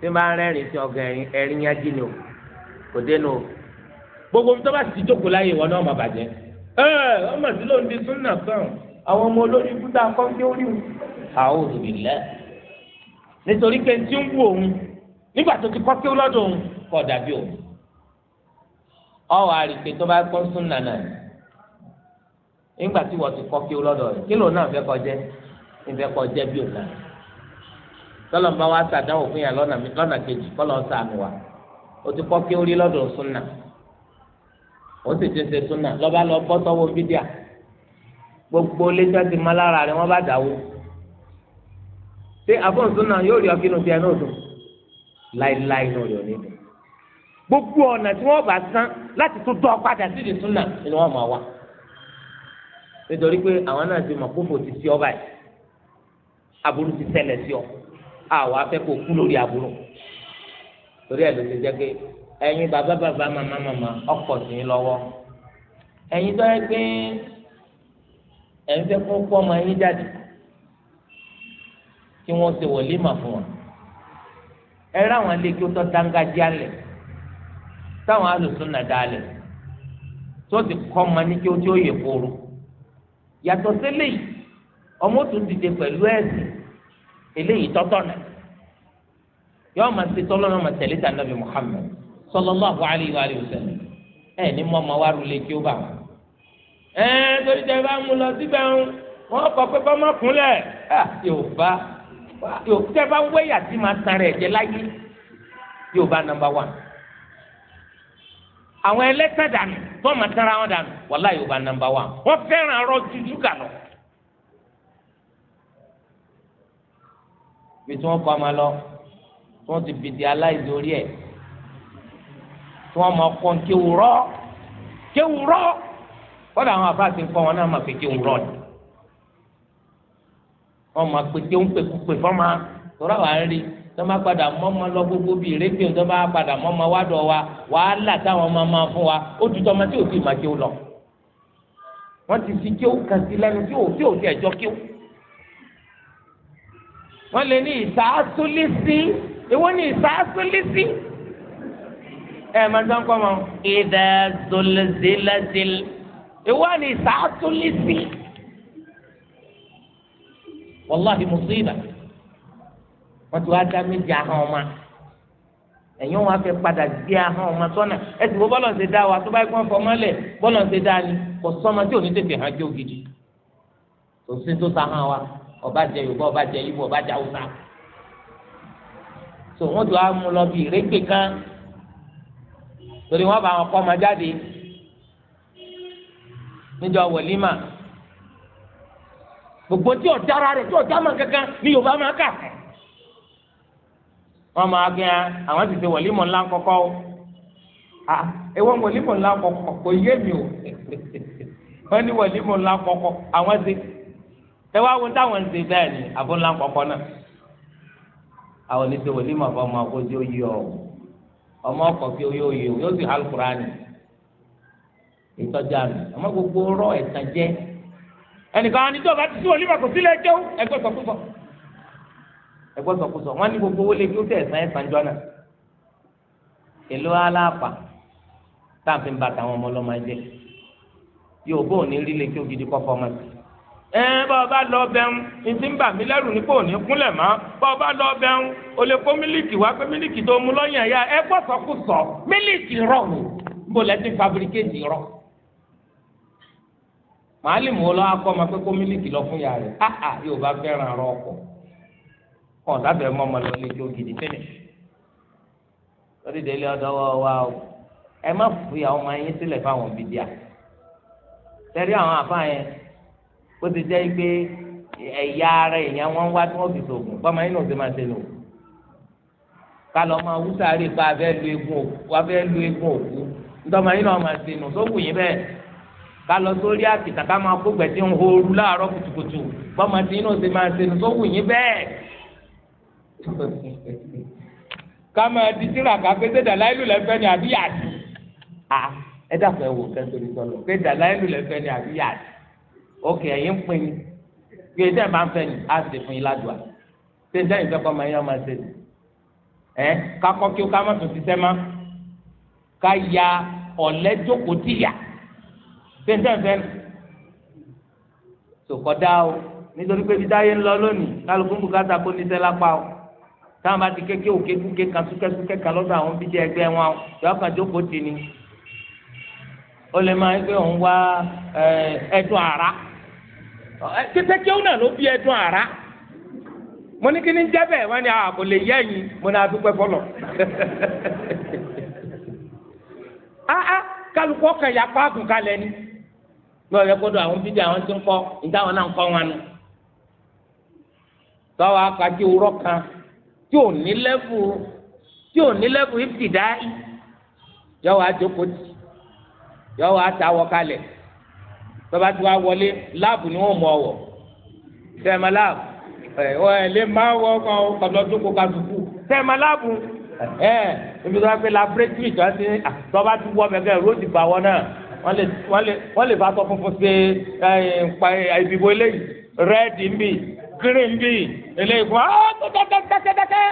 ṣé máa ń rẹ́rìn sí ọgàn ẹ̀rín ẹ̀rín yá jí ni o kò dénú o gbogbo tó bá ti jókòó láyé ìwọ náà má bàjẹ́ ẹ ọmọ sí ló ń di súnà kan àwọn ọmọ olórí búdà kọ́ ń dé orí wọn. àwọn òbílẹ̀ nítorí pé tí ń wù òun nígbà tó ti kọ́ kí ó lọ́dọ̀ òun kọ́ dàbí òun ọwọ́ àrìpé tó bá kọ́ súnà náà nígbà tí wọ́n ti kọ́ kí ó lọ́dọ̀ rẹ̀ kí lòun náà fẹ́ kọjẹ́ níbẹ̀ kọ́ jẹ́ bí òun náà tọ́lọ̀ ń bá wa sàdánwò fún yàn lọ́nà kejì kọ́lọ̀ ń sàmì wa o ti kọ́ kí ó rí lọ́dọ̀ súnà ó sì ti ṣe súnà lọ́ba lọ bọ́ sọ́wọ́ bídíà gbogbo létí ti má lára rẹ̀ wọ́n bá dàwó ṣé àfọ̀nsúnà yóò rí ọkí nu tiẹ̀ náà dùn láéláé náà rí ọ̀nà ìdùn gbogbo ọ̀nà tí wọ́n bá san láti tún dọ́ padà sí ìdí súnà ni wọ́n mọ̀ wá nítorí pé àwọn náà ti mọ̀ kófò aburú ti ṣẹlẹ̀ sí ọ àwọn afẹ́ kò kú lórí aburú torí ẹ̀ ló ti jẹ́ pé ẹ̀yin bàbá bàbá màmá màmá ọkọ̀ sí i lọ́wọ́ ẹ̀yin tó yẹ pé ẹ̀yin fẹ́ kó kó ọmọ ẹ̀yin jáde kí wọ́n ṣe wọ̀límà fún wọn ẹ ráwọn ilé kí ó tọ́ dángájíá lẹ̀ táwọn alùsùn nà dálẹ̀ tó ti kọ́ ọmọ ní kí ó tí ó yẹ kóró yàtọ̀ sílẹ̀ ọmọ tó dìde pẹ̀lú ẹ̀sìn eléyìí tọ́tọ́nà yọọ ma ṣe ma tẹ̀lé ta nàbì Muhammad sallallahu alayhi wa sallam ẹ ní mọ́ ọmọ wa rúlé kí ó bá wọn. ẹ torí tẹ bá mú lọ síbẹ̀ kọ pé bá má kúnlẹ̀ yorùbá tẹ bá wẹ́yà tí ma tan rẹ̀ jẹ́ láyé yorùbá nàmbà wà. àwọn dànù ma tẹ́ra wọn dànù yorùbá nàmbà wà wọ́n fẹ́ràn arọ́ bí tí wọ́n kọ́ ọmọ lọ tí wọ́n ti bìdì aláìsí orí ẹ̀ tí wọ́n mọ kọ́ kéwùrọ́ kéwùrọ́ kọ́dà àwọn afáàsì ń kọ́ wọn náà máa fi kéwùrọ́ ni wọ́n máa pe kéwù pèkúpè fọ́mà tọ́ra wà ń rí tọ́ bá padà mọ́mọ́ lọ gbogbo bíi rédíò tọ́ bá padà mọ́mọ́ wá dọ̀ wa wàhálà táwọn ọmọ máa fún wa ó ju tọ́ ọmọ tí ò sì máa kéwù lọ wọ́n ti fi kéwù kan sí lẹ́nu tí ò tí ò tí ẹ̀jọ́ kéwù wọ́n lè ní ìsàásúlísí èwo ni ìsàásúlísí ẹ máa dán kọ́ mọ́ ìdá zolzilazil èwo ni ìsàásúlísí wàláhi mùsùlùmí wọ́n ti wá dá méjì ahọ́n ọmọ ẹ̀yin wọn fẹ́ padà gbé ahọ́n ọmọ sọ́nà ẹ sì wo bọ́lọ̀ ṣe dá wa tó bá gbọ́n fọmọ́lẹ̀ bọ́lọ̀ ṣe dá ni kò sọ́mọ tí ò ní tètè hàn jó gidi kò sí tó sa hàn wa ọba jẹ yorùbá ọba jẹ ibo ọba jẹ awúsá so wọn tó amú lọ bí ìrẹ́gbẹ̀ kan torí wọn bá wọn kọ́ ọmọ jáde níjọ wẹ̀límà gbogbo tí ọ̀dára rẹ̀ tí ọ̀dá máa kankan ní yorùbá máa kà wọn máa gbé àwọn ti ṣe wẹ̀límọ̀ ńlá kọ́kọ́ o ah ewọn wẹ̀límọ̀ ńlá kọ́kọ́ kò yé mi o *laughs* wọn ní wẹ̀límọ̀ ńlá kọ́kọ́ àwọn ti ẹ wá wo táwọn ń ṣe bẹ́ẹ̀ ni àbúrò kọ̀ọ̀kan náà àwọn oníṣẹ́ wòlíì máa fọ ọmọ akójú oyè ọ ọmọ ọkọ̀ kí oyè oyè o yóò sì alukurani ìtọ́jú àmì ọmọ gbogbo rọ ẹ̀sán jẹ́ ẹnìkan àni tó o bá ti sí wòlíì máa kò sílẹ̀ ẹjọ́ ẹgbẹ́ sọkúsọ ẹgbẹ́ sọkúsọ wọn ní gbogbo wọlé kí ó tẹ̀ ẹ̀sán ẹ̀sán jọ náà èlò aláàpà táàfin bàtà àwọn ọmọ ọlọ́mọ ẹ̀jẹ̀ yóò bóun ní rí lè kí ó gidi kọ́ fọ́ ọmọ sí i. ẹ bá ọba lọ bẹun ntí ń bà mí lẹ́rù nípò ní kúnlẹ̀ mọ́ bá ọba lọ bẹun o lè kó mílíkì wá pé mílíkì tó mu lọ́yìn ya ẹ gbọ́sọ̀ kù sọ mílíkì rọ̀ ní bó rọ. fabrikéètì rọ̀ lọ akọ ma pé kó mílíkì lọ fún yàrá rẹ̀ yóò bá fẹ́ràn arọ dábẹ́ mọ́ ọmọ lọ lè gidi finish ọ̀dọ́ wa o ẹ má fi àwọn ọmọ sílẹ̀ fáwọn àwọn àfáà bó ti jẹ́ pé ẹ̀yà ara èèyàn wọn wá tí wọ́n fi sògùn bọ́mọ yín náà ṣe máa ṣe lò kálọ̀ máa wú sáré pa abẹ́ lu egun òkú abẹ́ lu egun òkú ntọ́mọ yín náà máa ṣe lò sókù yín bẹ́ẹ̀ kálọ̀ sórí àkìtà ká máa kó gbẹ̀tì ń horu láàárọ̀ kùtùkùtù bọ́mọ tí yín náà ṣe máa ṣe lò sókù yín bẹ́ẹ̀ ká máa di síra ká pé sẹ́dà láìlú lẹ́fẹ́ ni àbí yàtì ẹ dàpọ̀ ẹ wò kẹ́sọ̀rọ̀ Ok, ẹ̀yin pin ni gbé tẹ́ ẹ̀ máa ń fẹ́ ni á sì fún yín ládùá ṣé sẹ́yìn fẹ́ kọ́ máa yín ọmọ ṣe ni ẹ kakọ́ kí o ká má tún ṣiṣẹ́ má ká ya ọ̀lẹ́ jókòó tìyà ṣé sẹ́yìn fẹ́ ni sòkọ́dá o nítorí pé dídáyé ń lọ lónìí kálukú bùkátà kó níṣẹ́ lápá o táwọn bá ti kéke òkè kúkè kan súkẹ́súkẹ́ kan lọ́dọ̀ àwọn bíjẹ́ ẹgbẹ́ wọn yọ kan jókòó tì ní. ó lè máa ń pé òun wá ẹ̀ẹ́dùn àrà kétékéwù náà ló bí ẹdun ara mo ní kí ni jẹ́bẹ̀ wọ́n ní àbò ah, lè yẹ yìí mo ní adúpẹ́ fọlọ́ áá *laughs* ah, ah, kálukọ́ kan yà pa àgùn kalẹ̀ ni lọ́ọ̀ yẹ kódò àwọn bíbí àwọn tí ń kọ́ níta àwọn náà ń kọ́ wọn nù tọ́wọ́ akadé wúrọ́ kan tí ò ní lẹ́bù tí ò ní lẹ́bù ìfìdá yìí yọ wá jókòó tì yọ wá tàwọ̀ kalẹ̀ bàbá tí wàá wọlé láàbù ni wọ́n mú ọ wọ̀ sẹ́ẹ̀mà láàbù ẹ̀ ẹ̀ lè má wọ ọkọ̀ ọ̀dọ́ tó kó ka dùkú sẹ́ẹ̀mà láàbù ẹ̀ ibi tó wá pé laboratory tó ti ah, tọ́ba ti wọ́ mẹ́kẹ́ róòdì bá wọn náà wọ́n lè wọ́n lè wọ́n lè bá tọ́ funfun ṣe ìbìbò eléyìí rẹ́ẹ̀dì ń bì gírì ń bì eléyìí fún ọ́ tó dẹ́kẹ́dẹ́kẹ́dẹ́kẹ́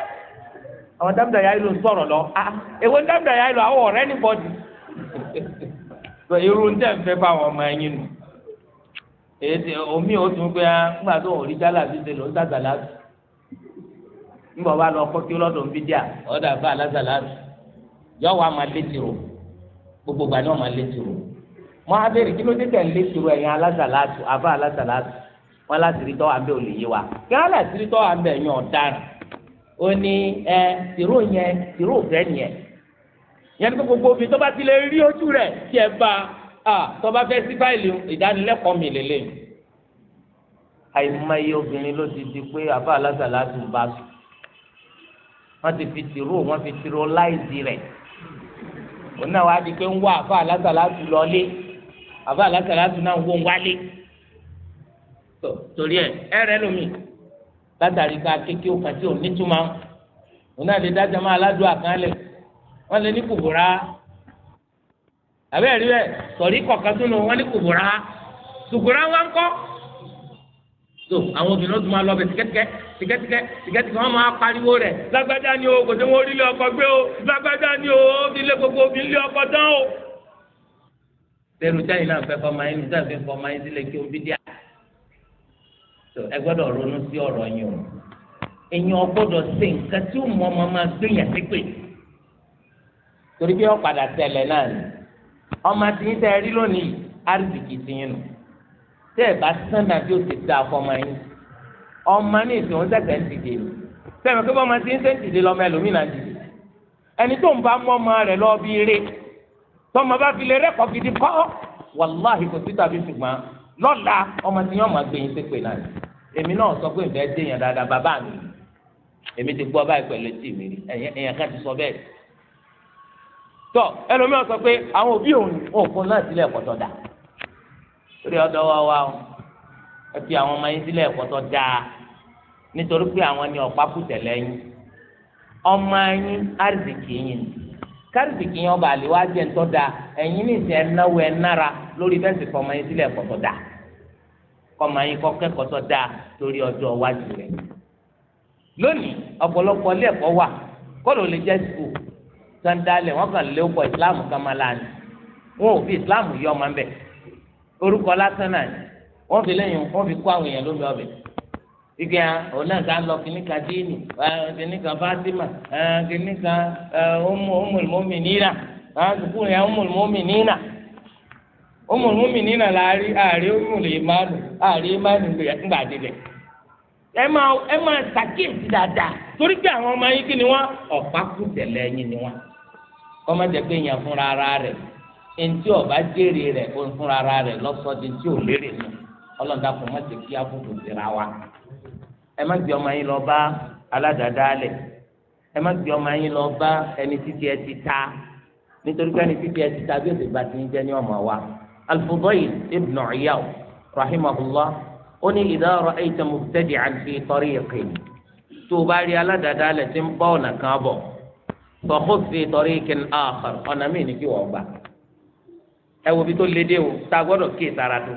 àwọn dámdà yà ìlú sọ̀rọ̀ lọ ah èwo dámdà yà ìlú àwọn ọ̀rẹ́ ní bọ́dì *laughs* irú ń tẹ̀ ń fẹ́ bá àwọn ọmọ ẹ̀yìn nù. èdè omi ò tún pé ńgbà tó òrí jálà bí ṣe ló ń sàgbàlá ńgbà wà lọ kọ́kí lọ́dọ̀ ń díà ọ̀dà bá alásàlá yọ wà lé tìrò gbogbo gbà lé tìrò mọ abẹ́rẹ́ kí ló dé tẹ̀ lé tìrò ẹ̀yìn àbá wọn láṣìírí tọ́ àbẹ́ ò lè yé wa kí tọ́ àbẹ́ ẹ̀yìn ó ní ẹ tìrò yẹn tìrò fẹ́ yẹn gbogbo tó bá ti lè rí ojú rẹ̀ bá tọ́ba fẹ́ sí fáìlì ìdánilẹ́kọ̀ọ́ mi lélẹ́yìn àìmọye obìnrin ló ti di pé àbá alásàlá tún bá sùn wọ́n ti fi tìró wọ́n fi tìró láìsí rẹ̀ òun náà wàá di pé ń wá àbá alásàlá tún lọlé àbá alásàlá tún náà ń wó ń wálé torí ẹ ẹ rẹ lómi látàrí ká kékeré kan tí ò ní túmọ̀ òun náà lè dájọ́ máa aládùn àkànlẹ̀ wọ́n lè ní kùbùrà àbẹ́ rí rẹ̀ sọ̀rí kọ̀ọ̀kan tó lọ wọ́n ní kùbùrà kùbùrà wọn kọ́ so àwọn obìnrin ó tún máa lọ bẹ tìkẹ́tìkẹ́ tìkẹ́tìkẹ́ tìkẹ́tìkẹ́ wọ́n máa pariwo rẹ̀ lágbájá ni o kò sí wọn orílẹ̀ ọkọ gbé o lágbájá ni o ó fi lé gbogbo obìnrin lé ọkọ tán o. tẹnudá náà fẹ́ fọmọ ayé nìjọba fẹ́ fọmọ ayé sílẹ̀ kí o bí díà. so ẹ gbọ́dọ̀ ronú sí ọ̀rọ̀ yín o èèyàn gbọ́dọ̀ ṣe nǹkan tí ó mọ ọmọ máa gbé yàtí ọmọ tìyín tẹ rí lónìí arzikì tìyín nù tẹ ẹ bá sànà tí ó ti da ọmọ yín ọmọ ní ìsìn òun ń dìde ni sẹmọ kí ọmọ tìyín ń dìde dìde ẹni tó ń bá mọ ọmọ rẹ lọ bí eré tọmọ bá fi lè rẹkọ gidi kọ wàláhì kò èmi náà sọ pé ìfẹ́ dé yẹn dáadáa bàbá mi èmi ti gbọ́ báyìí pẹ̀lú tọ ẹlòmíràn sọ pé àwọn òbí òun òkun náà sílẹ̀ ẹ̀kọ́ tó dáa lórí ọ̀dọ̀ wa wa ẹ fi àwọn ọmọ yín sílẹ̀ ẹ̀kọ́ tó dáa nítorí pé àwọn ni ọ̀pá kù tẹ̀lé ọmọ yín àrísìkì yín kárìsìkì yín ọba àlè wá jẹ́ ńtọ́ da ní ìsìn ẹ̀náwó ẹ̀nára lórí yín da Sandali wọn kàn lé ọkọ ìsìláàmù kan máa lánàá wọn ò fi ìsìláàmù yọ ọmọ bẹ orúkọ lásán náà wọn fi lẹ́yìn wọn fi kó àwọn èèyàn lómi ọbẹ igi ya òun náà ká lọ kìnnìkan díìnì kìnnìkan Fatima kìnnìkan ọmọlùmọmì umm, nínà sukùn yẹn ọmọlùmọmì nínà ọmọlùmọmì nínà láàrí ààrí ọmọlùmọmì ìmánu ààrí ìmánu ńgbà dídẹ ẹ máa ẹ máa ṣàkíyèsí dáadáa torí pé àwọn ọmọ yín kí ni wọn ọ̀pá kù tẹ̀lé ẹyin ni wọn kọ́má jẹ́ pé èèyàn fúnra ara rẹ̀ eŋti ọba jèrè rẹ̀ fúnra ara rẹ̀ lọ́sọ̀dì tí ò lérè nù ọlọ́dà kò má ti kí abúlé síra wa ẹ má gbé ọmọ yín lọ bá aládàádáálẹ̀ ẹ má gbé ọmọ yín lọ bá ẹni títí ẹ ti ta nítorí pé ẹni títí ẹ ti ta bí òsè bá ti ń jẹ́ ní ọmọ wa al ibn Iyaw rahimahullah ó ní idha ra'ayta mubtadi'an fi tariqin tó o bá rí aládàádáálẹ̀ tí ń bá ọ̀nà kan bọ̀ fọkùn fi tọrí kìnnì àkàr ọ̀nà míì ní kí wọ́n gbà ẹ wo bí tó léde o tá a gbọ́dọ̀ kí ìsara tó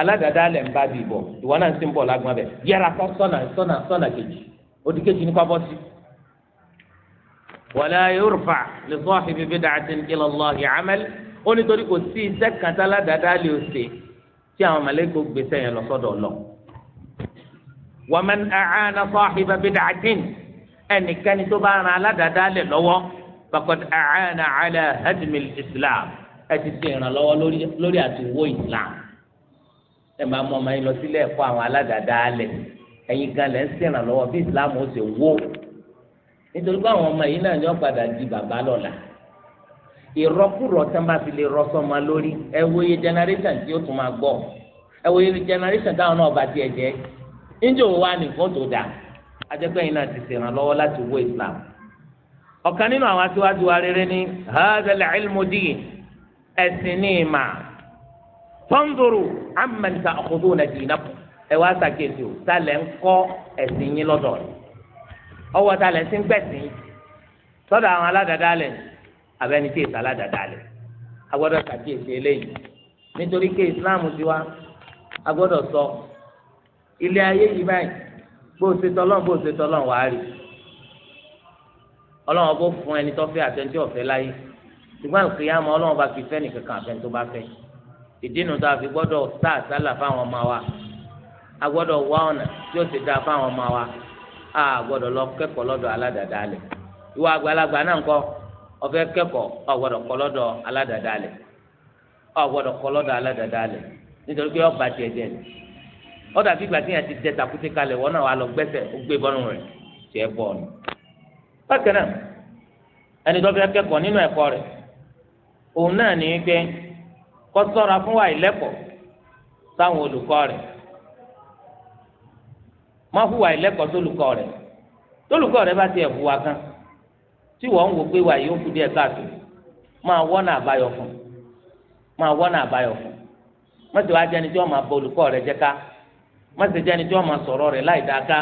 alágàdá lẹ̀ ń bá bí bọ̀ ìwọ náà ń sin bọ̀ lágbọ́n bẹ̀ yẹra sọ́nà sọ́nà sọ́nà kejì odi kejì ní kọ́ bọ́ sí. wàlá yorùfà lè sọ àfihàn bíbí dàtí ilàlọ́hì amẹ́lì ó nítorí kò sí iṣẹ́ kàtà alágàdá lè ṣe tí àwọn mọ̀lẹ́kọ̀ gbèsè yẹn lọ sọ́dọ̀ lọ. wàmẹ́n àánà sọ àfihàn bíbí dàtí ẹnikẹ́ni tó bá ran aládàádáálẹ̀ lọ́wọ́ faqad a'ana ala hadmil islam ẹ ti ṣe ìrànlọ́wọ́ lórí àti wó islam ẹ máa mọ ọmọ yín lọ sílé ẹ̀kọ́ àwọn aládàádáálẹ̀ ẹ̀yin gan lẹ́ ń bí islam ó ṣe wó nítorí pé àwọn ọmọ yìí náà yọ padà di bàbá tán bá fi lè rọ lórí ẹ tí ó tún máa ẹ táwọn náà bá ajẹ́pẹ́ yìí náà ti ṣèrànlọ́wọ́ láti wó islam ọ̀kan nínú àwọn aṣíwájú wa rere ní hadal ilmudi ẹ̀sìn ní ìmà tọ́ndùrù amẹ́ta ọ̀kọ́dún náà dì náà ẹ wá sàkíyèsí o sálẹ̀ ń kọ́ ẹ̀sìn yín lọ́dọ̀ rẹ̀ ọwọ́ sálẹ̀ ń gbẹ̀sìn sọ́dọ̀ àwọn aládàádáalẹ̀ abẹ́ni tí èsì aládàádáalẹ̀ agbọ́dọ̀ sàkíyèsí eléyìí nítorí pé islam ti agbọ́dọ̀ sọ ilé ayé yìí báyìí bó o ṣe tọ́lọ́ bó o ṣe tọ́lọ́ wàá rí ọlọ́run bó fún ẹni tó fẹ́ àtẹ̀ntì ọ̀fẹ́ láyé ṣùgbọ́n àlùkìyàmọ́ ọlọ́run bá fi fẹ́ nìkankan àfẹ́ni tó bá fẹ́ ìdínú a fi gbọ́dọ̀ tá àsálà fáwọn ọmọ wa a gbọ́dọ̀ wa a gbọ́dọ̀ lọ kẹ́kọ̀ọ́ lọ́dọ̀ ìwà àgbàlagbà náà kẹ́kọ̀ọ́ kọ́ lọ́dọ̀ ó dàbí ìgbà tí yẹn ti dẹ tàkúté kalẹ̀ wọ́n náà wà lọ gbẹ́sẹ̀ ó gbé bọ́ọ̀nù rẹ̀ tiẹ̀ bọ́ọ̀nù. bákan náà ẹni tó fẹ́ kẹ́kọ̀ọ́ nínú ẹ̀kọ́ rẹ̀ òun náà ní pé kó ṣọ́ra fún wa ìlẹ́kọ̀ọ́ sáwọn olùkọ́ rẹ̀ má hùwà ìlẹ́kọ̀ọ́ sólùkọ́ bá kan tí wò pé wà yóò káàtó máa fún máa fún tí máa bọ ká má ṣe jẹ́ ẹni tí wọ́n máa sọ̀rọ̀ rẹ̀ láì dáká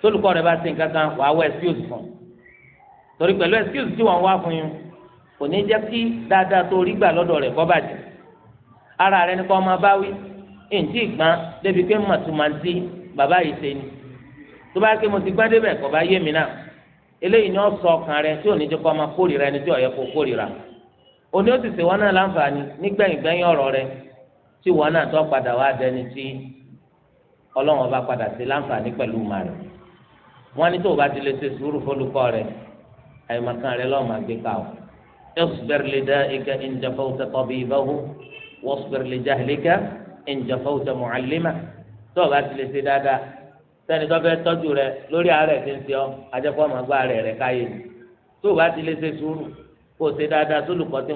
tólùkọ́ rẹ̀ bá ṣe nǹkan kan wàá wá excuse fún un torí pẹ̀lú excuse tí wọ́n wá fún yín kò ní jẹ́ kí dáadáa tó rí gbà lọ́dọ̀ rẹ̀ kọ́ bàjẹ́ ara rẹ̀ ni kọ́ máa bá wí èyí ìgbọ́n débi pé màtúmàtí bàbá yìí ṣe ni tó bá ké mo ti gbá débẹ̀ kọ́ bá yé mi náà eléyìí ni ó sọ ọkàn rẹ̀ tí ò ní jẹ́ kó máa kórìíra ẹni tí ó yẹ kórìíra òní ó sì ṣe wọn náà láǹfààní nígbẹ̀yìn ọ̀rọ̀ rẹ̀ tí wọn náà tó padà wá dẹni tí ọlọ́run ọba padà sí láǹfààní pẹ̀lú ìmọ̀ rẹ̀ wọ́n ní tó o bá ti lè ṣe sùúrù fọlùkọ́ rẹ̀ àyèmọ̀kan rẹ̀ lọ́ọ́ máa gbé ká o. اصبر لدائك إن جفوت طبيبه واصبر لجهلك إن جفوت معلمه tó o bá ti lè ṣe dáadáa sẹ́ni tó fẹ́ tọ́jú rẹ lórí àárẹ̀ tí ń ṣe ọ́ ajẹ́kọ́ máa gbá àárẹ̀ rẹ káyé ni tó o bá ti lè ṣe sùúrù kó o ṣe dáadáa sólùkọ́ tí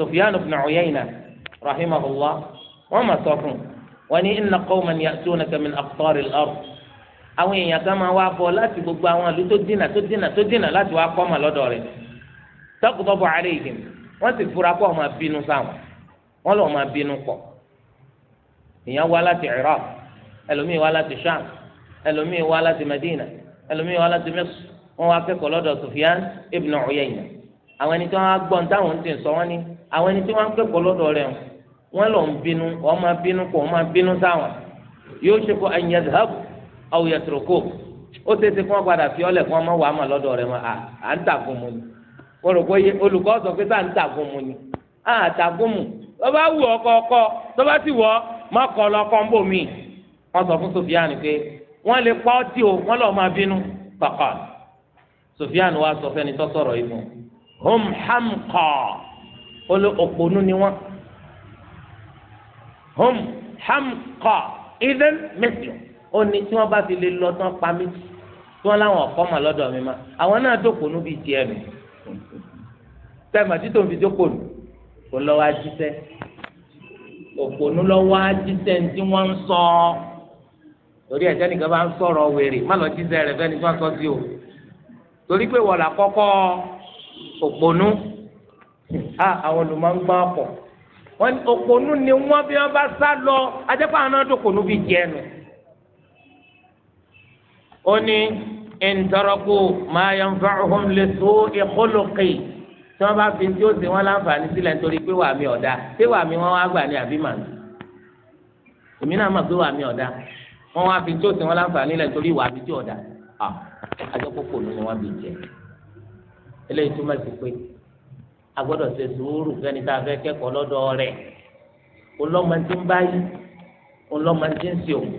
Sufyan ibn Uyayna rahimahullah wọ́n mà sọ fún wọn ní inna qawman ya'tunaka min aqtaril ard àwọn èèyàn kan máa wá bọ̀ láti gbogbo àwọn ìlú tó dínà tó dínà tó dínà láti wá kọ́ mà lọ́dọ̀ rẹ̀ taqdabu alayhim wọ́n sì fura pọ̀ máa bínú sáwọn wọ́n lọ́ọ́ máa bínú pọ̀ èèyàn wá láti Iraq ẹlòmíì wá láti Sham ẹlòmíì wá láti Medina ẹlòmíì wá láti Misr wọ́n wá kẹ́kọ̀ọ́ lọ́dọ̀ Sufyan ibn Uyayna àwọn ẹni tí wọ́n á táwọn ti sọ wọ́n ní àwọn ẹni tí wọ́n ń kẹ́kọ̀ọ́ lọ́dọ̀ rẹ̀ wọ́n lọ ń bínú wọ́n máa bínú kó wọ́n máa bínú sáwọn yóò ṣe kó an yadhhabu aw yatruku ó ṣe é ṣe kí wọ́n padà fi ọ́lẹ̀ kí wọ́n má wàá mà lọ́dọ̀ rẹ̀ wọn à ń tàgùn mu ni wọ́n rò pé olùkọ́ sọ pé sáà ń tàgùn mu ni à tàgùn mu tó bá wù ọkọ ọkọ tó bá sì wọ má kọ lọ kọ́ńbò mi wọ́n sọ fún Sufyan pé wọ́n lè pa ọ́ tí o wọ́n lọ́ọ́ máa bínú pàkọ́ Sufyan wa sọ fẹ́ni tó sọ̀rọ̀ yìí fún hum hamqa ó lé òpònú ni wọn hom hamqa idan mẹsìlẹ ó ní tí wọn bá fi lè lọ tán pa mí tí wọn láwọn ọkọ mà lọ́dọ̀ mi ma àwọn náà dòpònú bíi tiẹ̀ nù tẹmọ títò fi dòpònú kò lọ wá jíṣẹ́ òpònú lọ wá jíṣẹ́ tí wọn ń sọ torí ẹjẹ nìkan bá ń sọ̀rọ̀ wèrè má lọ jíṣẹ́ rẹ fẹ́ni tí wọn sọ sí o torí pé wọn là kọ́kọ́ a àwọn olùmọ̀ ń gbọ́ ọ̀pọ̀ wọn òpònú ni wọn bí wọn bá sá lọ ajẹ́pọ̀ àwọn náà dòkònú bíi jẹ́ nu. ó ní ìntọ́rọ́kù máa yan fáwọn lè so ìkólókè tí wọn bá fi tí ó ṣe wọn láǹfààní sílẹ̀ nítorí pé wàá mi ọ̀dà pé wàá mi wọn wá gbà ní àbí màmí èmi náà mọ̀ pé wàá mi ọ̀dà wọn wá fi tí ó ṣe wọn láǹfààní lẹ̀ nítorí wàá fi tí ọ̀dà àjọpọ̀ kò ní wọn bí jẹ́ eléyìí túmọ̀ sí pé a gbọ́dọ̀ ṣe sùúrù fẹ́ni tá a fẹ́ kẹ́kọ̀ọ́ lọ́dọ̀ rẹ̀ ọlọ́mọ tí ń báyìí ọlọ́mọ tí ń ṣe òun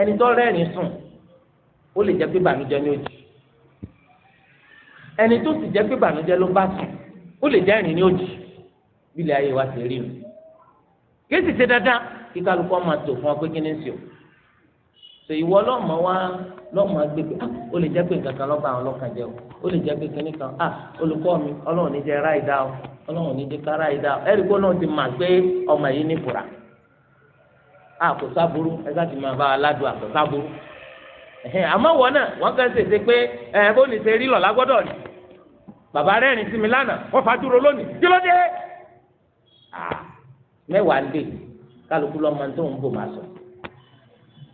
ẹni tó rẹ́rìn sùn ó lè jẹ́ pé bànújẹ́ ní òjì ẹni tó sì jẹ́ pé bànújẹ́ ló bá sùn ó lè jẹ́ ẹ̀rìn ní òjì bílẹ̀ ayé wa ti rí mi kí sì ṣe dáadáa kí kálukú ọmọ àti òfin ọpẹ́ kí ni ń ṣe òun so ìwọ lọ́mọ wa lọ́mọ agbègbè ah, ó lè jẹ́ pé nǹkan kan lọ́ba àwọn ọlọ́kàn jẹ́ o ó lè jẹ́ pé kínní kan ah olùkọ́ mi ọlọ́run ní jẹ́ ráì dá o ọlọ́run ní jẹ́ ká ráì dá o ẹ̀rí kó náà ti mà pé ọmọ yìí ní fura ah kò sábúrú ẹ sá ti máa bá aládùn àkó sábúrú ẹ̀hẹ́n àmọ́ wọn náà wọ́n kàn ṣèṣe pé ẹ̀ bó ní ṣe rí lọ́la gbọ́dọ̀ ni bàbá rẹ́rìn sí mi lánàá wọ́n fàdúró lónìí kí ló dé ah mẹ́wàá ń dè kálukú lọ́mọ tó ń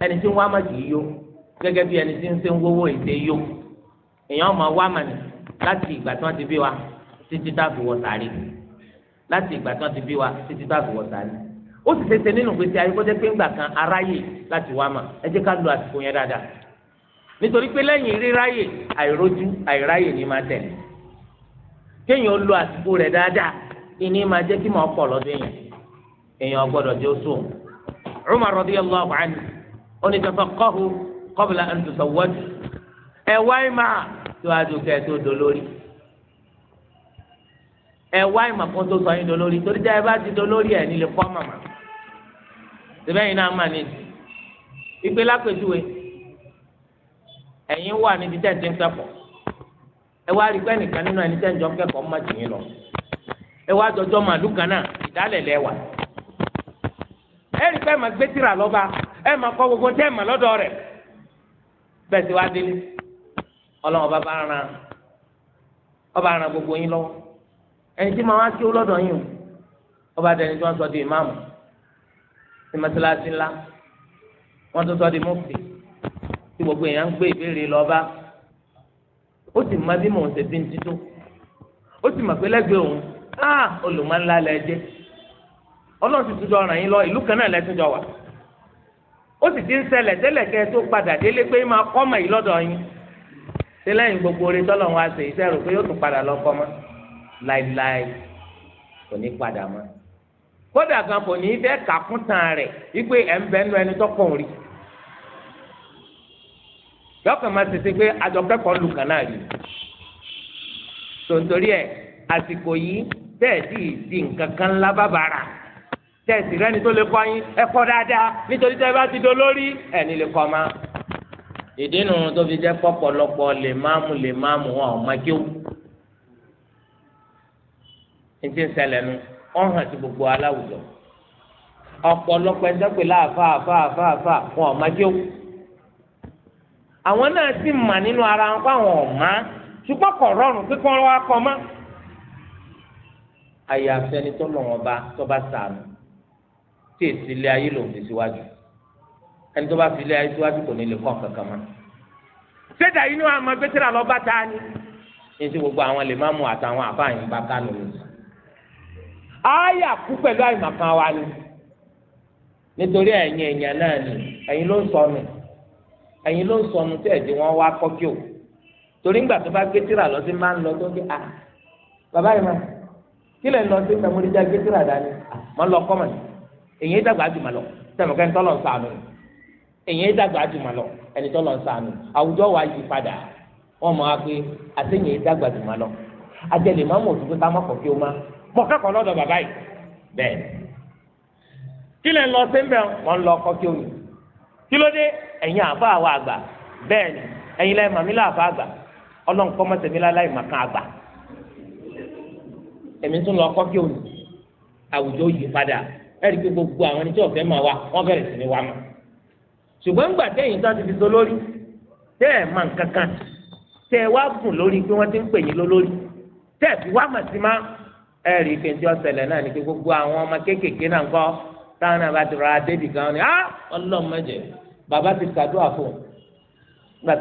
ẹni tí ń wá má kì í yó gẹ́gẹ́ bí ẹni tí ń ṣe ń wówó ètè yó èèyàn máa wá mà ní láti ìgbà tí wọ́n ti bí wa títí tá a fi wọ sàárè láti ìgbà tí wọ́n ti bí wa títí tá a fi wọ sàárè ó sì ṣeṣe nínú gbèsè ayé kó jẹ́ pé ńgbà kan aráyè láti wá mà ẹ jẹ́ ká lo àsìkò yẹn dáadáa nítorí pé lẹ́yìn ríráyè àìrójú àìráyè ni máa tẹ̀ kéèyàn lo àsìkò rẹ̀ dáadáa ìní máa jẹ́ kí màá pọ̀ lọ́dún yẹn èèyàn gbọ́dọ̀ jẹ́ ó sùn Umar radiyallahu anhu ó ní tafaqahu qabla an tusawwadu ẹ wá ìmà síwájú kẹ́ ẹ tó dolórí ẹ wá ìmà kan tó sọ yín dolórí torí jẹ́ ẹ bá ti dolórí ẹ̀ nílé fọ́ màmá síbẹ̀yìn náà mà ní ìgbé lápẹ̀júwe ẹ̀yin wà níbi tẹ̀sí ń kẹ́kọ̀ọ́ ẹ wá rí pé nìkan nínú ẹni tẹ́ǹjọ́ ń kẹ́kọ̀ọ́ má jì lọ ẹ wá jọjọ́ kan náà ìdálẹ̀ lẹ́wà ẹ rí pé gbé tìrà lọ́ba ẹ máa kọ́ gbogbo tẹ́ ẹ mà lọ́dọ̀ rẹ̀ bẹ́ẹ̀ sì wá délé ọlọ́run ọba bá ran ọba ran gbogbo yín lọ́wọ́ ẹni tí màá wá kí ó lọ́dọ̀ o ọba dẹni tí wọ́n sọ di ìmáàmù ní ńlá wọ́n tún sọ di mọ́fì tí gbogbo èèyàn ń gbé ìbéèrè lọ́ba ó sì bí mò ń títú ó sì pé lẹ́gbẹ̀ẹ́ òun lọ ìlú kan náà lẹ́tún jọ wà. ó sì ti ń ṣẹlẹ̀ tẹ́lẹ̀ kẹ́ tó padà délé pé máa kọ́mọ yìí lọ́dọ̀ yín ṣé lẹ́yìn gbogbo orin tọ́lọ̀ wọn àṣẹ iṣẹ́ rò pé yóò tún padà lọ kọ́ mọ́ láìláì kò ní padà mọ́ kódà gan kò ní í fẹ́ kàkún tán rẹ̀ wípé ẹ̀ ń bẹ́ẹ̀ nu ẹni tọ́kọ̀ rí yọkàn máa ṣèṣe pé àjọkẹ́kọ̀ọ́ lù kàn náà rí tòǹtòrí ẹ̀ àsìkò yìí bẹ́ẹ̀ sì di nǹkan kan lábàbàrà tẹ̀sí rẹ́ni tó lè kọ́ yín ẹ̀kọ́ dáadáa nítorí tẹ́ bá ti do lórí ẹ̀ní lè kọ́ ma. ìdínú tó fi jẹ́ pọ̀pọ̀lọpọ̀ lè máàmù lè máàmù wọn ò má kí ó. ní ti ń ṣẹlẹ̀ nu wọ́n hàn sí gbogbo aláwùjọ. ọ̀pọ̀lọpọ̀ ẹ̀jẹ̀ pè láàfà àfà àfà àfà wọn ò má kí ó. àwọn náà sì mà nínú ara wọn fáwọn ọ̀ma ṣùgbọ́n kọ̀ rọrùn pé kọ́ wá kọ́ mọ́. àyàfẹ́ni tó lọ́wọ́ bá tó bá sàánù tí èsì ilé ayé lòún fi síwájú ẹni tó bá fi ilé ayé síwájú kò ní lè kọ́ kankan mọ́. sẹ́dà yìí ni wọ́n á mọ gbẹ́sẹ̀ lọ bá ta ni. ní ti gbogbo àwọn lè má mú àtàwọn àfáàyàn bá kánò ní. àyà kú pẹ̀lú àìmọ̀kan wa ni. nítorí ẹ̀yin èèyàn náà ni ẹ̀yin ló ń sọnù ẹ̀yin ló ń sọnù tí ẹ̀dín wọn wá kọ́kí o. torí ńgbà tó bá gbé tíra lọ sí máa ń lọ tó dé ah bàbá yìí máa kí lè lọ sí èyí dàgbà jùmọ̀ lọ sẹ́mi kẹ́ni tọ́lọ̀ ń sànù èyí dàgbà jùmọ̀ lọ ẹni tọ́lọ̀ ń sànù àwùjọ wa yí padà wọ́n mọ̀ á pé àtẹ̀yìn dàgbà jùmọ̀ lọ àjẹlẹ̀ òtútù kí o má lọ́dọ̀ bàbá yìí bẹ́ẹ̀ kí lọ lọ kọ́ kí o yìí kí ló dé ẹ̀yin àfa àwa àgbà bẹ́ẹ̀ ni ẹ̀yin lẹ́yìn màmí àgbà ẹ̀rí pé gbogbo àwọn ẹni tí ọ̀fẹ́ máa wá wọ́n bẹ̀rẹ̀ sí ni wá mọ́ ṣùgbọ́n ńgbà tẹ́yìn tó ti fi so lórí tẹ́ ẹ̀ máa ń kankan tẹ́ ẹ wá gùn lórí pé wọ́n ti ń pè yín lólórí tẹ́ ni pé gbogbo àwọn ọmọ kéékèèké náà ń kọ́ táwọn náà bá ti débì ni ah ọlọ́mọdé bàbá ti ṣàdúrà fún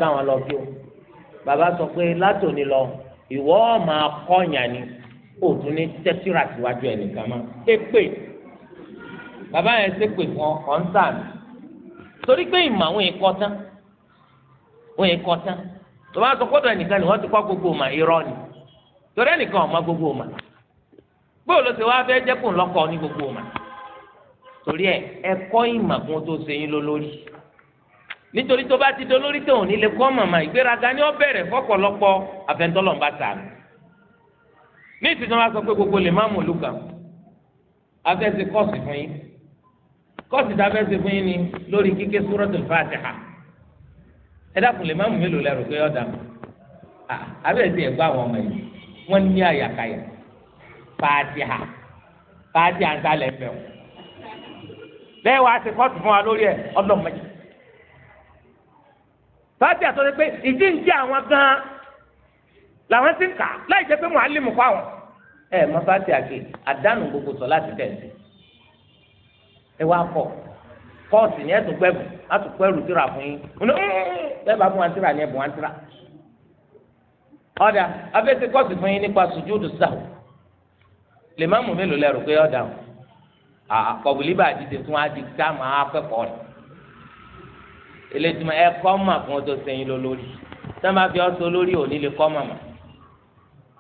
táwọn lọ bàbá sọ pé látòní lọ ìwọ máa kọ́ ni òtún ní tẹ́tírà síwájú ẹ̀ nìkan mọ́ ẹ bàbá yẹn ṣe pè fún ọ̀nsán torí pé ìmọ̀ àwọn èèyàn tán wọ́n yẹn kọ́ tán tó bá sọ kọ́dọ̀ nìkan ni wọ́n ti kọ́ gbogbo mà irọ́ ni torí ẹnìkan ọ̀ma gbogbo mà bóòlù ló ti wá fẹ́ jẹ́ kùn lọ́kọ̀ ní gbogbo mà torí ẹ ẹkọ́ ìmọ̀ kún tó ṣe yín lólórí nítorí tó bá ti do lórí tó ní lè kọ́ màmá ìgbéraga ni ó bẹ̀rẹ̀ fọ́pọ̀lọpọ̀ àfẹnutọ́lọ́mbà sàánù ní ìsìn náà sọ pé gbogbo lè má mú olùkà afẹ́sẹ̀ kọ́ọ̀sì fún yín kọ́ọ̀sì tá a fẹ́ ṣe fún yín ni lórí kíké Suratul Fatiha ẹ dákun lè má mú mélòó lẹ́rù pé ọ̀dà mi abẹ́rẹ́ ti ẹ̀ gbọ́ àwọn ọmọ yìí wọ́n ní àyàkáyà Fatiha Fatiha ń sálẹ̀ fẹ́ o bẹ́ẹ̀ wá sí kọ́ọ̀sì fún wa lórí ẹ̀ ọlọ́mọdé Fatiha sọ pé ìdí ń jẹ́ àwọn gan-an làwọn ti ń kà láì jẹ́ pé wọ́n á lè mú fáwọn ẹ̀ mọ́ Fatiha kì àdánù gbogbo sọ láti tẹ̀sí ẹ wá kọ kọ́ọ̀sì ni ẹ tún gbẹ́bù á tún kọ́ ẹrù tíra fún yín ọ̀nà bẹ́ẹ̀ bá fún wa tíra ni ẹ bù wá tíra. ọ̀dà abẹ́sẹ̀ kọ́ọ̀sì fún yín nípa sùjúdù sáwù lè má mú mélòó lẹ́rù pé ọ̀dà o àkọ̀wìlì bá dìde fún wa di táàmù akẹ́kọ̀ọ́ rẹ̀ eléjìmọ̀ ẹ kọ́ mà fún o tó sẹ́yìn lọ lórí sọ́mà fi ọ́ sọ lórí òní lè kọ́ màmá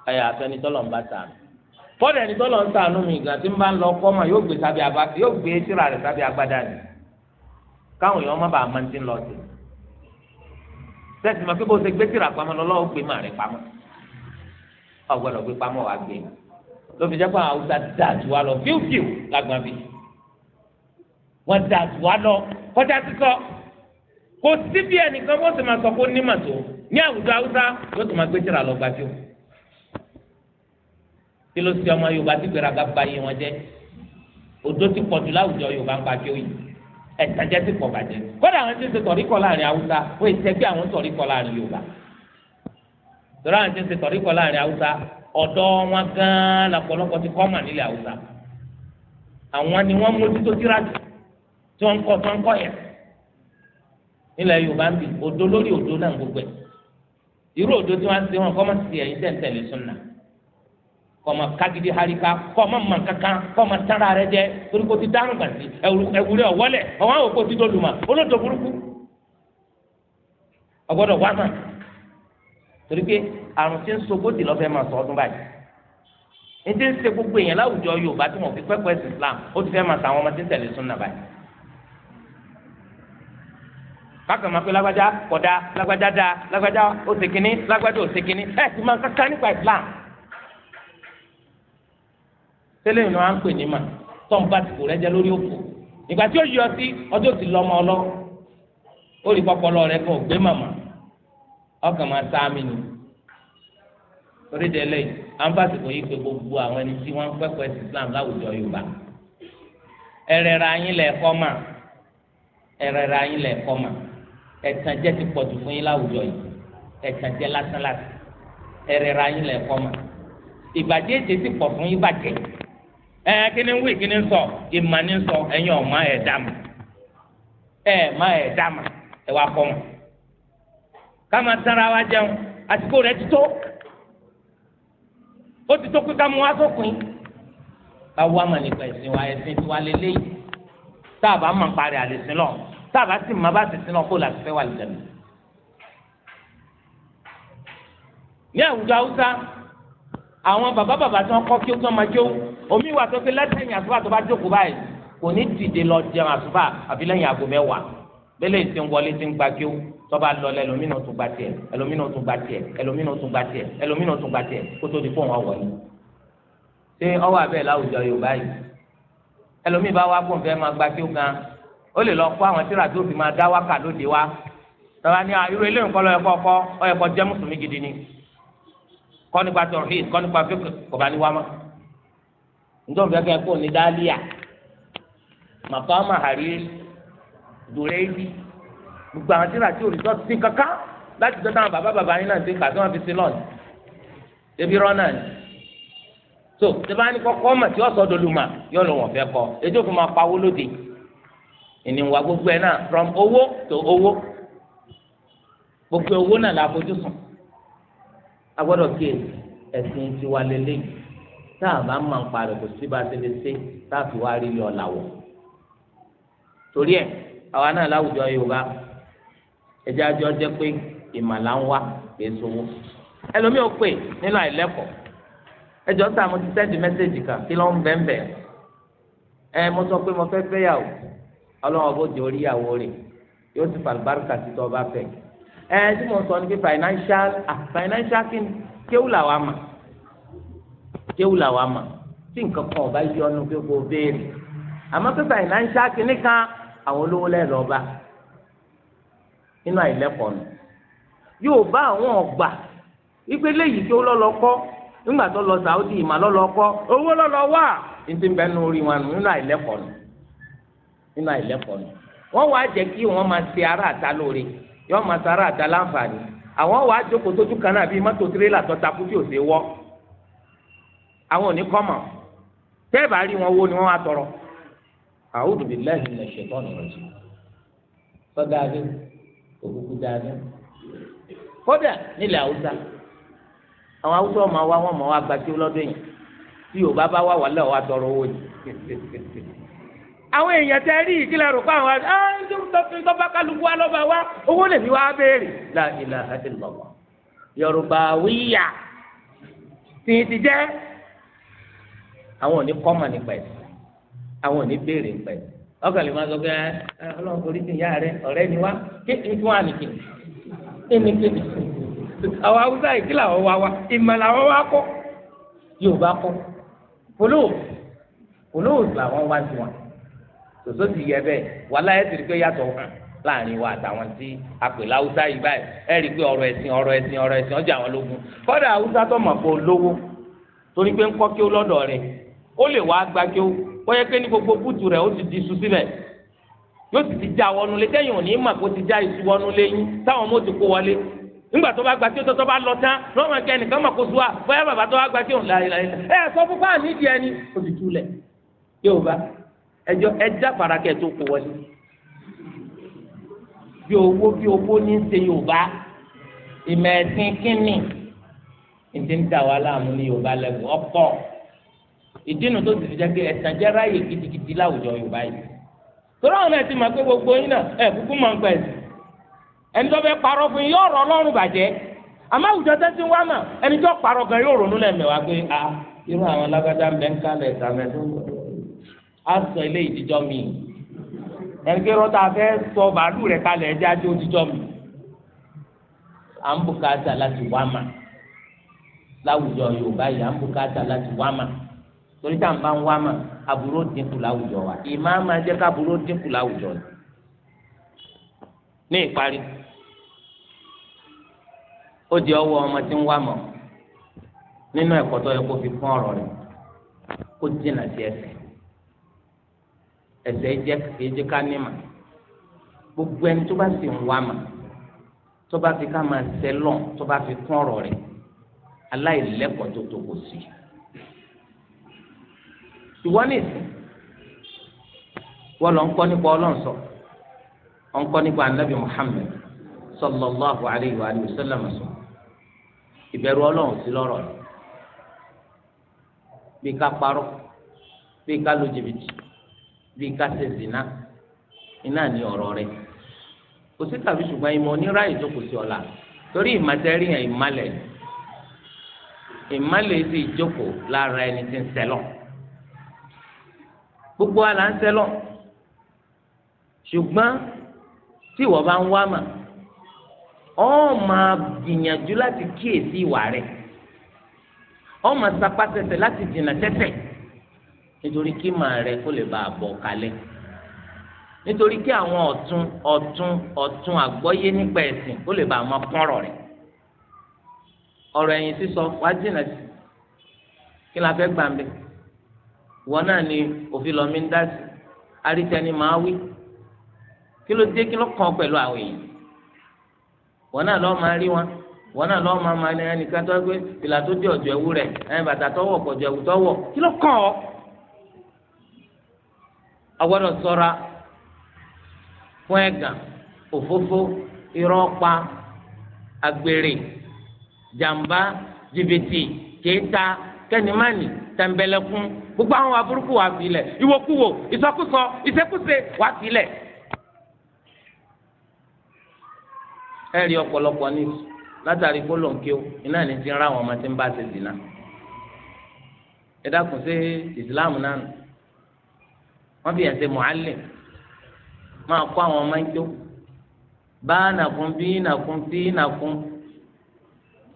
ẹ̀yà àfẹnitọ́lọ́ ń bá tààmù fọ́dà ẹni tọ́lọ̀ ń sànú mi ìgbà tí ń bá ń lọ kọ́ mà yóò gbé sábẹ́ àbá yóò gbé síra rẹ̀ sábẹ́ agbádá ni káwọn èèyàn má bàa máa ti ń lọ sí i sẹ́ẹ̀tì máa fi bó ṣe gbé síra pamọ́ lọ́wọ́ gbé mà rẹ̀ pamọ́ ọ̀gbọ́dọ̀ gbé pamọ́ wa gbé ló fi jẹ́ pé àwọn Haúsá dáa tù wá lọ fíwfíw lágbọ́n bí wọ́n dáa tù lọ kọjá sísọ kò síbi ẹnìkan bó ṣe máa sọ kó ní màtó ní àwùjọ kí ló ṣe ọmọ yorùbá tí gbéraga ba iye wọn jẹ òdó ti pọ̀ jù láwùjọ yorùbá ń pàjọ yìí ẹ̀tàjẹ́ ti pọ̀ bàjẹ́ kódà àwọn tí ń ṣe tọ̀ríkọ̀ láàrin haúsá ó yẹ tẹ́gbẹ́ àwọn tọ̀ríkọ̀ láàrin yorùbá tọ́lá àwọn tí ń ṣe tọ̀ríkọ̀ láàrin haúsá ọ̀dọ́ wọn gan-an lọ́pọ̀lọpọ̀ ti kọ́ mà nílẹ̀ haúsá àwọn ni wọ́n mójútó tíráàtì tí wọ́n ń kọ́ tí wọ́n ń kọ́ yẹn nílẹ̀ yorùbá ń bì òdo lórí òdo náà gbogbo ẹ̀ irú òdo tí wọ́n ń wọn kọ́ mọ́ sí ẹ̀yìn tẹ̀ǹtẹ̀lẹ̀ kọ́mọ kagidi harika kọ́mọ mankankan kọ́mọ tara rẹ jẹ torí kò ti dárò gbàtí ẹwùrẹ́ ọ̀wọ́lẹ̀ ọ̀wọ́n àwọn kò ti dọ̀lùmọ̀ olódò burúkú ọgbọ́dọ̀ wá náà torí pé àrùn tí ń sogódì lọ́fẹ́ máa sọ ọdún báyìí ní tí ń ṣe gbogbo èèyàn láwùjọ Yorùbá tí wọn fi pẹ́pẹ́ sí Islam ó ti fẹ́ máa sàwọn ọmọ tí ń tẹ̀lé súnà báyìí bákan máa pé lágbájá kódà lágbájá dáa lágbájá ó ṣe kínní lágbájá ó ṣe kínní ẹ ti máa kankan nípa Islam tẹ́lẹ̀ ìlú wa ń pè ní mà tọ́n bá ti kò rẹ́jẹ lórí òkú ìgbà tí ó yọ sí ọjọ́ ti lọ́mọ ọlọ́ ó rí pọpọlọ rẹ kàn gbé màmá ọkàn máa sá mi nì torí délé anfàsì kò yí pé gbogbo àwọn ẹni tí wọ́n pẹpẹ sí Islam láwùjọ Yorùbá ẹrẹra yín lẹ kọ mà ẹrẹra yín lẹ kọ mà ẹ̀tànjẹ ti pọ̀jù fún yín láwùjọ yìí ẹ̀tànjẹ lásán lásán ẹrẹra yín lẹ kọ mà ìbàjẹ́ ètè ti pọ̀ fún yín bàjẹ́ yìí ẹ kíni wí kíni sọ ìmà ni sọ ẹ̀yin ọmọ ẹ dá mà ẹ má ẹ dá mà ẹ wá kọ́ wọn. káma tara wa jẹun àsìkò rẹ ti tó ó ti tó kíkà mu wá sópin ká wá mà nípa ẹ̀sìn wa ẹ̀sìn tiwa lélẹ́yìí tá a bá mà parí àlèsìn lọ tá a bá sì má bá sì sin lọ kó làásì fẹ́ wà lẹ́nu. ní àwùjọ haúsá àwọn Baba Baba tí wọn kọ́ kí ó máa jó omi wà tó fi lẹ́sìn àsùbà tó bá jókòó báyìí kò ní dìde lọ jẹun àsùbà àbí lẹ́yìn aago mẹ́wàá bẹ́lẹ̀ ti ń wọlé ti ń gba kí ó tọ́ba lọlẹ̀ ẹlòmínà tún gba tiẹ̀ ẹlòmínà tún gba tiẹ̀ ẹlòmínà tún gba tiẹ̀ ẹlòmínà tún gba tiẹ̀ kó tó di fóun ọwọ́ yìí ṣé ọwọ́ abẹ́ láwùjọ Yorùbá yìí ẹlòmíì bá wá gbọ̀n fẹ́ máa gba kí ó gan ó lè lọ kó àwọn tíra tó fi máa dá wákà lóde wá tọ́ba kọ́ nípa tọ̀hìn kọ́ nípa fíkì kò bá ní wá mọ́ nítorí fẹ́ kẹ́ kó ní dálíà màkàmà àríyé dùrẹ́ẹ́lì gbogbo àwọn tíra tí olùtọ́ sí kankan láti tọ́ táwọn bàbá bàbá yín náà ti kà tí wọ́n fi sí lọ́ọ̀nì ebi rọ́nà ni so tẹ́lá ní kọ́kọ́ mà tí ọ̀sọ́ dolùmà yóò lọ wọ́n fẹ́ kọ́ ẹjọ́ fún ma pa owó lóde ìníwà gbogbo ẹ̀ náà from owó to owó gbogbo owó náà la fojú sùn agbọ́dọ̀ kí ẹ̀sìn tiwa lélẹ̀ tá a bá máa ń parẹ́ kò sí bá a ti lè ṣe tá a fi wá rí ilé ọ̀la wọ̀ torí ẹ̀ àwa náà láwùjọ Yorùbá ẹ̀jẹ̀ àjọ jẹ́ pé ìmàlà ń wá kì í sowó ẹlòmíì ó pè nínú àìlẹ́kọ̀ọ́ ẹjọ́ sá mo ti sẹ́ndì mẹ́sẹ̀gì kan kí ló ń bẹ́ẹ̀ ẹ mo sọ pé mo fẹ́ fẹ́yàwó ọlọ́wọ́n bó jẹ́ oríyàwó rẹ̀ yóò ti fàlùbáràkà títọ́ bá fẹ́ẹ́ ẹ tí mo sọ ni pé financial ah financial kí ni kéwù là wà tí nǹkan ọba yí ọnu pé kò béèrè àmọ́ pé financial kí ni àwọn olówó lẹ́rọ ọba nínú àìlẹ́kọ̀ọ́ nù yóò bá àwọn ọgbà wípé léyìí kí ó lọ́ kọ́ nígbà tó lọ Saudi ìmà owó wà ní ti orí wọn nù nínú àìlẹ́kọ̀ọ́ nù nínú àìlẹ́kọ̀ọ́ nù wọ́n wá ara àta yọọ máa sara àti aláǹfààní àwọn wàá jókòó tójú kan náà bíi mọ́tò tirẹ́là tó takú tí ò ṣe wọ́ àwọn ò ní kọ́mọ̀ tẹ́ẹ̀bà rí wọn wo ni wọ́n wá tọrọ. a'udhu billahi minash shaitani rajim sọ́dà ní òkùnkùn dání kódà nílẹ̀ haúsá àwọn haúsá ọmọ wa wọn mọ̀ wá gba tí ó lọ́dún yìí tí yorùbá bá wà wọlé ọ̀ tọrọ owó yìí *laughs* àwọn èèyàn tẹ rí ìkílẹ̀ rò pa àwọn àti ah, ẹ tọ́ba kálukú wa lọ́ba wa owó lè fi wá béèrè. la ilaha illallah yorùbá wíyà tí ti jẹ́ àwọn ò ní kọ́mà nípa ẹ̀ àwọn ò ní béèrè nípa ẹ̀ ọkàn lè máa sọ pé eh, ọlọ́run kò rí ti ìyá rẹ ọ̀rẹ́ ni wá kí n tún wà nìkì kí ni kí ni àwọn haúsá ìkílẹ̀ àwọn wa wa ìmọ̀ làwọn wa kọ́ yorùbá kọ́ polówó polówó làwọn wá sí wọn tòtò ti yẹ bẹ́ẹ̀ wàhálà ẹ̀ tìrì pé yàtọ̀ hàn láàrin wa àtàwọn tí a pè láwùsá yìí báyìí ẹ rí i pé ọ̀rọ̀ ẹ̀sìn ọ̀rọ̀ ẹ̀sìn ọ̀rọ̀ ẹ̀sìn ọjà àwọn lógun kọ́dà haúsá tó mọ̀ pé olówó torí pé ń kọ́ kí ó lọ́dọ̀ rẹ̀ ó lè wá gba kí ó bóyá pé ní gbogbo bútu rẹ̀ ó ti di iṣu síbẹ̀ yóò sì ti já wọnú lé tẹ́yìn òní mà kó ti já iṣu wọnú lé yín táwọn ọmọ ti kó wọlé nígbà tó bá gba tí ó tọ́tọ́ bá lọ tán lọ́mọ kẹ́ nìkan mọ̀ kó sùn wá bóyá bàbá tó bá gba tí òun láyé láyé ẹ sọ fún fáàmì ẹjọ ẹja parakẹ tó kó wọlé bí owó bí owó ní ṣe yorùbá ìmọ̀ ẹ̀sìn kínní ìdí ń dà wá láàmú ní yorùbá lẹ́gùn ọ̀pọ̀ ìdínú tó ti fi jẹ́ pé ẹ̀sìn jẹ́ ráàyè gidigidi láwùjọ yorùbá yìí torí àwọn ẹ̀sìn máa pé gbogbo yín náà ẹ̀ kúkú máa ń gbà ẹ̀sìn ẹni tó fẹ́ parọ́ fún yín yóò rọ ọlọ́run bàjẹ́ àmọ́ àwùjọ tẹ́sí wá mà ẹni tó parọ́ gan yóò ronú lẹ́mẹ̀wá pé a ah, irú àwọn alágbádá ń bẹ́ ń kálẹ̀ ìtàmẹ́dógún á sọ ilé ìdíjọ́ mi ẹnikẹ́ rọ́tà fẹ́ sọ bàálù rẹ̀ kalẹ̀ ẹ̀jẹ̀ ajé òdíjọ́ mi à ń bùkátà láti wá mà láwùjọ Yorùbá yìí à ń bùkátà láti wá mà torí tá à ń bá ń wá mà aburú dínkù láwùjọ wa ìmá máa jẹ́ káburú dínkù láwùjọ ni ní ìparí ó di ọwọ́ ọmọ tí ń wá mọ̀ nínú ẹ̀kọ́ tó yẹ kó fi kún ọ̀rọ̀ rẹ̀ kó dínà sí ẹsẹ̀ ẹsẹ̀ jẹ́ kéje ká ní mà gbogbo ẹni tó bá sì ń wá mà tó bá fi ká máa sẹ́ lọ́n tó bá fi kún ọ̀rọ̀ rẹ̀ aláìlẹ́kọ̀ọ́ tó tó kò sí. ìwọ ní ìsìn wọ́n lọ ń kọ́ nípa ọlọ́run sọ ń kọ́ nípa anabi Muhammad sallallahu alayhi wa sallam sọ ìbẹ̀rù ọlọ́run sí lọ́rọ̀ rẹ̀ bí ká parọ́ bí ká lu jìbìtì bíi kásẹ̀ zina iná ní ọ̀rọ̀ rẹ̀ kò sí tàbí ṣùgbọ́n ìmọ̀ oníráyè tó kù sí ọ̀la torí ìmọ̀tẹ́rì yẹn ìmọ̀lẹ̀ ìmọ̀lẹ̀ sì jókòó lára ẹni tí ń sẹ́lọ̀ gbogbo àlà ń sẹ́lọ̀ ṣùgbọ́n tí ìwọ bá ń wá mà ọ́ máa gbìyànjú láti kíyèsí ìwà rẹ̀ ọ́ máa sapá tẹ̀tẹ̀ láti dènà tẹ̀tẹ̀ nítorí kí màá rẹ kó lè bá a bọ̀ kalẹ̀ nítorí kí àwọn ọ̀tún ọ̀tún ọ̀tún àgbọ́yé nípa ẹ̀sìn kó lè bá a máa pọ́nrọ̀ rẹ̀ ọ̀rọ̀ ẹ̀yìn sísọ wá jìnnà sí kí la fẹ́ gbà wọn náà ni òfin lọ́mí ń dá sí arítẹni máa wí kí ló dé kí ló kàn pẹ̀lú àwọn èèyàn wọn náà lọ́ọ́ máa rí wọn wọn náà lọ́ọ́ máa máa ní ẹnìkan tó gbé ìlà tó dé ọ̀jọ̀ ẹ̀wú rẹ̀ ẹ̀yìn bàtà tọ́wọ̀ pọ̀jọ̀ ẹ̀wú tọ́wọ̀ kí ló kàn ọ́ agbọ́dọ̀ ṣọ́ra fún ẹ̀gàn òfófó irọ́ pa agbèrè jàmbá jìbìtì kéta kẹ́nìmánì tẹ̀m̀bẹ̀lẹ̀kún gbogbo àwọn aburúkú wà sílẹ̀ ìwòkuwò ìsọkúsọ ìṣekúṣe wà sílẹ̀. ẹ rí ọ̀pọ̀lọpọ̀ ní látàrí kólọ̀ǹkì ó iná ní ti ń ra àwọn ọmọ tí ń bá ṣe dìnnà. ẹ dákun sí ìsìláàmù náà wọ́n bí ẹ̀sẹ̀ mọ̀álẹ̀ máa kó àwọn ọmọ ẹjọ́ bá nàkún bí nàkún sí nàkún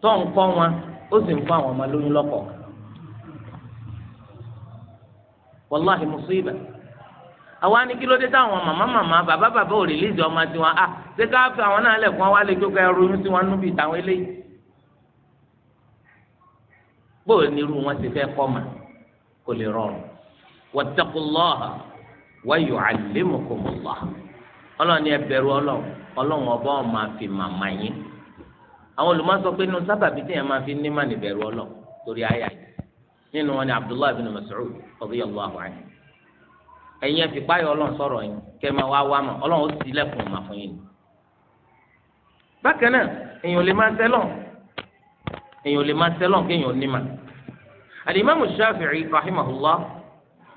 tó ń kọ́ wọn ó sì ń kó àwọn ọmọ lóyún lọ́kọ̀ wàláhi mùsíbà àwa ni kí ló dé táwọn màmá màmá bàbá bàbá ò rìlíìsì ọmọ tiwọn ṣé ká àwọn náà lè jókòó ẹrú níbi ìtàwọn eléyìí wọn ti kò lè rọrùn wa yu'allimukumullah ọlọ́ni ẹ bẹ̀rù ọlọ́run ọlọ́run ọba ọ̀ máa fi màmá yín àwọn olùmọ̀ pé inú sábàbí tí máa fi ní ni bẹ̀rù ọlọ́run torí àyà nínú wọn ni abdullahi bin mas'ud radiyallahu anhu ẹ̀yin ẹ fi páyọ̀ ọlọ́run sọ̀rọ̀ yín kẹ́ ẹ máa wá wá mọ̀ ọlọ́run ó sì lẹ́kùn mà fún yín ni. bákan náà èèyàn lè máa èèyàn lè máa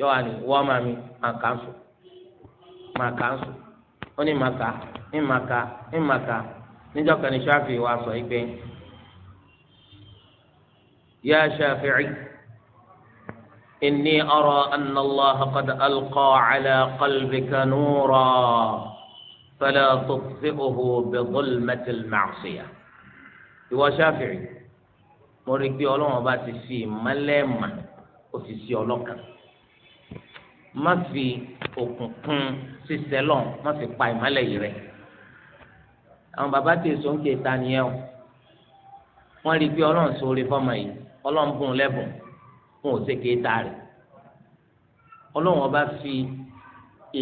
yọ wà ní wọ́n máa mi máa kà ń sùn máa kà ń sùn ó ní máa kà ní máa kà ní máa kà níjọ́ kan ní ṣáfì wa sọ yìí pé yá ṣáfì rí inni ọrọ anallah qad alqa ala qalbika nuura fala tutfi'uhu bi dhulmati al-ma'siya ìwọ ṣáfì rí mo rí i pé ọlọ́run ọba ti fi ìmọ́lẹ̀ ó ti sí ọlọ́kan má fi òkùnkùn ṣiṣẹ́ lọ má fi pa ìmọ́lẹ̀ yìí rẹ̀ àwọn bàbá tí èso ń ké ta nìyẹn o wọ́n rí i pé ọlọ́run sóore fọ́mọ yìí ọlọ́run bùn lẹ́bùn fún òṣèké ta rẹ̀ ọlọ́run ọba fi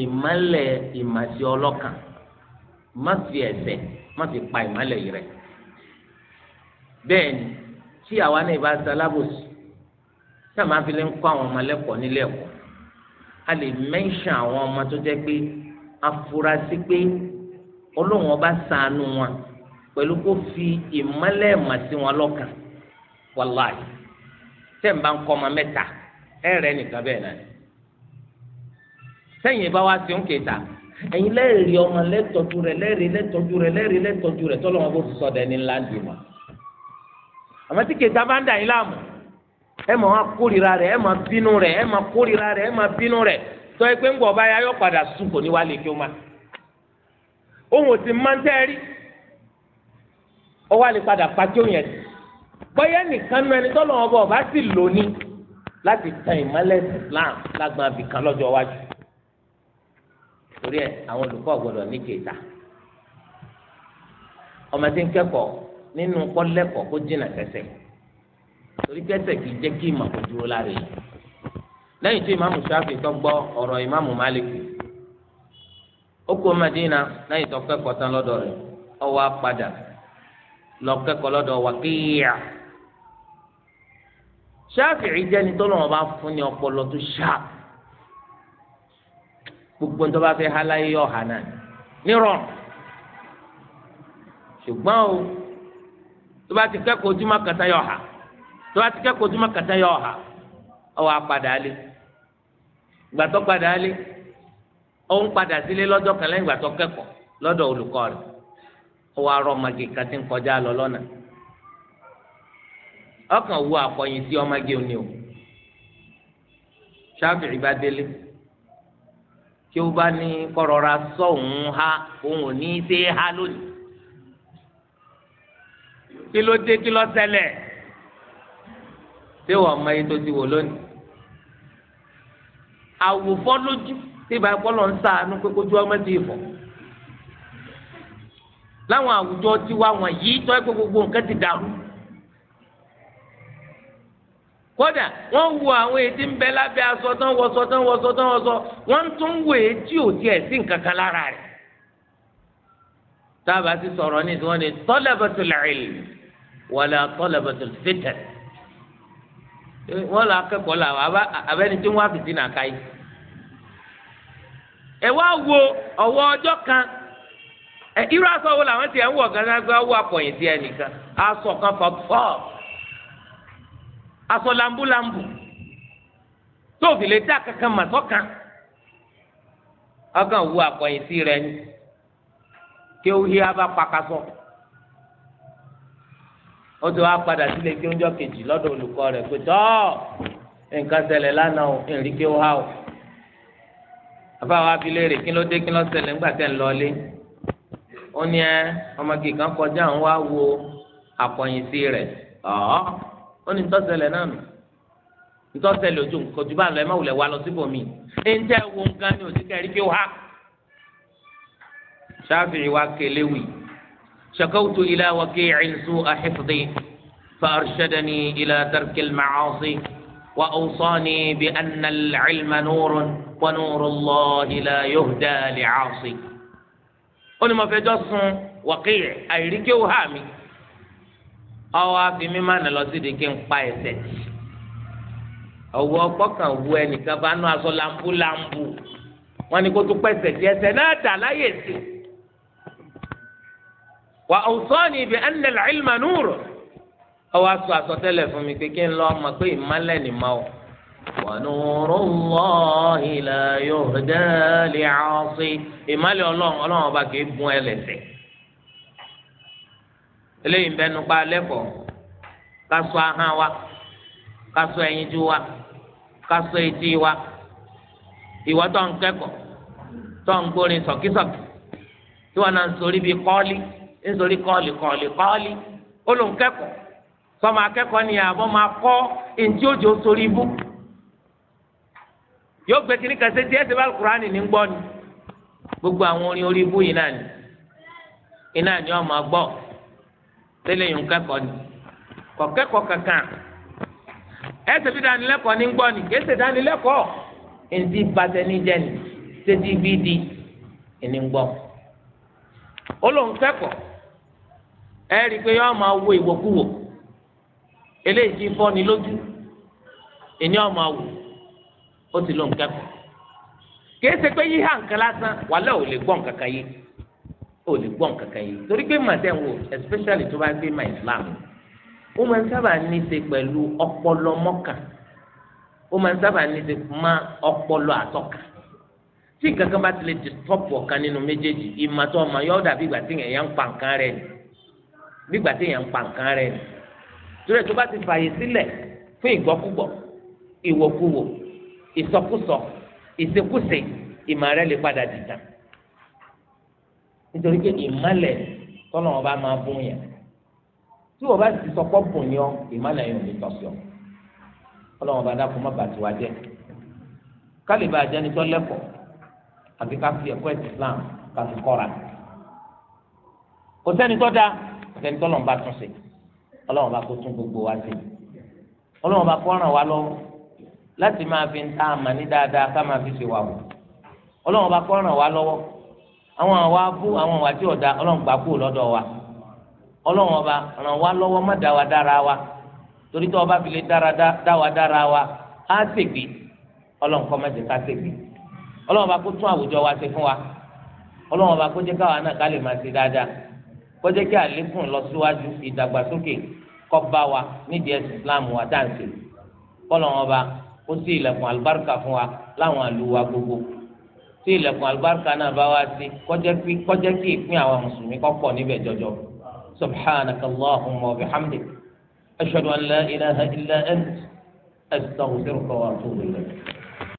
ìmọ́lẹ̀ ìmàṣẹ ọlọ́kàn má fi ẹ̀ṣẹ̀ má fi pa ìmọ́lẹ̀ yìí rẹ̀ bẹ́ẹ̀ ni tí àwa náà bá ṣe alábòsí tí máa fi lè ń kọ́ àwọn ọmọ ẹlẹ́kọ̀ọ́ nílé ẹ̀kọ́ a lè mẹ́ńṣàn àwọn ọmọ tó jẹ́ pé afurasí pé Ọba ṣàánú wọn pẹ̀lú kó fi ìmọ́lẹ̀ mà sí wọn lọ́kàn wàláì tẹ̀ bá ń kọ́ ọmọ mẹ́ta ẹ̀ rẹ̀ nìkan bẹ́ẹ̀ náà sẹ́yìn bá wá sí ń ẹ̀yin lẹ́ẹ̀rí ọmọ lẹ́tọ́jú rẹ̀ lẹ́ẹ̀rí lẹ́tọ́jú rẹ̀ lẹ́ẹ̀rí lẹ́tọ́jú rẹ̀ tọ́lọ́wọ́n bó ti sọ̀dọ̀ ẹni ńlá dì mọ́ àmọ́ tí bá ń dà yín láàmú ẹ máa wá ẹ máa bínú ẹ máa kórìíra rẹ̀ ẹ máa bínú rẹ̀ tọ́ pé ń ọba yá yọ sùn kò ní lè ma òun ò sì máa ń tẹ́ rí ọ wá lè yẹn bọ́yá nìkan nu ẹni tọ́lọ̀ ọba ọba sì lò ní láti tan ìmọ́lẹ̀ Islam abìkan lọ́jọ́ torí ẹ àwọn olùkọ́ torí kẹsẹ̀ kì í jẹ́ kí ìmọ̀ kò dúró lára yìí lẹ́yìn tí ìmáàmù Ṣáfi'í tó gbọ́ ọ̀rọ̀ o Málìkì ó kó Madina lẹ́yìn tó kẹ́kọ̀ọ́ tán lọ́dọ̀ rẹ̀ wá lọ kẹ́kọ̀ọ́ lọ́dọ̀ Wàkíyà Ṣáfi'í jẹ́ni tó lọ́wọ́ bá fún ọpọlọ tó gbogbo tó bá fẹ́ ọha ọ̀hà náà nírọ̀ o tó bá ti kẹ́kọ̀ọ́ ojúmọ́ tó a ti kẹ́kọ̀ọ́ tó má kàtá yọ ọ̀hà ọwọ́ apàdà alé ìgbà tó padà alé òun padà sílé lọ́jọ́ kan lẹ́yìn kẹ́kọ̀ọ́ lọ́dọ̀ olùkọ́ rẹ̀ ọwọ́ arọ ọmọge kan ti lọ lọ́nà ọkàn sọ òun ha òun ò ha lónìí ṣé wọ́n mọ ètò ti wò lónìí àwòfọ́ lójú tí ìbá ẹ̀kọ́ lọ ń sàánú pé kójú ọmọ ti fọ́ láwọn àwùjọ tiwa wọn yìí tọ́ pé gbogbo nǹkan ti dàrú kódà wọ́n wo àwọn ètí ń bẹ lábẹ́ aṣọ tán wọṣọ tán wọṣọ tán tún ń wo ètí ò sí nǹkan kan lára rẹ̀ táàbà ti sọ̀rọ̀ ní ìsìn wọn ni talabatul ilm wala talabatul Eh, wọn lọ akẹ́kọ̀ọ́ là abẹ́ni tí wọ́n á fìdí nàka yìí. ẹ wá wo kan ẹ irú aṣọ wo làwọn tiẹ̀ ń wọ̀ gánà gbé ọwọ́ àpọ̀yìn nìkan aṣọ kan fọ pọ̀ aṣọ lambulambu tóòfì lè dá kankan mà sọ́kan ọkàn wo àpọ̀yìn sí rẹ ni ó ti wá padà sílé kí oúnjẹ kejì lọ́dọ̀ olùkọ́ rẹ̀ pé tọ́ nǹkan ṣẹlẹ̀ lánàá o èrì kí ó há o bàbá wa fi léèrè kí ló dé kí ló ṣẹlẹ̀ ńgbà tẹ̀ ń lọlé ó ní ẹ ọmọge kan kọjá ń wá wo àkọyìnsí rẹ̀ ọ̀ọ́ ó ní tó ṣẹlẹ̀ náà nù tó ṣẹlẹ̀ ojú nǹkan jù bá lọ ẹ má wulẹ̀ wá lọ síbòmí ẹ ń wo nǹkan ní òsì kẹrí kí ó há ṣáfìrí wa kéléwì. شكوت إلى وكيع سوء حفظي فأرشدني إلى ترك المعاصي وأوصاني بأن العلم نور ونور الله لا يهدى لعاصي قل ما في جص وقيع أي ركي وهامي أو في مما نلوسيدي كن قايسة ọwọ gbọkàn wu ẹnìkan bá nú aṣọ lambulambu wọn ni kó tó pẹsẹ tí ẹsẹ náà dà láyè sí i wà awsani bi anna al-ilma nur ọwọ́ aṣọ àsọtẹ́lẹ̀ fún mi pé kí n lọ ọmọ pé ìmọ̀lẹ̀ ni ma o. wa nurullahi la yuhda li'asi ìmọ̀lẹ̀ ọlọ́run ọlọ́run ọba kì í gun ẹlẹ́sẹ̀. eléyìí ń bẹnu pa lẹ́kọ̀ọ́ ká ahọ́n wa ká ṣọ́ ẹyinjú wa ká etí wa ìwọ tó ń kẹ́kọ̀ọ́ tó ń gbórin sọ̀kísọ̀kí tí wọ́n náà ń sorí bíi kọ́ọ́lì nítorí kọ́ọ̀lì kọ́ọ̀lì kọ́ọ̀lì olùkẹ́kọ̀ọ́ sọmọ akẹ́kọ̀ọ́ ni àbọ̀ máa kọ́ ntí òjò sórí ibú yóò gbé kiri kẹsẹ tí ẹsẹ bá Kùránì ní gbọ́ ni gbogbo àwọn orin orí ibú yìí náà ni iná ni wọn máa gbọ́ tẹ́lẹ̀ yìí ń kẹ́kọ̀ọ́ ni kọ̀kẹ́kọ̀ọ́ kankan ẹsẹ bí dánilẹ́kọ̀ọ́ ní gbọ́ ni kẹsẹ dánilẹ́kọ̀ọ́ ntí batẹnijẹ ni tẹ́tí bí di ẹni gbọ́ ó ẹ rí i pé yọọ máa wo ìwòkuwò eléyìí ti fọ́ni lójú ìní ọmọ àwò ó ti lọ nǹkan kìí ṣe pé yíyá nǹkan lásán wàhálà ò lè gbọ́ nǹkan kan yìí ò lè gbọ́ nǹkan kan yìí torí pé màtẹ́ wo especially tó bá gbé ma Islam ó máa ń sábà ní í ṣe pẹ̀lú ọpọlọ mọ́kàn ó máa ń sábà ní í ṣe má ọpọlọ àtọ́kà tí nǹkan kan bá ti lè disturb ọ̀kan nínú méjèèjì ìmọ̀tọ́ ọmọ yọ̀ọ́ dàbí ìgbà tí èèyàn ń pa nǹkan rẹ̀ ni nígbà tí èèyàn ń pa nǹkan rẹ ni torí ẹ̀ tó bá ti fààyè sílẹ̀ fún ìgbọ́kúgbọ̀ ìwòkuwò ìsọkúsọ ìṣekúṣe ìmọ̀ rẹ lè padà dìtàn nítorí pé ìmọ̀lẹ̀ tọ́nà ọba máa bún yẹn tí wọ́n bá ti sọpọ́ bùn yọ ìmọ̀lẹ̀ yẹn ò ní tọ̀sọ̀ ọlọ́run ọba dákun má bàtí wa jẹ́ kálíbà àjẹnitọ́ lẹ́kọ̀ọ́ àti ká fi ẹ̀kọ́ ẹ̀sìn Islam ká fi kọ́ra kò sẹ́ni tó dáa. sẹ́ni tó lọ́nba tún sí gbogbo wa sí ọlọ́run bá wa lọ́wọ́ láti máa fi ń tá ní dáadáa ká máa fi ṣe wà wò ọlọ́run bá wa lọ́wọ́ àwọn àwa bú àwọn àwa tí ọ̀dà ọlọ́run wa ọlọ́run ọba ràn wá lọ́wọ́ má dá wa dára wa torí tó fi lè dá wa dára wa á ṣègbè ọlọ́run kọ́ má ká ọlọ́run bá kó wa ṣe fún wa ọlọ́run bá kó jẹ́ káwa náà ká lè máa ṣe kọjá kí àlékún lọ síwájú ìdàgbàsókè kó bá wa nídìí ẹ̀sìn islam wa dáǹsì kọlọ wọn bá kó sí ilẹ̀kùn àlùbáríkà fún wa láwọn ìlú wa gbogbo tí ilẹ̀kùn àlùbáríkà náà bá wá sí kọjá kí ìpín àwọn mùsùlùmí kó pọ̀ jọjọ subhanaka allahumma wa bihamdik ashhadu an la ilaha illa ant astaghfiruka wa atubu ilayk.